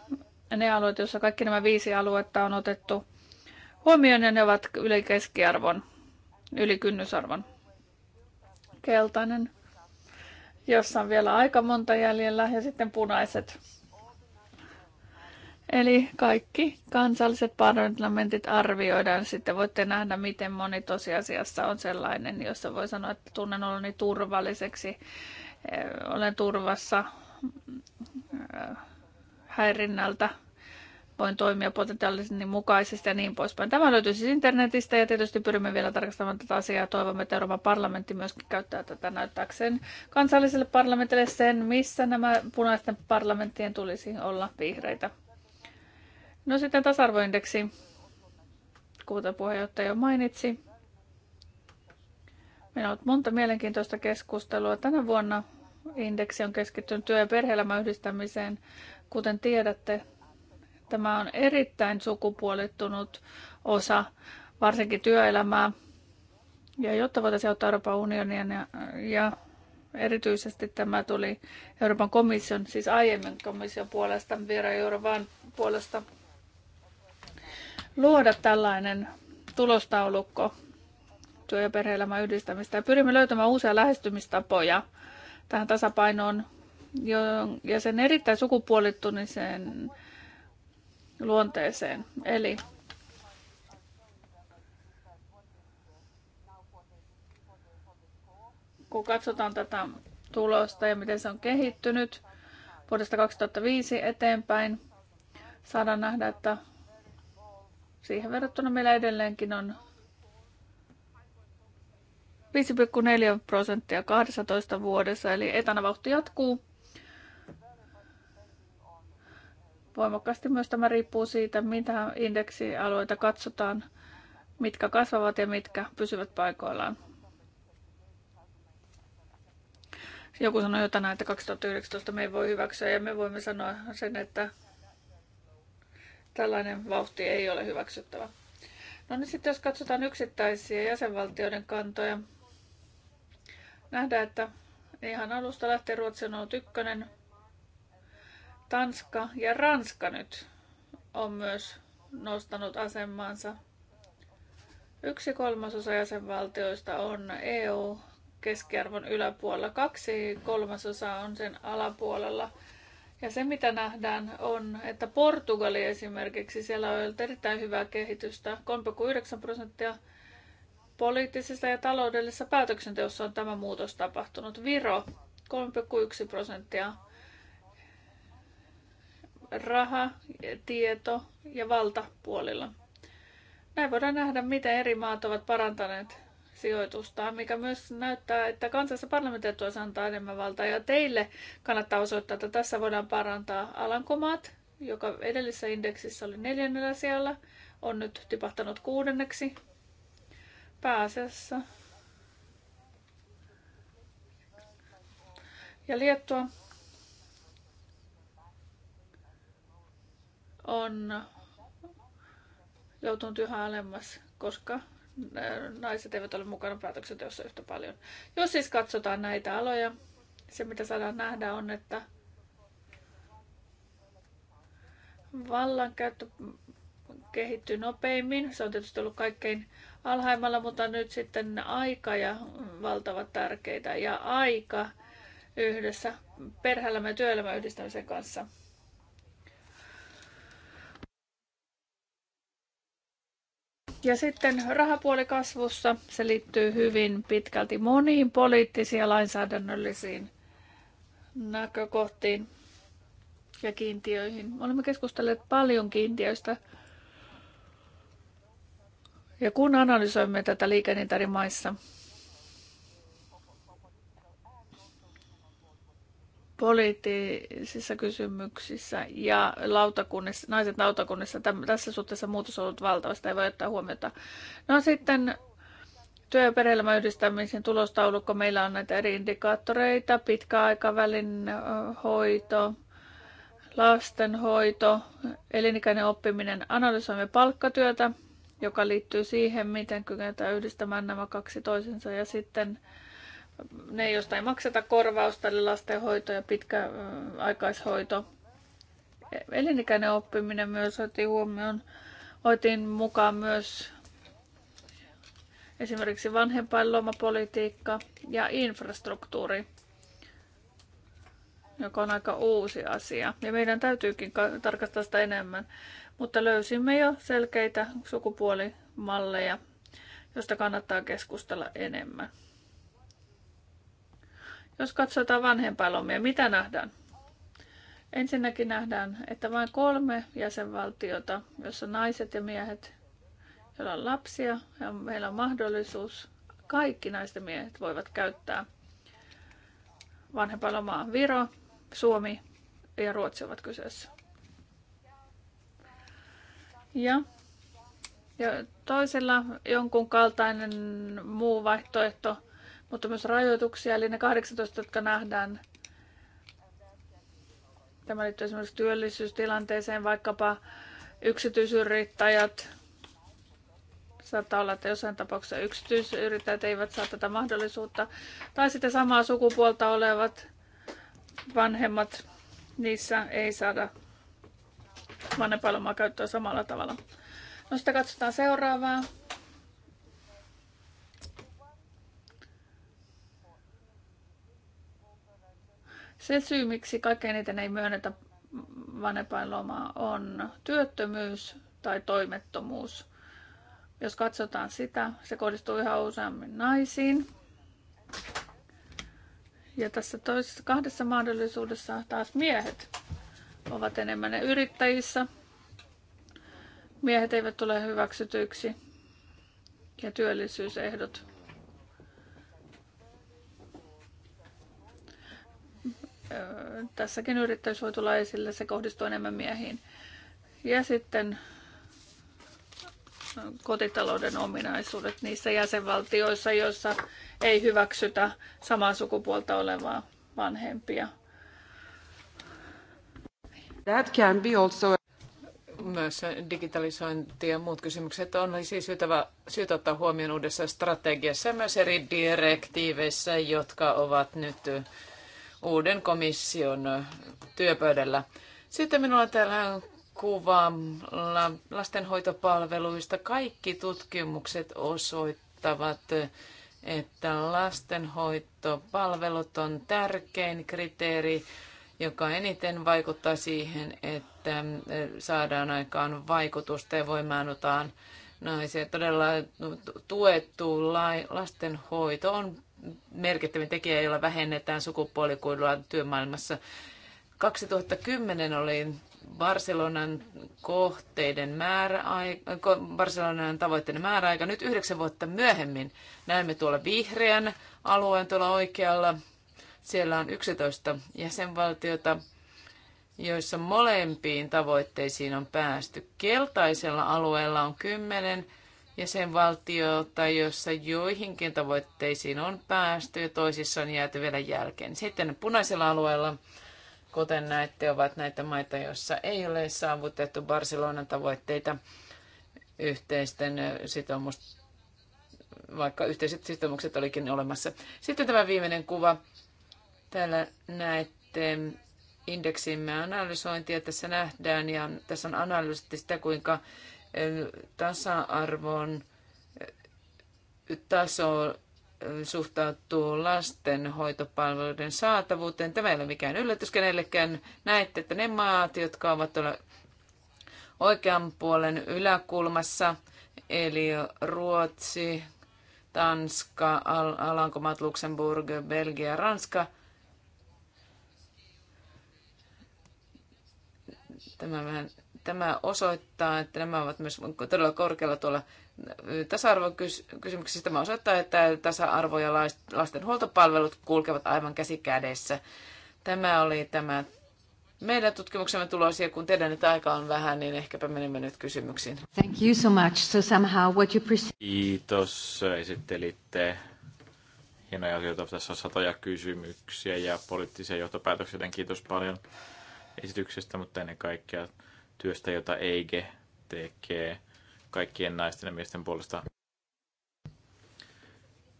ne alueet, joissa kaikki nämä viisi aluetta on otettu huomioon ja ne ovat yli keskiarvon, yli kynnysarvon. Keltainen, jossa on vielä aika monta jäljellä ja sitten punaiset. Eli kaikki kansalliset parlamentit arvioidaan. Sitten voitte nähdä, miten moni tosiasiassa on sellainen, jossa voi sanoa, että tunnen oloni turvalliseksi, eh, olen turvassa häirinnältä, voin toimia niin mukaisesti ja niin poispäin. Tämä löytyy siis internetistä ja tietysti pyrimme vielä tarkastamaan tätä asiaa ja toivomme, että Euroopan parlamentti myöskin käyttää tätä näyttääkseen kansalliselle parlamentille sen, missä nämä punaisten parlamenttien tulisi olla vihreitä. No sitten tasa-arvoindeksi, kuten puheenjohtaja jo mainitsi. Meillä on ollut monta mielenkiintoista keskustelua tänä vuonna indeksi on keskittynyt työ- ja perhe yhdistämiseen. Kuten tiedätte, tämä on erittäin sukupuolittunut osa, varsinkin työelämää. Ja jotta voitaisiin ottaa Euroopan unionia ja, ja erityisesti tämä tuli Euroopan komission, siis aiemmin komission puolesta, vielä Euroopan puolesta, luoda tällainen tulostaulukko työ- ja perhe-elämän yhdistämistä. Ja pyrimme löytämään uusia lähestymistapoja tähän tasapainoon ja sen erittäin sukupuolittuniseen luonteeseen. Eli kun katsotaan tätä tulosta ja miten se on kehittynyt vuodesta 2005 eteenpäin, saadaan nähdä, että siihen verrattuna meillä edelleenkin on 5,4 prosenttia 12 vuodessa, eli etänavauhti jatkuu. Voimakkaasti myös tämä riippuu siitä, mitä indeksialueita katsotaan, mitkä kasvavat ja mitkä pysyvät paikoillaan. Joku sanoi jo tänään, että 2019 me ei voi hyväksyä ja me voimme sanoa sen, että tällainen vauhti ei ole hyväksyttävä. No niin sitten jos katsotaan yksittäisiä jäsenvaltioiden kantoja, nähdä, että ihan alusta lähtien Ruotsi on ollut ykkönen. Tanska ja Ranska nyt on myös nostanut asemansa. Yksi kolmasosa jäsenvaltioista on EU keskiarvon yläpuolella, kaksi kolmasosaa on sen alapuolella. Ja se mitä nähdään on, että Portugali esimerkiksi, siellä on ollut erittäin hyvää kehitystä, 3,9 prosenttia Poliittisessa ja taloudellisessa päätöksenteossa on tämä muutos tapahtunut. Viro 3,1 prosenttia. Raha, tieto ja valta puolilla. Näin voidaan nähdä, miten eri maat ovat parantaneet sijoitustaan, mikä myös näyttää, että kansallisessa parlamenteissa antaa enemmän valtaa. Ja teille kannattaa osoittaa, että tässä voidaan parantaa Alankomaat, joka edellisessä indeksissä oli neljännellä siellä, on nyt tipahtanut kuudenneksi pääasiassa. Ja Liettua on joutunut yhä alemmas, koska naiset eivät ole mukana päätöksenteossa yhtä paljon. Jos siis katsotaan näitä aloja, se mitä saadaan nähdä on, että vallankäyttö kehittyy nopeimmin. Se on tietysti ollut kaikkein alhaimmalla, mutta nyt sitten aika ja valtavat tärkeitä ja aika yhdessä perheelämän ja työelämän yhdistämisen kanssa. Ja sitten rahapuoli kasvussa, se liittyy hyvin pitkälti moniin poliittisiin ja lainsäädännöllisiin näkökohtiin ja kiintiöihin. Olemme keskustelleet paljon kiintiöistä ja kun analysoimme tätä liikennettä eri maissa, poliittisissa kysymyksissä ja lautakunnissa, naiset lautakunnissa. Tässä suhteessa muutos on ollut valtavasta, ei voi ottaa huomiota. No sitten työ- ja yhdistämisen tulostaulukko. Meillä on näitä eri indikaattoreita, pitkäaikavälin hoito, lastenhoito, elinikäinen oppiminen. Analysoimme palkkatyötä, joka liittyy siihen, miten kykenetään yhdistämään nämä kaksi toisensa ja sitten ne, joista ei makseta korvausta, eli lastenhoito ja pitkäaikaishoito. Elinikäinen oppiminen myös otin huomioon. Otin mukaan myös esimerkiksi vanhempainlomapolitiikka ja infrastruktuuri, joka on aika uusi asia. Ja meidän täytyykin tarkastaa sitä enemmän mutta löysimme jo selkeitä sukupuolimalleja, joista kannattaa keskustella enemmän. Jos katsotaan vanhempailomia, mitä nähdään? Ensinnäkin nähdään, että vain kolme jäsenvaltiota, jossa naiset ja miehet, joilla on lapsia ja meillä on mahdollisuus, kaikki naiset ja miehet voivat käyttää vanhempailomaa. Viro, Suomi ja Ruotsi ovat kyseessä. Ja, ja toisella jonkun kaltainen muu vaihtoehto, mutta myös rajoituksia, eli ne 18, jotka nähdään. Tämä liittyy esimerkiksi työllisyystilanteeseen, vaikkapa yksityisyrittäjät. Saattaa olla, että jossain tapauksessa yksityisyrittäjät eivät saa tätä mahdollisuutta. Tai sitten samaa sukupuolta olevat vanhemmat, niissä ei saada vaan ne käyttöön samalla tavalla. No sitten katsotaan seuraavaa. Se syy, miksi kaikkein eniten ei myönnetä vanhempainlomaa, on työttömyys tai toimettomuus. Jos katsotaan sitä, se kohdistuu yhä useammin naisiin. Ja tässä toisessa kahdessa mahdollisuudessa taas miehet ovat enemmän yrittäjissä. Miehet eivät tule hyväksytyiksi ja työllisyysehdot. Tässäkin yrittäjyys voi tulla esille, se kohdistuu enemmän miehiin. Ja sitten kotitalouden ominaisuudet niissä jäsenvaltioissa, joissa ei hyväksytä samaa sukupuolta olevaa vanhempia. That can be also myös digitalisointi ja muut kysymykset on siis syytävä, syytä ottaa huomioon uudessa strategiassa ja myös eri direktiiveissä, jotka ovat nyt uuden komission työpöydällä. Sitten minulla on täällä kuva lastenhoitopalveluista. Kaikki tutkimukset osoittavat, että lastenhoitopalvelut on tärkein kriteeri joka eniten vaikuttaa siihen, että saadaan aikaan vaikutusta ja voimaannutaan naisia. Todella tuettu lastenhoito on merkittävin tekijä, jolla vähennetään sukupuolikuilua työmaailmassa. 2010 oli Barcelonan kohteiden määrä, Barcelonan tavoitteiden määräaika. Nyt yhdeksän vuotta myöhemmin näemme tuolla vihreän alueen tuolla oikealla siellä on 11 jäsenvaltiota, joissa molempiin tavoitteisiin on päästy. Keltaisella alueella on 10 jäsenvaltiota, joissa joihinkin tavoitteisiin on päästy ja toisissa on jääty vielä jälkeen. Sitten punaisella alueella, kuten näette, ovat näitä maita, joissa ei ole saavutettu Barcelonan tavoitteita yhteisten sitoumusten vaikka yhteiset sitoumukset olikin olemassa. Sitten tämä viimeinen kuva Täällä näette indeksimme analysointia. Tässä nähdään ja tässä on analysoitu sitä, kuinka eh, tasa-arvon eh, taso eh, suhtautuu lastenhoitopalveluiden saatavuuteen. Tämä ei ole mikään yllätys kenellekään. Näette, että ne maat, jotka ovat tuolla oikean puolen yläkulmassa, eli Ruotsi, Tanska, Al- Alankomaat, Luxemburg, Belgia, Ranska – Tämä, vähän, tämä osoittaa, että nämä ovat myös todella korkealla tuolla tasa-arvokysymyksessä. Tämä osoittaa, että tasa-arvo ja lasten huoltopalvelut kulkevat aivan käsikädessä. Tämä oli tämä meidän tutkimuksemme tulos, ja kun tiedän, että aika on vähän, niin ehkäpä menemme nyt kysymyksiin. Thank you so much. So somehow what you present... Kiitos, esittelitte hienoja asioita. Tässä on satoja kysymyksiä ja poliittisia johtopäätöksiä, kiitos paljon esityksestä, mutta ennen kaikkea työstä, jota EIGE tekee kaikkien naisten ja miesten puolesta.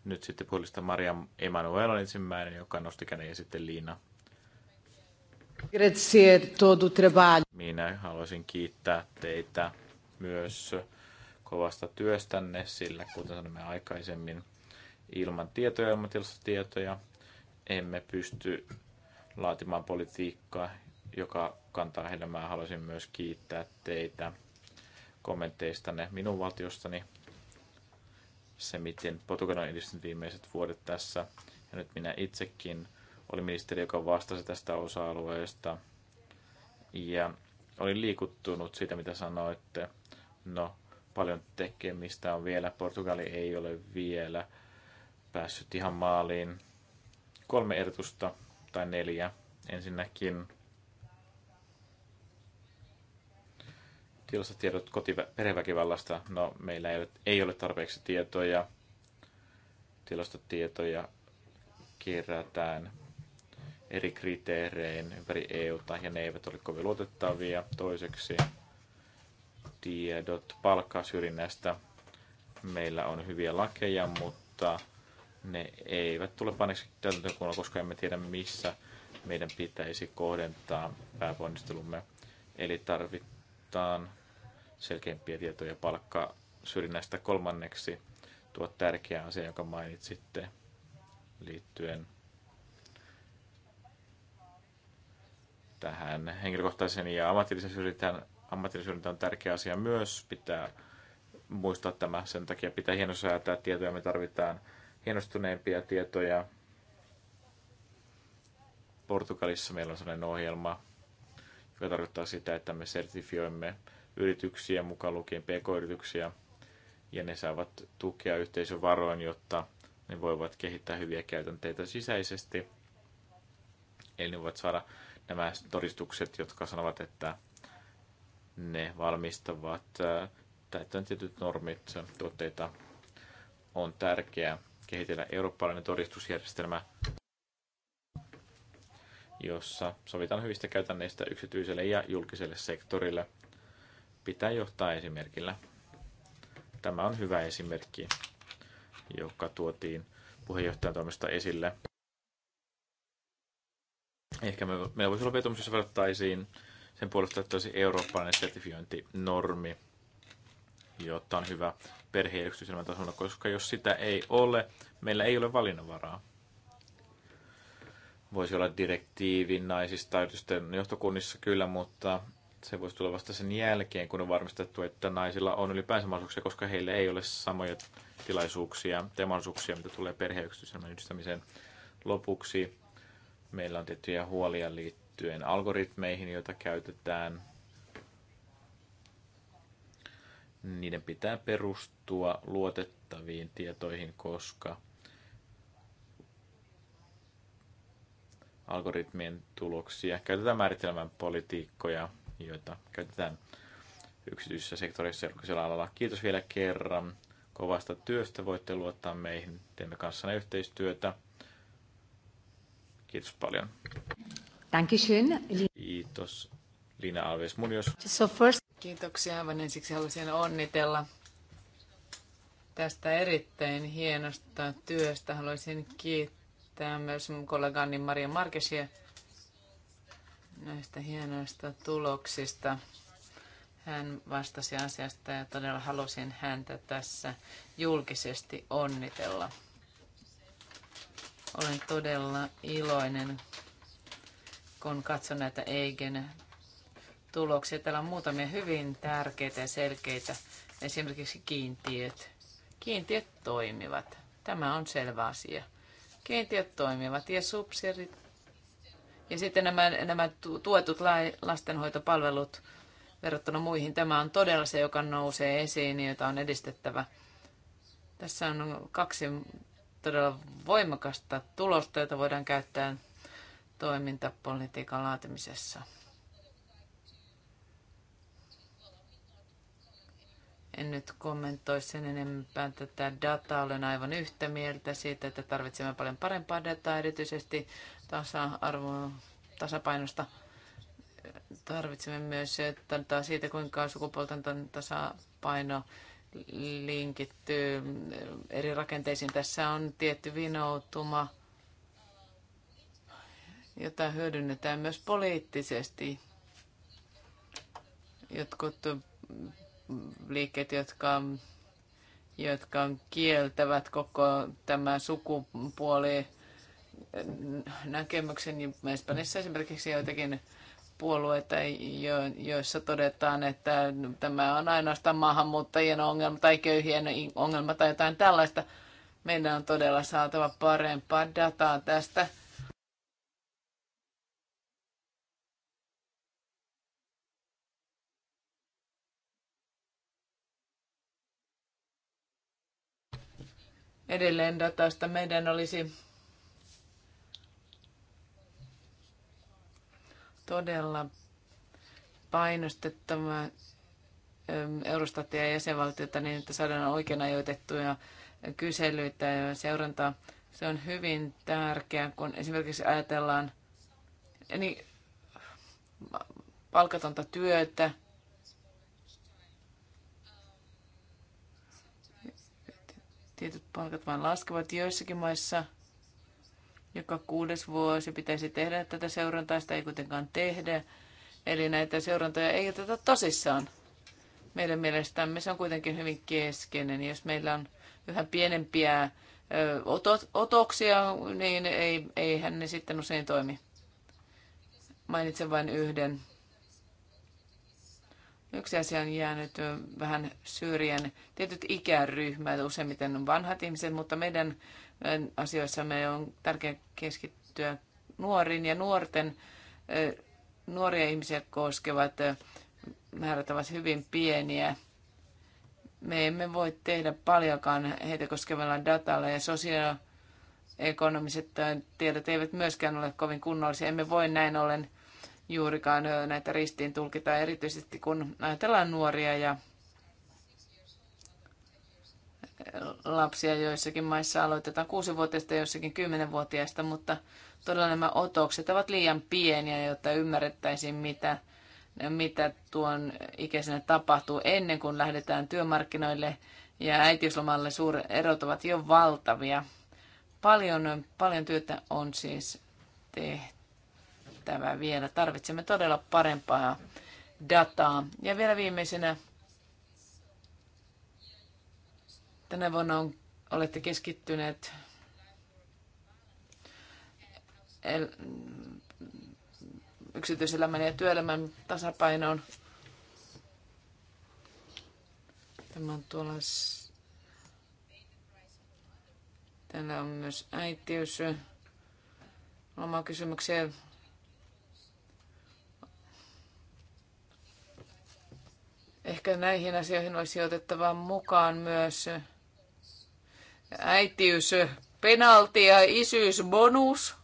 Nyt sitten puolesta Maria Emanuel on ensimmäinen, joka nosti käden ja sitten Liina. Minä haluaisin kiittää teitä myös kovasta työstänne, sillä kuten sanoimme aikaisemmin, ilman tietoja, ilman tietoja emme pysty laatimaan politiikkaa, joka kantaa hedelmää. Haluaisin myös kiittää teitä kommenteistanne minun valtiostani. Se, miten Portugal on edistynyt viimeiset vuodet tässä. Ja nyt minä itsekin olin ministeri, joka vastasi tästä osa-alueesta. Ja olin liikuttunut siitä, mitä sanoitte. No, paljon tekemistä on vielä. Portugali ei ole vielä päässyt ihan maaliin. Kolme ehdotusta tai neljä. Ensinnäkin tilastotiedot kotiperheväkivallasta. No, meillä ei ole, ei ole tarpeeksi tietoja. Tilastotietoja kerätään eri kriteerein ympäri EUta ja ne eivät ole kovin luotettavia. Toiseksi tiedot palkkasyrjinnästä. Meillä on hyviä lakeja, mutta ne eivät tule paneksi täytäntöönkunnolla, koska emme tiedä missä meidän pitäisi kohdentaa pääponnistelumme. Eli tarvitaan selkeämpiä tietoja palkka syrjinnästä kolmanneksi. Tuo tärkeä asia, joka mainitsitte liittyen tähän henkilökohtaisen ja ammatillisen syrjintään. Ammatillisen syrjintä on tärkeä asia myös. Pitää muistaa tämä. Sen takia pitää hienosäätää tietoja. Me tarvitaan hienostuneempia tietoja. Portugalissa meillä on sellainen ohjelma, joka tarkoittaa sitä, että me sertifioimme yrityksiä, mukaan lukien pk-yrityksiä, ja ne saavat tukea varoin, jotta ne voivat kehittää hyviä käytänteitä sisäisesti. Eli ne voivat saada nämä todistukset, jotka sanovat, että ne valmistavat täyttäen tietyt normit tuotteita. On tärkeää kehitellä eurooppalainen todistusjärjestelmä, jossa sovitaan hyvistä käytänneistä yksityiselle ja julkiselle sektorille – pitää johtaa esimerkillä. Tämä on hyvä esimerkki, joka tuotiin puheenjohtajan toimesta esille. Ehkä me, meillä voisi olla vetomus, jos verrattaisiin sen puolesta, että olisi eurooppalainen sertifiointinormi, jotta on hyvä perhe- ja tasolla, koska jos sitä ei ole, meillä ei ole valinnanvaraa. Voisi olla direktiivin naisista yritysten johtokunnissa kyllä, mutta se voisi tulla vasta sen jälkeen, kun on varmistettu, että naisilla on ylipäänsä mahdollisuuksia, koska heillä ei ole samoja tilaisuuksia ja mahdollisuuksia, mitä tulee perheyksityisen yhdistämisen lopuksi. Meillä on tiettyjä huolia liittyen algoritmeihin, joita käytetään. Niiden pitää perustua luotettaviin tietoihin, koska algoritmien tuloksia käytetään määritelmän politiikkoja – joita käytetään yksityisessä sektorissa julkisella alalla. Kiitos vielä kerran kovasta työstä. Voitte luottaa meihin. Teemme kanssanne yhteistyötä. Kiitos paljon. Dankeschön. Kiitos. Liina Alves Munios. So first... Kiitoksia. Aivan ensiksi haluaisin onnitella tästä erittäin hienosta työstä. Haluaisin kiittää myös mun kollegani Maria Markesia näistä hienoista tuloksista. Hän vastasi asiasta ja todella halusin häntä tässä julkisesti onnitella. Olen todella iloinen, kun katson näitä Eigen tuloksia. Täällä on muutamia hyvin tärkeitä ja selkeitä, esimerkiksi kiintiöt. Kiintiöt toimivat. Tämä on selvä asia. Kiintiöt toimivat ja subsidit ja sitten nämä, nämä tuetut lastenhoitopalvelut verrattuna muihin. Tämä on todella se, joka nousee esiin ja jota on edistettävä. Tässä on kaksi todella voimakasta tulosta, jota voidaan käyttää toimintapolitiikan laatimisessa. En nyt kommentoi sen enempää tätä dataa. Olen aivan yhtä mieltä siitä, että tarvitsemme paljon parempaa dataa, erityisesti tasa-arvoa tasapainosta. Tarvitsemme myös dataa siitä, kuinka sukupuolten tasapaino linkittyy eri rakenteisiin. Tässä on tietty vinoutuma, jota hyödynnetään myös poliittisesti. Jotkut liikkeet, jotka, jotka kieltävät koko tämän sukupuoli näkemyksen. Espanjassa esimerkiksi joitakin puolueita, joissa todetaan, että tämä on ainoastaan maahanmuuttajien ongelma tai köyhien ongelma tai jotain tällaista. Meidän on todella saatava parempaa dataa tästä edelleen datasta. Meidän olisi todella painostettava ähm, Eurostatia jäsenvaltiota niin, että saadaan oikein ajoitettuja kyselyitä ja seurantaa. Se on hyvin tärkeää, kun esimerkiksi ajatellaan niin, palkatonta työtä – Tietyt palkat vain laskevat joissakin maissa. Joka kuudes vuosi pitäisi tehdä tätä seurantaa, sitä ei kuitenkaan tehdä. Eli näitä seurantoja ei oteta tosissaan. Meidän mielestämme se on kuitenkin hyvin keskeinen. Jos meillä on yhä pienempiä otot, otoksia, niin ei, eihän ne sitten usein toimi. Mainitsen vain yhden Yksi asia on jäänyt vähän syrjään. Tietyt ikäryhmät, useimmiten vanhat ihmiset, mutta meidän asioissamme on tärkeää keskittyä nuoriin ja nuorten, nuoria ihmisiä koskevat määrät ovat hyvin pieniä. Me emme voi tehdä paljonkaan heitä koskevalla datalla ja sosioekonomiset tiedot eivät myöskään ole kovin kunnollisia. Emme voi näin ollen juurikaan näitä ristiin tulkita erityisesti kun ajatellaan nuoria ja lapsia joissakin maissa aloitetaan kuusivuotiaista, joissakin kymmenenvuotiaista, mutta todella nämä otokset ovat liian pieniä, jotta ymmärrettäisiin, mitä, mitä tuon ikäisenä tapahtuu ennen kuin lähdetään työmarkkinoille ja äitiyslomalle suuret erot ovat jo valtavia. Paljon, paljon työtä on siis tehty tehtävää vielä. Tarvitsemme todella parempaa dataa. Ja vielä viimeisenä, tänä vuonna on, olette keskittyneet el, yksityiselämän ja työelämän tasapainoon. Tämä on tuolla... Täällä on myös äitiys. kysymyksiä Ehkä näihin asioihin olisi otettava mukaan myös äitiys, penalti ja bonus.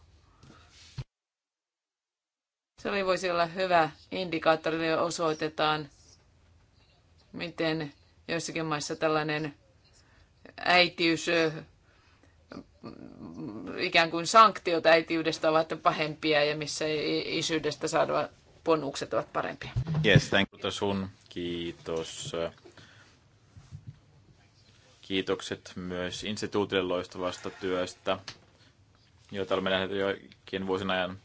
Se oli, voisi olla hyvä indikaattori, jolla osoitetaan, miten joissakin maissa tällainen äitiys, ikään kuin sanktiot äitiydestä ovat pahempia ja missä isyydestä saadaan bonukset ovat parempia. Yes, thank you. sun Kiitos. Kiitokset myös instituutille loistavasta työstä, jota olemme nähneet joikin vuosien ajan.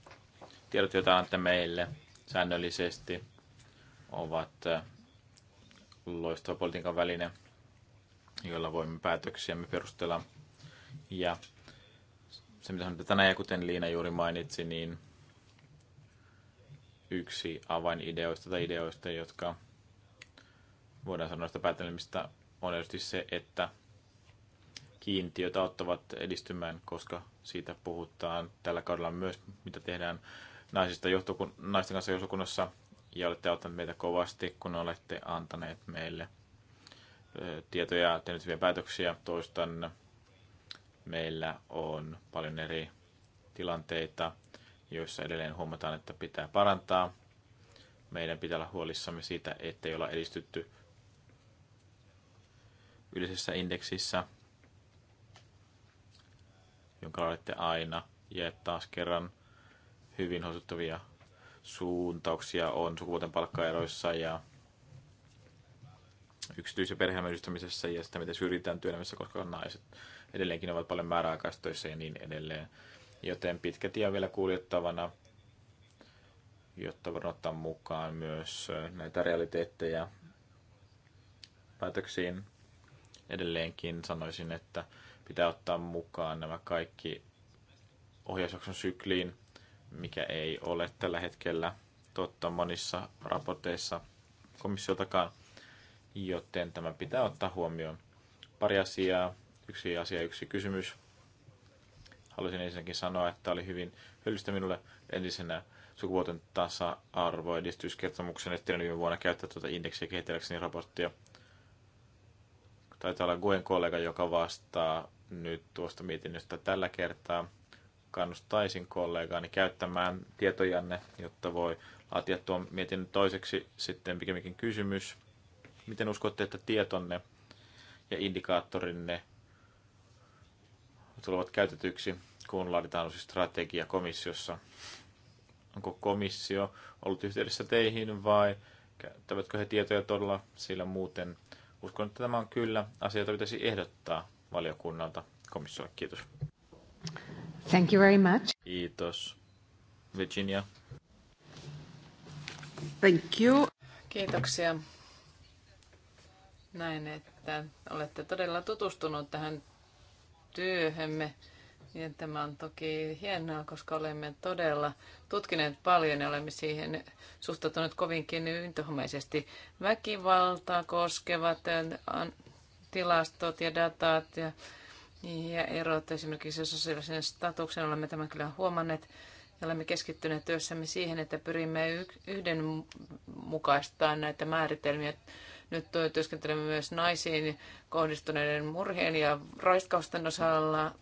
Tiedot, joita annatte meille säännöllisesti, ovat äh, loistava politiikan väline, jolla voimme päätöksiämme perustella. Ja se, mitä sanoitte tänään, ja kuten Liina juuri mainitsi, niin yksi avainideoista tai ideoista, jotka voidaan sanoa sitä päätelmistä, on tietysti se, että kiintiöt auttavat edistymään, koska siitä puhutaan tällä kaudella myös, mitä tehdään naisista johtokun, naisten kanssa johtokunnassa, ja olette auttaneet meitä kovasti, kun olette antaneet meille tietoja ja tehneet hyviä päätöksiä. Toistan, meillä on paljon eri tilanteita, joissa edelleen huomataan, että pitää parantaa. Meidän pitää olla huolissamme siitä, ettei olla edistytty yleisessä indeksissä, jonka olette aina. Ja taas kerran hyvin osuttavia suuntauksia on sukupuolten palkkaeroissa ja yksityis- ja perheenyhdistämisessä ja sitä, miten syrjitään työelämässä, koska naiset edelleenkin ovat paljon määräaikaistoissa ja niin edelleen. Joten pitkä tie on vielä kuljettavana, jotta voidaan ottaa mukaan myös äh, näitä realiteetteja päätöksiin edelleenkin sanoisin, että pitää ottaa mukaan nämä kaikki ohjausjakson sykliin, mikä ei ole tällä hetkellä totta monissa raporteissa komissiotakaan, joten tämä pitää ottaa huomioon. Pari asiaa, yksi asia, yksi kysymys. Haluaisin ensinnäkin sanoa, että oli hyvin hyödyllistä minulle entisenä sukupuolten tasa-arvoedistyskertomuksen, että viime vuonna käyttää tuota indeksiä kehitelläkseni raporttia – Taitaa olla Guen kollega, joka vastaa nyt tuosta mietinnöstä tällä kertaa. Kannustaisin kollegaani käyttämään tietojanne, jotta voi laatia tuon mietinnön toiseksi sitten pikemminkin kysymys. Miten uskotte, että tietonne ja indikaattorinne tulevat käytetyksi, kun laaditaan uusi strategia komissiossa? Onko komissio ollut yhteydessä teihin vai käyttävätkö he tietoja todella, sillä muuten – Uskon, että tämä on kyllä asia, jota pitäisi ehdottaa valiokunnalta komissiolle. Kiitos. Thank you very much. Kiitos. Virginia. Thank you. Kiitoksia. Näin, että olette todella tutustunut tähän työhömme. Ja tämä on toki hienoa, koska olemme todella tutkineet paljon ja olemme siihen suhtautuneet kovinkin yntohomaisesti. Väkivaltaa koskevat äh, tilastot ja datat ja, ja erot esimerkiksi sosiaalisen statuksen olemme tämän kyllä huomanneet. Ja olemme keskittyneet työssämme siihen, että pyrimme yhdenmukaistamaan näitä määritelmiä. Nyt työskentelemme myös naisiin kohdistuneiden murheen ja raiskausten osalla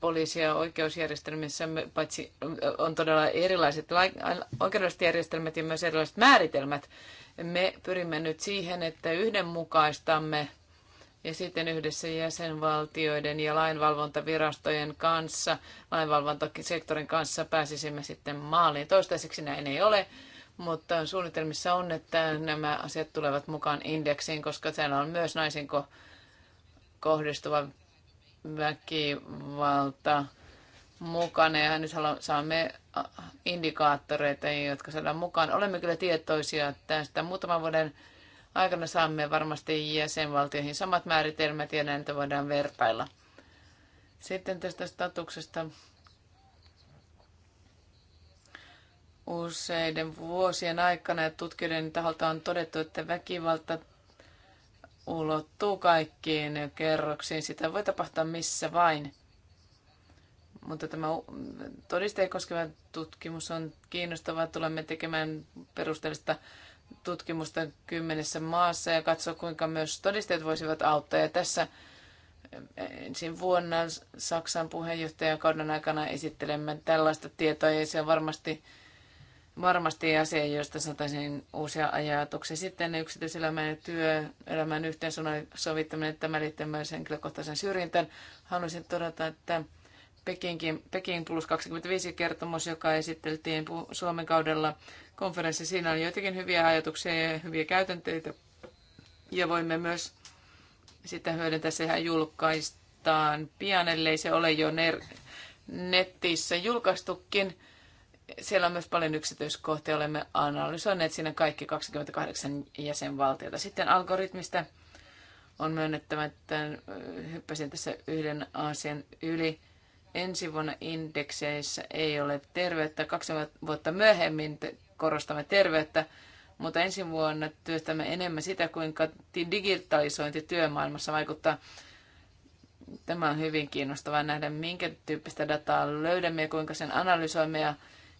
poliisi- ja oikeusjärjestelmissä paitsi on todella erilaiset oikeudelliset järjestelmät ja myös erilaiset määritelmät. Me pyrimme nyt siihen, että yhdenmukaistamme ja sitten yhdessä jäsenvaltioiden ja lainvalvontavirastojen kanssa, lainvalvontasektorin kanssa pääsisimme sitten maaliin. Toistaiseksi näin ei ole, mutta suunnitelmissa on, että nämä asiat tulevat mukaan indeksiin, koska siellä on myös naisin kohdistuva väkivalta mukana ja nyt saamme äh, indikaattoreita, jotka saadaan mukaan. Olemme kyllä tietoisia tästä. Muutaman vuoden aikana saamme varmasti jäsenvaltioihin samat määritelmät ja näitä voidaan vertailla. Sitten tästä statuksesta useiden vuosien aikana ja tutkijoiden taholta on todettu, että väkivalta ulottuu kaikkiin kerroksiin. Sitä voi tapahtua missä vain. Mutta tämä todisteen koskeva tutkimus on kiinnostavaa Tulemme tekemään perusteellista tutkimusta kymmenessä maassa ja katsoa, kuinka myös todisteet voisivat auttaa. Ja tässä eh, ensin vuonna Saksan puheenjohtajakauden aikana esittelemme tällaista tietoa ja se on varmasti varmasti asia, josta saataisiin uusia ajatuksia. Sitten yksityiselämän ja työelämän yhteensovittaminen, tämä liittyy myös henkilökohtaisen syrjintään. Haluaisin todeta, että Pekinkin, Pekin plus 25 kertomus, joka esiteltiin Suomen kaudella konferenssi, siinä on joitakin hyviä ajatuksia ja hyviä käytänteitä. Ja voimme myös sitä hyödyntää, sehän julkaistaan pian, ellei se ole jo ner- netissä julkaistukin siellä on myös paljon yksityiskohtia. Olemme analysoineet siinä kaikki 28 jäsenvaltiota. Sitten algoritmista on myönnettävä, että hyppäsin tässä yhden asian yli. Ensi vuonna indekseissä ei ole terveyttä. Kaksi vuotta myöhemmin korostamme terveyttä, mutta ensi vuonna työstämme enemmän sitä, kuinka digitalisointi työmaailmassa vaikuttaa. Tämä on hyvin kiinnostavaa nähdä, minkä tyyppistä dataa löydämme ja kuinka sen analysoimme ja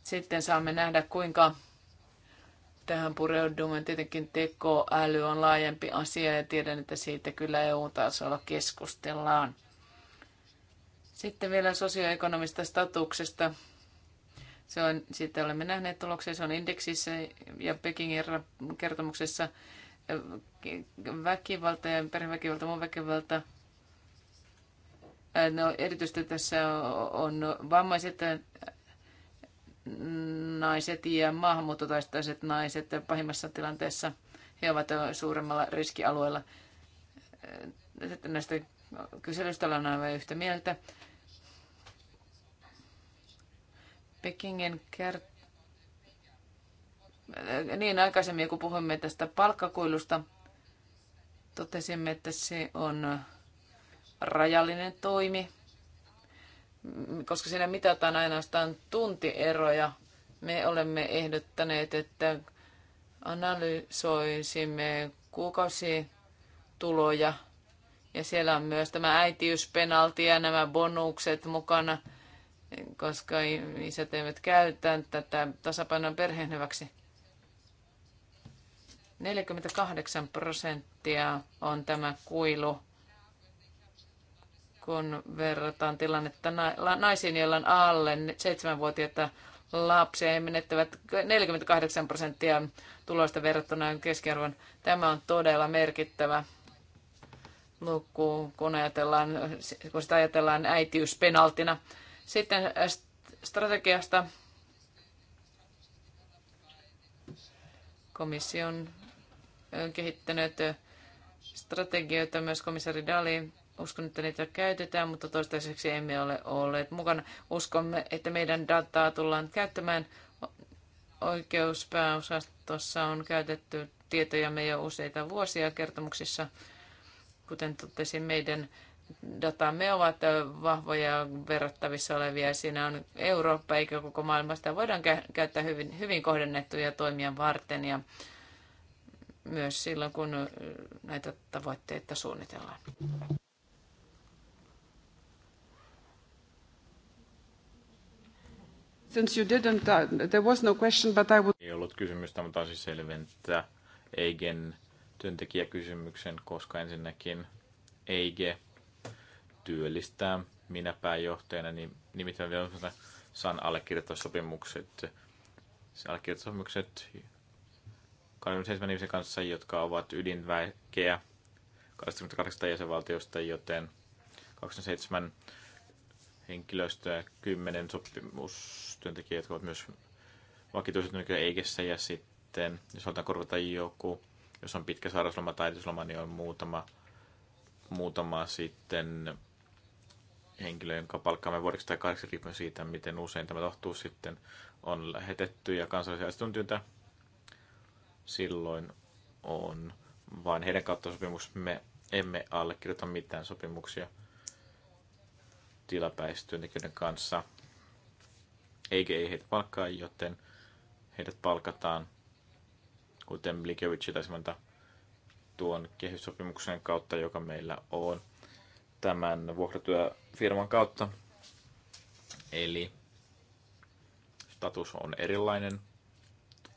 sitten saamme nähdä, kuinka tähän pureudumme. Tietenkin tekoäly on laajempi asia ja tiedän, että siitä kyllä EU-tasolla keskustellaan. Sitten vielä sosioekonomista statuksesta. Se on, siitä olemme nähneet tuloksia, se on indeksissä ja Pekingin kertomuksessa väkivalta ja perheväkivalta, muun väkivalta. Äh, no, erityisesti tässä on vammaiset naiset ja maahanmuuttotaistaiset naiset pahimmassa tilanteessa. He ovat suuremmalla riskialueella. Sitten näistä kyselystä ollaan aivan yhtä mieltä. Pekingin kert- niin aikaisemmin, kun puhuimme tästä palkkakuilusta, totesimme, että se on rajallinen toimi koska siinä mitataan ainoastaan tuntieroja. Me olemme ehdottaneet, että analysoisimme kuukausituloja ja siellä on myös tämä äitiyspenalti ja nämä bonukset mukana, koska isät eivät käytä tätä tasapainon perheen hyväksi. 48 prosenttia on tämä kuilu kun verrataan tilannetta naisiin, joilla on alle 7-vuotiaita lapsia he menettävät 48 prosenttia tuloista verrattuna keskiarvon. Tämä on todella merkittävä luku, kun, ajatellaan, kun sitä ajatellaan äitiyspenaltina. Sitten strategiasta komission kehittänyt strategioita myös komissari Dali Uskon, että niitä käytetään, mutta toistaiseksi emme ole olleet mukana. Uskomme, että meidän dataa tullaan käyttämään. Oikeuspääosastossa on käytetty tietojamme jo useita vuosia kertomuksissa. Kuten totesin, meidän datamme ovat vahvoja verrattavissa olevia. Siinä on Eurooppa eikä koko maailma. Sitä voidaan käyttää hyvin, hyvin kohdennettuja toimia varten ja myös silloin, kun näitä tavoitteita suunnitellaan. Since you didn't, uh, there was no question, but I would... Ei ollut kysymystä, mutta siis selventää Eigen työntekijäkysymyksen, koska ensinnäkin Eige työllistää minä pääjohtajana, niin nimittäin saan allekirjoittaa sopimukset, allekirjoitussopimukset 27 ihmisen kanssa, jotka ovat ydinväkeä 28 jäsenvaltiosta, joten 27 henkilöstöä, 10 sopimus, työntekijät, jotka ovat myös vakituiset eikessä ja sitten, jos halutaan korvata joku, jos on pitkä sairausloma tai äitiysloma, niin on muutama, muutama sitten henkilö, jonka palkkaamme vuodeksi tai kahdeksi riippuen siitä, miten usein tämä tohtuu sitten, on lähetetty ja kansallisia asiantuntijoita silloin on vain heidän kautta sopimus. Me emme allekirjoita mitään sopimuksia tilapäistyöntekijöiden kanssa eikä ei heitä palkkaa, joten heidät palkataan, kuten Blikevic taisi tuon kehyssopimuksen kautta, joka meillä on tämän vuokratyöfirman kautta. Eli status on erilainen,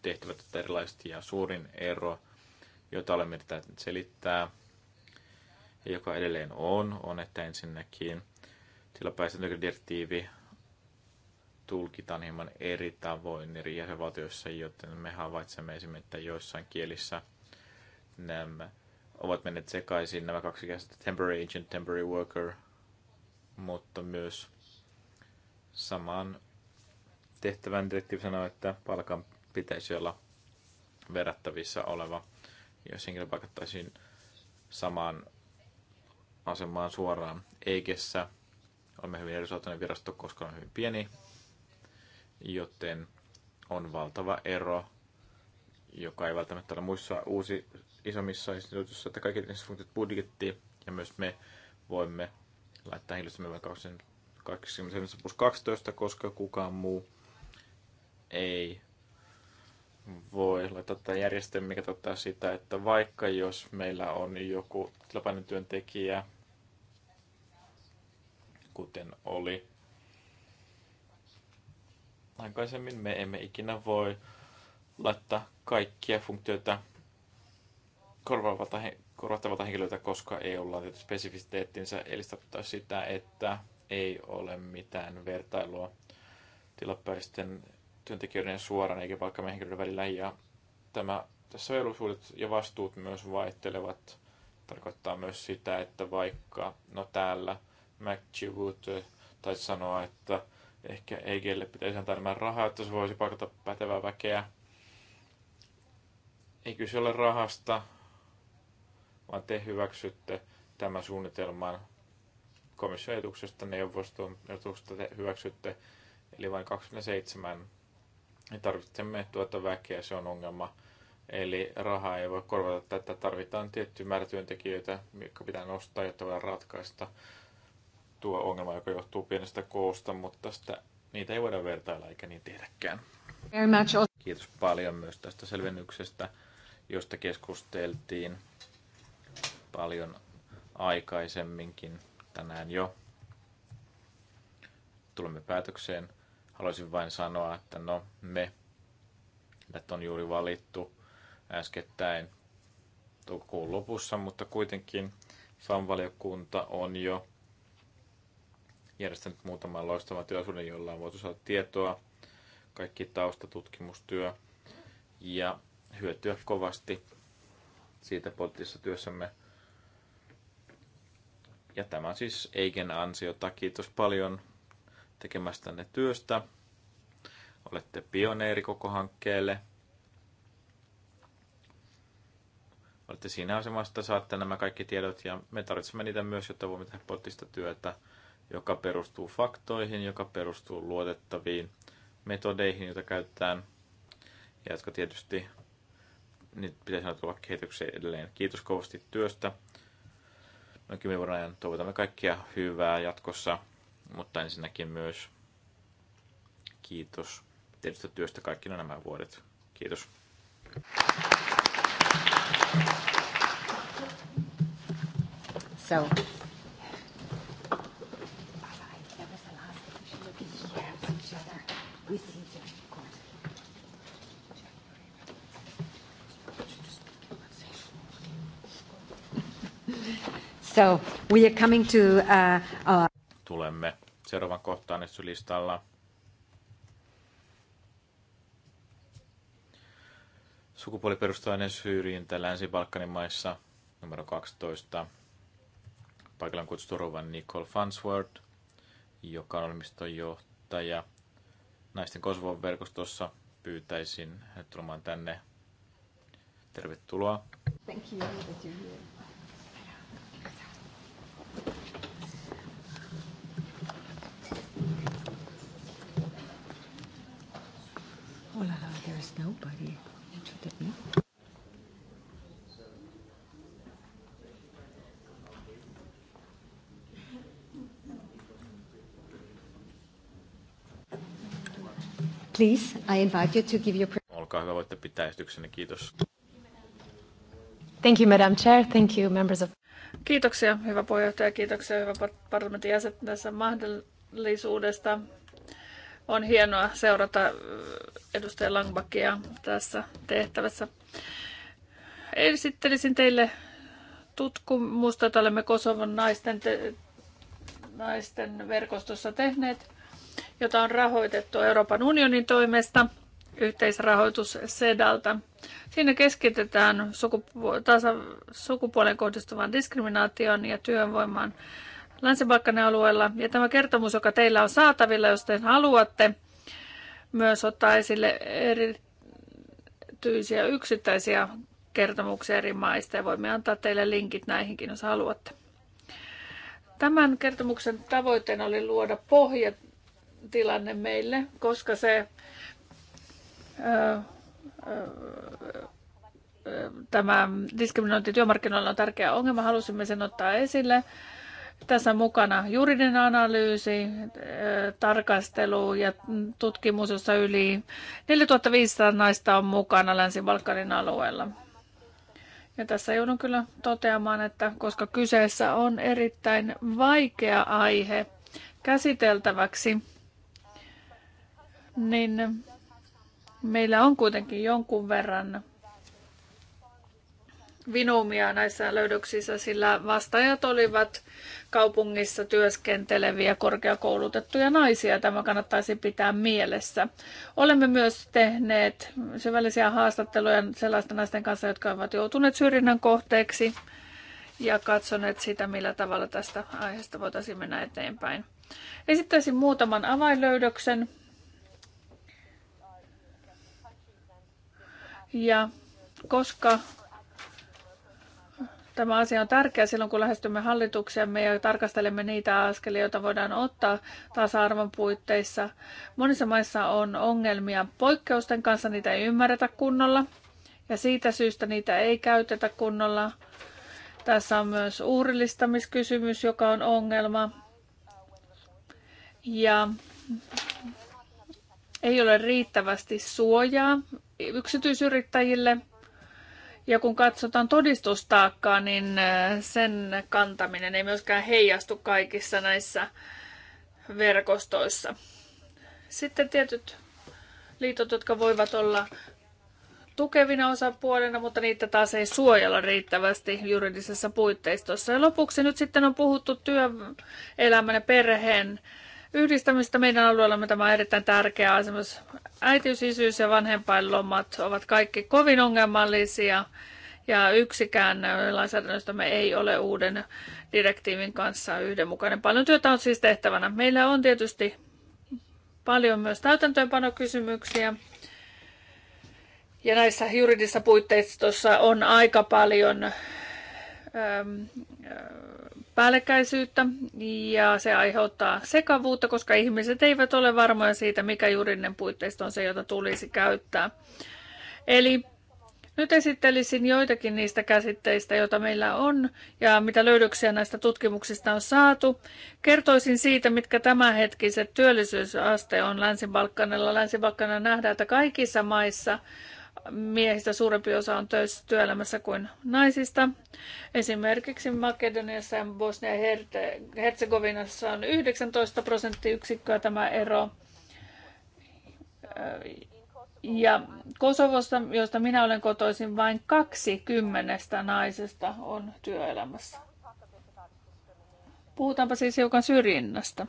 tehtävät ovat erilaiset ja suurin ero, jota olemme yrittäneet selittää, ja joka edelleen on, on, että ensinnäkin tilapäisen direktiivi tulkitaan hieman eri tavoin eri jäsenvaltioissa, joten me havaitsemme esimerkiksi, että joissain kielissä nämä ovat menneet sekaisin nämä kaksi käsitettä, temporary agent, temporary worker, mutta myös samaan tehtävän direktiivi sanoo, että palkan pitäisi olla verrattavissa oleva, jos henkilö palkattaisiin samaan asemaan suoraan. Eikessä olemme hyvin edusautuneet virasto, koska on hyvin pieni joten on valtava ero, joka ei välttämättä ole muissa uusi isommissa instituutioissa, että kaikki niissä funktiot budjettiin ja myös me voimme laittaa hiilistömyyvän 27 plus 12, koska kukaan muu ei voi laittaa tätä järjestelmää, mikä tarkoittaa sitä, että vaikka jos meillä on joku tilapäinen työntekijä, kuten oli Aikaisemmin me emme ikinä voi laittaa kaikkia funktioita korvattavalta henkilöltä, koska ei olla tietysti spesifiteettinsä, eli se tarkoittaa sitä, että ei ole mitään vertailua tilapäisten työntekijöiden suoraan eikä vaikka henkilöiden välillä. Ja tämä, tässä velvollisuudet ja vastuut myös vaihtelevat. Tarkoittaa myös sitä, että vaikka no täällä McChiwood eh, taisi sanoa, että Ehkä Eikelle pitäisi antaa enemmän rahaa, että se voisi pakata pätevää väkeä. Ei kyse ole rahasta, vaan te hyväksytte tämän suunnitelman komission etuksesta, neuvoston etuksesta te hyväksytte, eli vain 27. Me tarvitsemme tuota väkeä, se on ongelma. Eli rahaa ei voi korvata tätä, tarvitaan tietty määrä työntekijöitä, jotka pitää nostaa, jotta voidaan ratkaista tuo ongelma, joka johtuu pienestä koosta, mutta sitä, niitä ei voida vertailla eikä niin tehdäkään. Kiitos paljon myös tästä selvennyksestä, josta keskusteltiin paljon aikaisemminkin tänään jo. Tulemme päätökseen. Haluaisin vain sanoa, että no me, että on juuri valittu äskettäin toukokuun lopussa, mutta kuitenkin FAM-valiokunta on jo järjestänyt muutaman loistavan työsuuden, jolla on voitu saada tietoa, kaikki taustatutkimustyö ja hyötyä kovasti siitä poliittisessa työssämme. Ja tämä on siis Eiken ansiota. Kiitos paljon tekemästänne työstä. Olette pioneeri koko hankkeelle. Olette siinä asemassa, että saatte nämä kaikki tiedot ja me tarvitsemme niitä myös, jotta voimme tehdä poliittista työtä – joka perustuu faktoihin, joka perustuu luotettaviin metodeihin, joita käytetään, ja jotka tietysti nyt pitäisi sanoa tulla kehitykseen edelleen. Kiitos kovasti työstä. Noin kymmenen vuoden ajan toivotamme kaikkia hyvää jatkossa, mutta ensinnäkin myös kiitos tietystä työstä kaikki nämä vuodet. Kiitos. So. So, we are coming to, uh, our... Tulemme seuraavan kohtaan listalla. Sukupuoliperustainen syrjintä Länsi-Balkanin maissa numero 12. Paikalla on kutsuttu Rovan Nicole Fansworth, joka on ohjelmistojohtaja johtaja naisten kosvon verkostossa. Pyytäisin tulemaan tänne. Tervetuloa. Thank you that you're here. there is nobody. Please, I invite you to give your... Olkaa hyvä, voitte pitää esityksenne. Kiitos. Thank you, Madam Chair. Thank you, members of... Kiitoksia, hyvä puheenjohtaja. Kiitoksia, hyvä parlamentin jäsen tässä mahdollisuudesta. On hienoa seurata äh, edustaja Langbakia tässä tehtävässä. Esittelisin teille tutkimusta, että olemme Kosovon naisten, te- naisten verkostossa tehneet jota on rahoitettu Euroopan unionin toimesta, yhteisrahoitus SEDALta. Siinä keskitetään sukupu- tasa- sukupuolen kohdistuvan diskriminaation ja työvoimaan länsi alueella. Ja tämä kertomus, joka teillä on saatavilla, jos te haluatte, myös ottaa esille erityisiä yksittäisiä kertomuksia eri maista ja voimme antaa teille linkit näihinkin, jos haluatte. Tämän kertomuksen tavoitteena oli luoda pohja tilanne meille, koska se tämä diskriminointi työmarkkinoilla on tärkeä ongelma, halusimme sen ottaa esille. Tässä mukana juridinen analyysi, tarkastelu ja tutkimus, jossa yli 4500 naista on mukana Länsi-Balkanin alueella. Ja tässä joudun kyllä toteamaan, että koska kyseessä on erittäin vaikea aihe käsiteltäväksi, niin meillä on kuitenkin jonkun verran vinoumia näissä löydöksissä, sillä vastaajat olivat kaupungissa työskenteleviä korkeakoulutettuja naisia. Tämä kannattaisi pitää mielessä. Olemme myös tehneet syvällisiä haastatteluja sellaisten naisten kanssa, jotka ovat joutuneet syrjinnän kohteeksi ja katsoneet sitä, millä tavalla tästä aiheesta voitaisiin mennä eteenpäin. Esittäisin muutaman avainlöydöksen Ja koska tämä asia on tärkeä silloin, kun lähestymme hallituksemme ja tarkastelemme niitä askelia, joita voidaan ottaa tasa-arvon puitteissa. Monissa maissa on ongelmia poikkeusten kanssa, niitä ei ymmärretä kunnolla ja siitä syystä niitä ei käytetä kunnolla. Tässä on myös uhrillistamiskysymys, joka on ongelma. Ja ei ole riittävästi suojaa yksityisyrittäjille. Ja kun katsotaan todistustaakkaa, niin äh, sen kantaminen ei myöskään heijastu kaikissa näissä verkostoissa. Sitten tietyt liitot, jotka voivat olla tukevina osapuolina, mutta niitä taas ei suojella riittävästi juridisessa puitteistossa. Ja lopuksi nyt sitten on puhuttu työelämän ja perheen yhdistämistä meidän alueellamme. Tämä on erittäin tärkeä asemus. Äitiys, isyys ja vanhempainlomat ovat kaikki kovin ongelmallisia ja yksikään me ei ole uuden direktiivin kanssa yhdenmukainen. Paljon työtä on siis tehtävänä. Meillä on tietysti paljon myös täytäntöönpanokysymyksiä. Ja näissä juridisissa puitteissa on aika paljon päällekkäisyyttä ja se aiheuttaa sekavuutta, koska ihmiset eivät ole varmoja siitä, mikä juridinen puitteisto on se, jota tulisi käyttää. Eli nyt esittelisin joitakin niistä käsitteistä, joita meillä on ja mitä löydöksiä näistä tutkimuksista on saatu. Kertoisin siitä, mitkä tämänhetkiset työllisyysaste on Länsi-Balkanilla. Länsi-Balkanilla nähdään, että kaikissa maissa miehistä suurempi osa on töissä työelämässä kuin naisista. Esimerkiksi Makedoniassa ja Bosnia Herzegovinassa on 19 prosenttiyksikköä tämä ero. Ja Kosovossa, josta minä olen kotoisin, vain kaksi kymmenestä naisesta on työelämässä. Puhutaanpa siis hiukan syrjinnästä.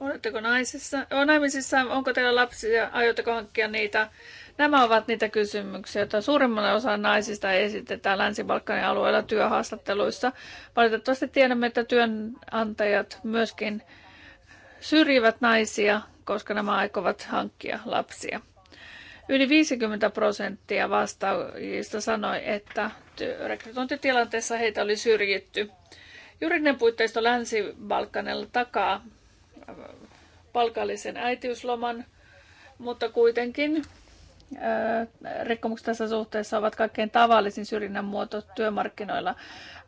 Oletteko naisissa? On naimisissa, onko teillä lapsia, aiotteko hankkia niitä? Nämä ovat niitä kysymyksiä, joita suurimmalle osa naisista esitetään Länsi-Balkanin alueella työhaastatteluissa. Valitettavasti tiedämme, että työnantajat myöskin syrjivät naisia, koska nämä aikovat hankkia lapsia. Yli 50 prosenttia vastaajista sanoi, että rekrytointitilanteessa heitä oli syrjitty. Juridinen puitteisto Länsi-Balkanilla takaa palkallisen äitiysloman, mutta kuitenkin rikkomukset tässä suhteessa ovat kaikkein tavallisin syrjinnän muoto työmarkkinoilla.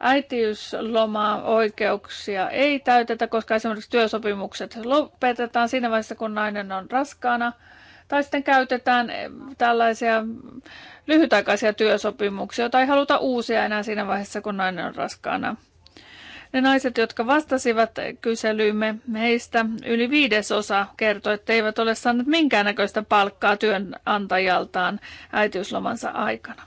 Äitiysloma oikeuksia ei täytetä, koska esimerkiksi työsopimukset lopetetaan siinä vaiheessa, kun nainen on raskaana. Tai sitten käytetään e, tällaisia lyhytaikaisia työsopimuksia, joita ei haluta uusia enää siinä vaiheessa, kun nainen on raskaana. Ne naiset, jotka vastasivat kyselyymme, heistä yli viidesosa kertoi, että eivät ole saaneet minkäännäköistä palkkaa työnantajaltaan äitiyslomansa aikana.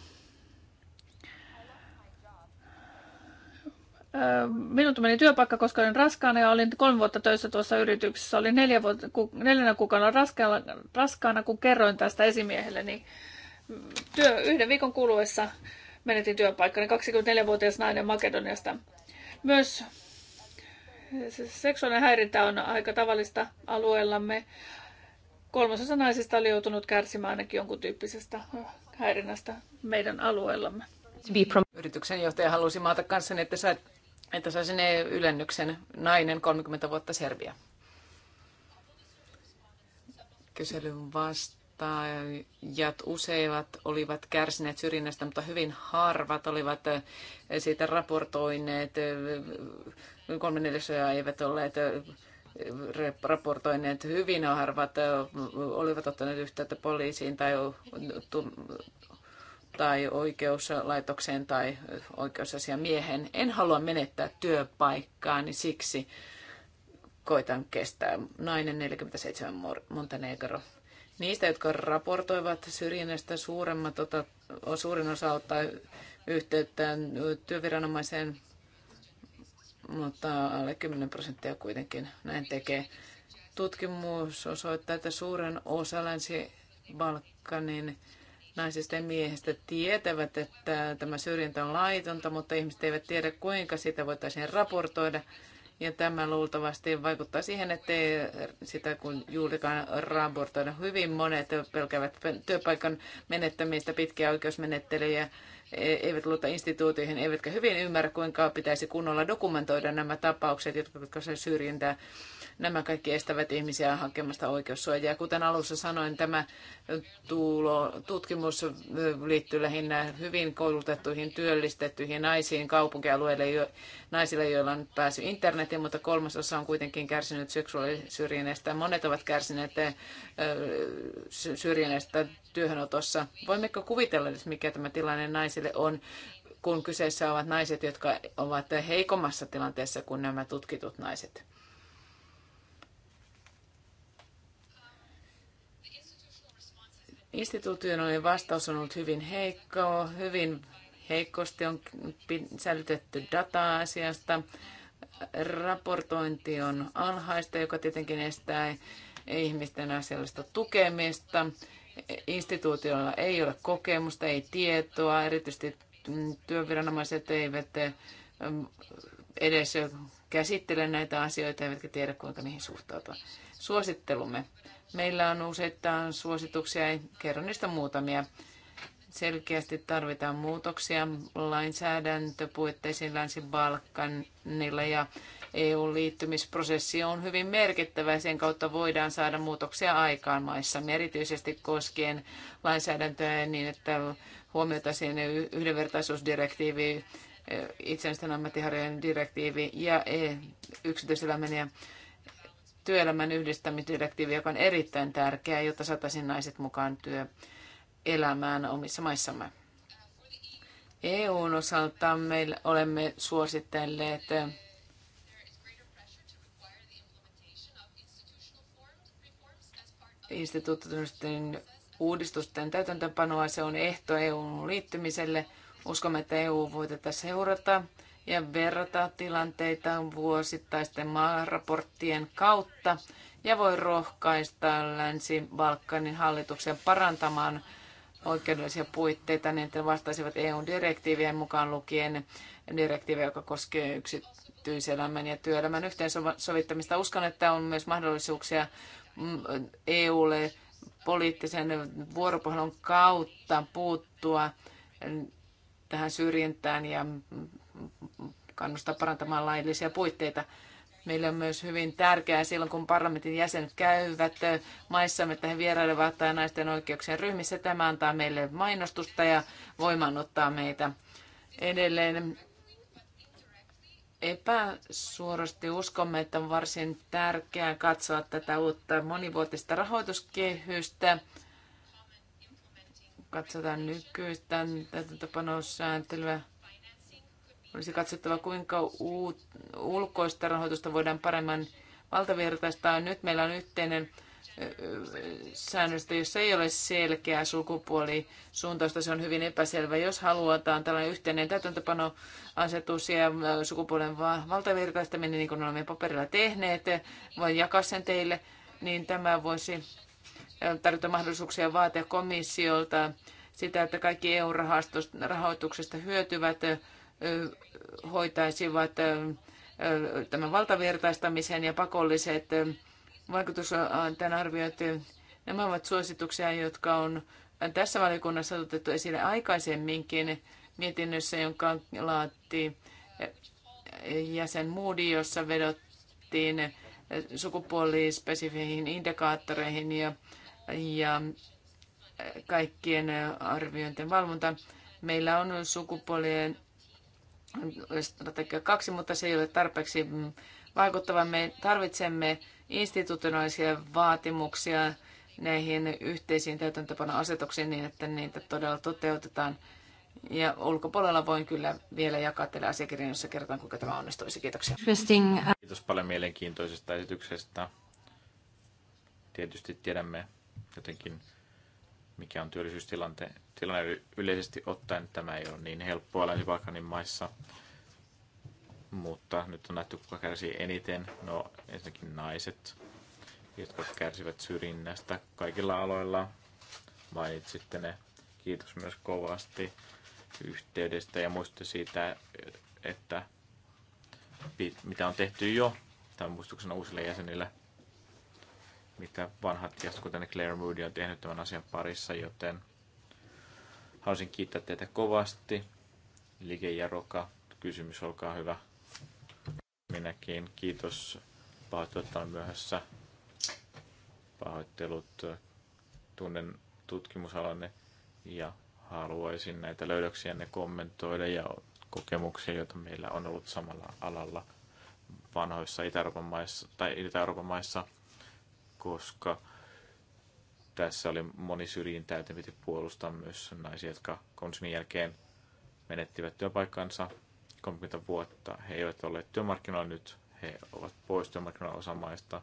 Minut meni työpaikka, koska olin raskaana ja olin kolme vuotta töissä tuossa yrityksessä. Olin neljä vuotta, ku, neljänä kuukauden raskaana, raskaana, kun kerroin tästä esimiehelle, niin työ, yhden viikon kuluessa menetin työpaikkani 24-vuotias nainen Makedoniasta. Myös seksuaalinen häirintä on aika tavallista alueellamme. Kolmasosa naisista oli joutunut kärsimään ainakin jonkun tyyppisestä häirinnästä meidän alueellamme. Yrityksen johtaja halusi maata kanssani, että, sait, että saisin ylennyksen nainen 30 vuotta Serbia. Kyselyn vasta Tota, jat useivat olivat kärsineet syrjinnästä, mutta hyvin harvat olivat siitä raportoineet. Kolme neljäsosaa eivät olleet raportoineet hyvin harvat, olivat ottaneet yhteyttä poliisiin tai, tai oikeuslaitokseen tai oikeusasiamiehen. En halua menettää työpaikkaani siksi koitan kestää. Nainen 47 Montenegro. Niistä, jotka raportoivat syrjinnästä, suuremmat ota, suurin osa ottaa yhteyttä työviranomaiseen, mutta alle 10 prosenttia kuitenkin näin tekee. Tutkimus osoittaa, että suuren osa Länsi-Balkanin naisista ja miehistä tietävät, että tämä syrjintä on laitonta, mutta ihmiset eivät tiedä, kuinka sitä voitaisiin raportoida ja tämä luultavasti vaikuttaa siihen, että sitä kun juurikaan raportoida. Hyvin monet pelkäävät työpaikan menettämistä, pitkiä oikeusmenettelyjä, e, eivät luota instituutioihin, eivätkä hyvin ymmärrä, kuinka pitäisi kunnolla dokumentoida nämä tapaukset, jotka se syrjintää Nämä kaikki estävät ihmisiä hakemasta oikeussuojaa. Kuten alussa sanoin, tämä tuulo, tutkimus liittyy lähinnä hyvin koulutettuihin, työllistettyihin naisiin kaupunkialueille, jo, naisille, joilla on päässyt internetiin, mutta kolmas osa on kuitenkin kärsinyt seksuaalisyrjinnästä. Monet ovat kärsineet syrjinnästä työhönotossa. Voimmeko kuvitella mikä tämä tilanne naisille on? kun kyseessä ovat naiset, jotka ovat heikommassa tilanteessa kuin nämä tutkitut naiset. Institutionaalinen vastaus on ollut hyvin heikko, hyvin heikosti on säilytetty dataa asiasta. Raportointi on alhaista, joka tietenkin estää ihmisten asiallista tukemista. Instituutioilla ei ole kokemusta, ei tietoa, erityisesti työviranomaiset eivät ähm, edes käsittele näitä asioita, eivätkä tiedä kuinka niihin suhtautua. Suosittelumme Meillä on useita suosituksia, kerron niistä muutamia. Selkeästi tarvitaan muutoksia lainsäädäntöpuitteisiin Länsi-Balkanilla ja EU-liittymisprosessi on hyvin merkittävä ja sen kautta voidaan saada muutoksia aikaan maissa, erityisesti koskien lainsäädäntöä niin, että huomioitaisiin yhdenvertaisuusdirektiivi, itsenäisten ammattiharjojen direktiivi ja yksityiselämän ja työelämän yhdistämisdirektiivi, joka on erittäin tärkeä, jotta saataisiin naiset mukaan työelämään omissa maissamme. EUn osalta meillä olemme suositelleet instituutioiden uudistusten täytäntöönpanoa. Se on ehto EUn liittymiselle. Uskomme, että EU voi tätä seurata ja verrata tilanteita vuosittaisten maaraporttien kautta ja voi rohkaista Länsi-Balkanin hallituksen parantamaan oikeudellisia puitteita niin, että ne vastaisivat EU-direktiivien mukaan lukien direktiivi, joka koskee yksityiselämän ja työelämän yhteensovittamista. Uskon, että on myös mahdollisuuksia mm, EUlle poliittisen vuoropuhelun kautta puuttua tähän syrjintään ja kannustaa parantamaan laillisia puitteita. meille on myös hyvin tärkeää silloin, kun parlamentin jäsenet käyvät maissamme, että he vierailevat tai naisten oikeuksien ryhmissä. Tämä antaa meille mainostusta ja voimanottaa meitä. Edelleen epäsuorasti uskomme, että on varsin tärkeää katsoa tätä uutta monivuotista rahoituskehystä. Katsotaan nykyistä tätä tapanoussääntelyä. Olisi katsottava, kuinka ulkoista rahoitusta voidaan paremmin valtavirtaistaa. Nyt meillä on yhteinen säännöstä, jos ei ole selkeää sukupuolisuuntausta, se on hyvin epäselvä. Jos halutaan tällainen yhteinen täytäntöpanoasetus ja sukupuolen valtavirtaistaminen, niin kuin olemme paperilla tehneet, voin jakaa sen teille, niin tämä voisi tarjota mahdollisuuksia vaatia komissiolta sitä, että kaikki EU-rahoituksesta hyötyvät hoitaisivat tämän valtavirtaistamisen ja pakolliset vaikutusten arviot. Nämä ovat suosituksia, jotka on tässä valiokunnassa otettu esille aikaisemminkin mietinnössä, jonka laatti jäsen Moody, jossa vedottiin sukupuolispesifeihin indikaattoreihin ja, ja kaikkien arviointien valvonta. Meillä on sukupuolien strategia kaksi, mutta se ei ole tarpeeksi vaikuttava. Me tarvitsemme institutionaalisia vaatimuksia näihin yhteisiin asetuksiin niin, että niitä todella toteutetaan. Ja ulkopuolella voin kyllä vielä jakaa teille asiakirjan, jossa kerrotaan, kuinka tämä onnistuisi. Kiitoksia. Uh, Kiitos paljon mielenkiintoisesta esityksestä. Tietysti tiedämme jotenkin mikä on työllisyystilanne tilanne yleisesti ottaen. Tämä ei ole niin helppoa Länsi-Balkanin maissa, mutta nyt on nähty, kuka kärsii eniten. No ensinnäkin naiset, jotka kärsivät syrjinnästä kaikilla aloilla. Mainitsitte ne. Kiitos myös kovasti yhteydestä ja muistutte siitä, että mitä on tehty jo tämän muistuksena uusille jäsenille mitä vanhat ja kuten Claire Moody on tehnyt tämän asian parissa, joten haluaisin kiittää teitä kovasti. Lige ja Roka, kysymys, olkaa hyvä. Minäkin kiitos. Pahoittelut on myöhässä. Pahoittelut tunnen tutkimusalanne ja haluaisin näitä löydöksiä ne kommentoida ja kokemuksia, joita meillä on ollut samalla alalla vanhoissa Itä-Euroopan maissa, tai Itä-Euroopan maissa – koska tässä oli moni syrjintää, joten piti puolustaa myös naisia, jotka konsumin jälkeen menettivät työpaikkansa 30 vuotta. He eivät olleet työmarkkinoilla nyt, he ovat pois työmarkkinoilla osa maista,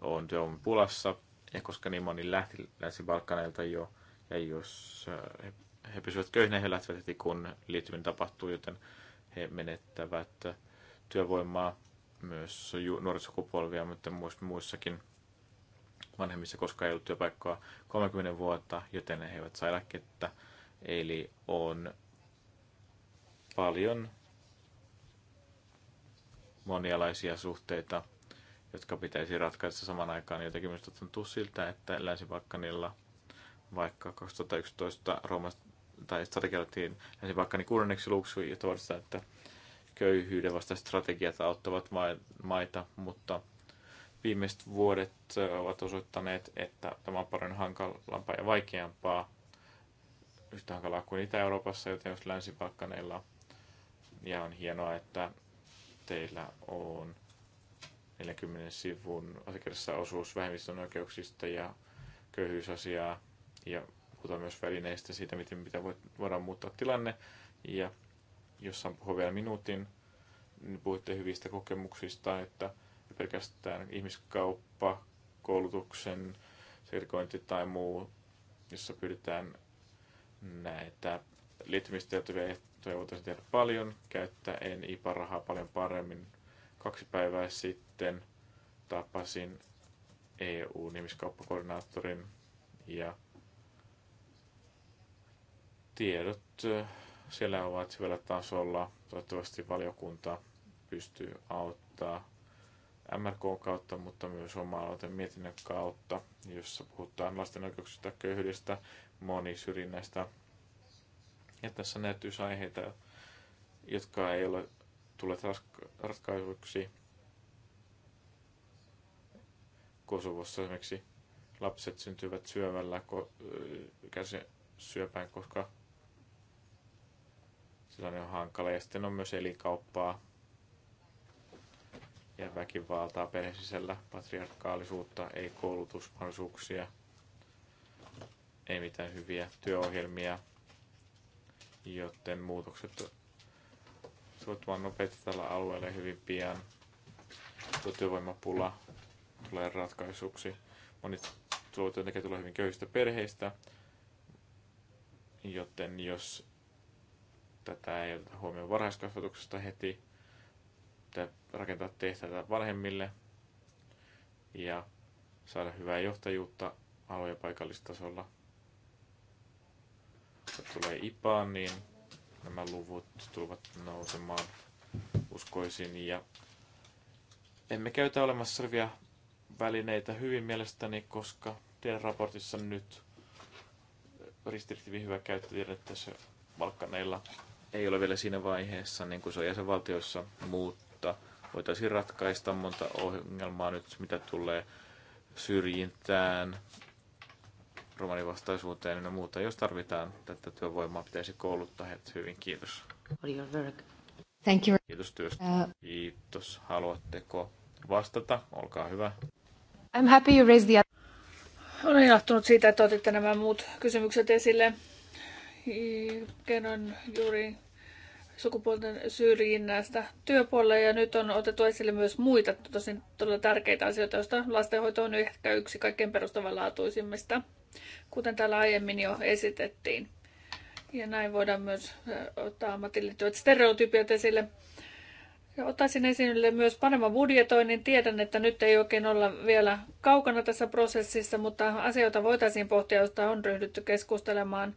on työvoiman pulassa, ja koska niin moni lähti Länsi-Balkaneilta jo, ja jos äh, he, he pysyvät köyhinä, he lähtevät heti kun liittyminen tapahtuu, joten he menettävät työvoimaa myös nuorisokupolvia, mutta muissakin vanhemmissa koskaan ei ollut työpaikkoa 30 vuotta, joten he eivät saa eläkettä. Eli on paljon monialaisia suhteita, jotka pitäisi ratkaista saman aikaan. Jotenkin minusta tuntuu siltä, että Länsi-Balkanilla vaikka 2011 Roomasta tai strategialtiin Länsi-Balkanin kuudenneksi luksu, jota varsinaan, että köyhyyden vasta strategiat auttavat maita, mutta viimeiset vuodet ovat osoittaneet, että tämä on paljon hankalampaa ja vaikeampaa, yhtä hankalaa kuin Itä-Euroopassa, joten jos länsi ja on hienoa, että teillä on 40 sivun asiakirjassa osuus vähemmistön oikeuksista ja köyhyysasiaa ja puhutaan myös välineistä siitä, miten mitä voidaan muuttaa tilanne. Ja jos saan puhua vielä minuutin, niin puhutte hyvistä kokemuksista, että ja pelkästään ihmiskauppa, koulutuksen sirkointi tai muu, jossa pyritään näitä liittymistietoja ehtoja voitaisiin tehdä paljon, käyttää IPA-rahaa paljon paremmin. Kaksi päivää sitten tapasin EU-nimiskauppakoordinaattorin ja tiedot eh, siellä ovat hyvällä tasolla. Toivottavasti valiokunta pystyy auttaa MRK kautta, mutta myös oma mietinnön kautta, jossa puhutaan lasten oikeuksista, köyhyydestä, monisyrjinnästä. Ja tässä näytyy aiheita, jotka ei ole tulleet raska- ratkaisuiksi Kosovossa esimerkiksi lapset syntyvät syövällä käsi syöpään, koska sellainen on hankala. Ja sitten on myös elinkauppaa, ja väkivaltaa perheen sisällä, patriarkaalisuutta, ei koulutusmahdollisuuksia, ei mitään hyviä työohjelmia, joten muutokset vain nopeasti tällä alueella hyvin pian. Tuo työvoimapula tulee ratkaisuksi. Monet työntekijät tulee hyvin köyhistä perheistä, joten jos tätä ei oteta huomioon varhaiskasvatuksesta heti, pitää rakentaa tehtävää vanhemmille ja saada hyvää johtajuutta alue- ja paikallistasolla. Jos tulee IPAan, niin nämä luvut tulevat nousemaan uskoisin ja emme käytä olemassa olevia välineitä hyvin mielestäni, koska teidän raportissa nyt restriktiivin hyvä käyttö tässä että Balkaneilla ei ole vielä siinä vaiheessa, niin kuin se on jäsenvaltioissa, muut voitaisiin ratkaista monta ongelmaa nyt, mitä tulee syrjintään, romanivastaisuuteen ja muuta. Jos tarvitaan tätä työvoimaa, pitäisi kouluttaa heitä hyvin. Kiitos. Thank you. Kiitos työstä. Uh, Kiitos. Haluatteko vastata? Olkaa hyvä. I'm happy you raised the... Olen ilahtunut siitä, että otitte nämä muut kysymykset esille. Kerron juuri sukupuolten syrjinnästä työpuolella ja nyt on otettu esille myös muita tosin todella tärkeitä asioita, joista lastenhoito on ehkä yksi kaikkein perustavanlaatuisimmista, kuten täällä aiemmin jo esitettiin. Ja näin voidaan myös ottaa ammatillityöt stereotypiat esille. Ja ottaisin esille myös paremman budjetoinnin. Tiedän, että nyt ei oikein olla vielä kaukana tässä prosessissa, mutta asioita voitaisiin pohtia, joista on ryhdytty keskustelemaan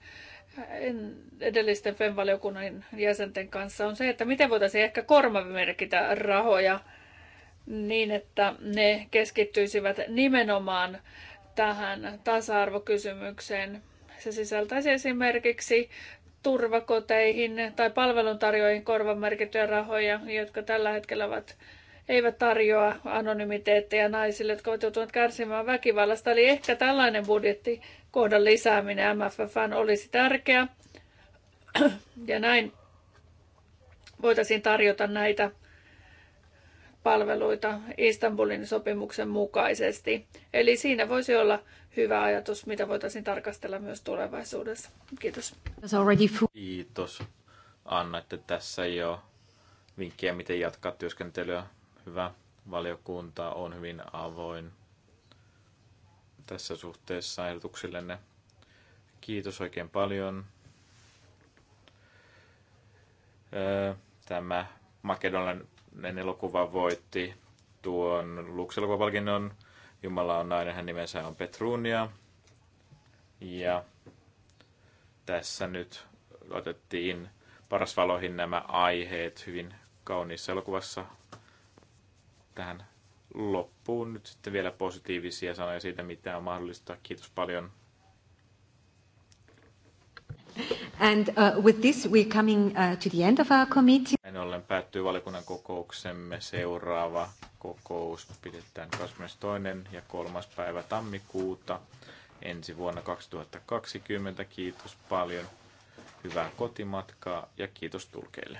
edellisten FEM-valiokunnan jäsenten kanssa on se, että miten voitaisiin ehkä korvamerkitä rahoja niin, että ne keskittyisivät nimenomaan tähän tasa-arvokysymykseen. Se sisältäisi esimerkiksi turvakoteihin tai palveluntarjoajien korvamerkittyjä rahoja, jotka tällä hetkellä ovat eivät tarjoa anonymiteetteja naisille, jotka ovat joutuneet kärsimään väkivallasta. Eli ehkä tällainen budjettikohdan lisääminen MFFn olisi tärkeä. Ja näin voitaisiin tarjota näitä palveluita Istanbulin sopimuksen mukaisesti. Eli siinä voisi olla hyvä ajatus, mitä voitaisiin tarkastella myös tulevaisuudessa. Kiitos. Kiitos. Annoitte tässä jo vinkkejä, miten jatkaa työskentelyä hyvä valiokunta on hyvin avoin tässä suhteessa ehdotuksillenne. Kiitos oikein paljon. Tämä makedonilainen elokuva voitti tuon Lux-elokuvapalkinnon. Jumala on nainen, hän nimensä on Petrunia. Ja tässä nyt otettiin paras valoihin nämä aiheet hyvin kauniissa elokuvassa tähän loppuun nyt sitten vielä positiivisia sanoja siitä, mitä on mahdollista. Kiitos paljon. And uh, with this we're coming uh, to the end of our committee. Näin ollen päättyy valikunnan kokouksemme. Seuraava kokous pidetään 22. ja 3. päivä tammikuuta ensi vuonna 2020. Kiitos paljon. Hyvää kotimatkaa ja kiitos tulkeille.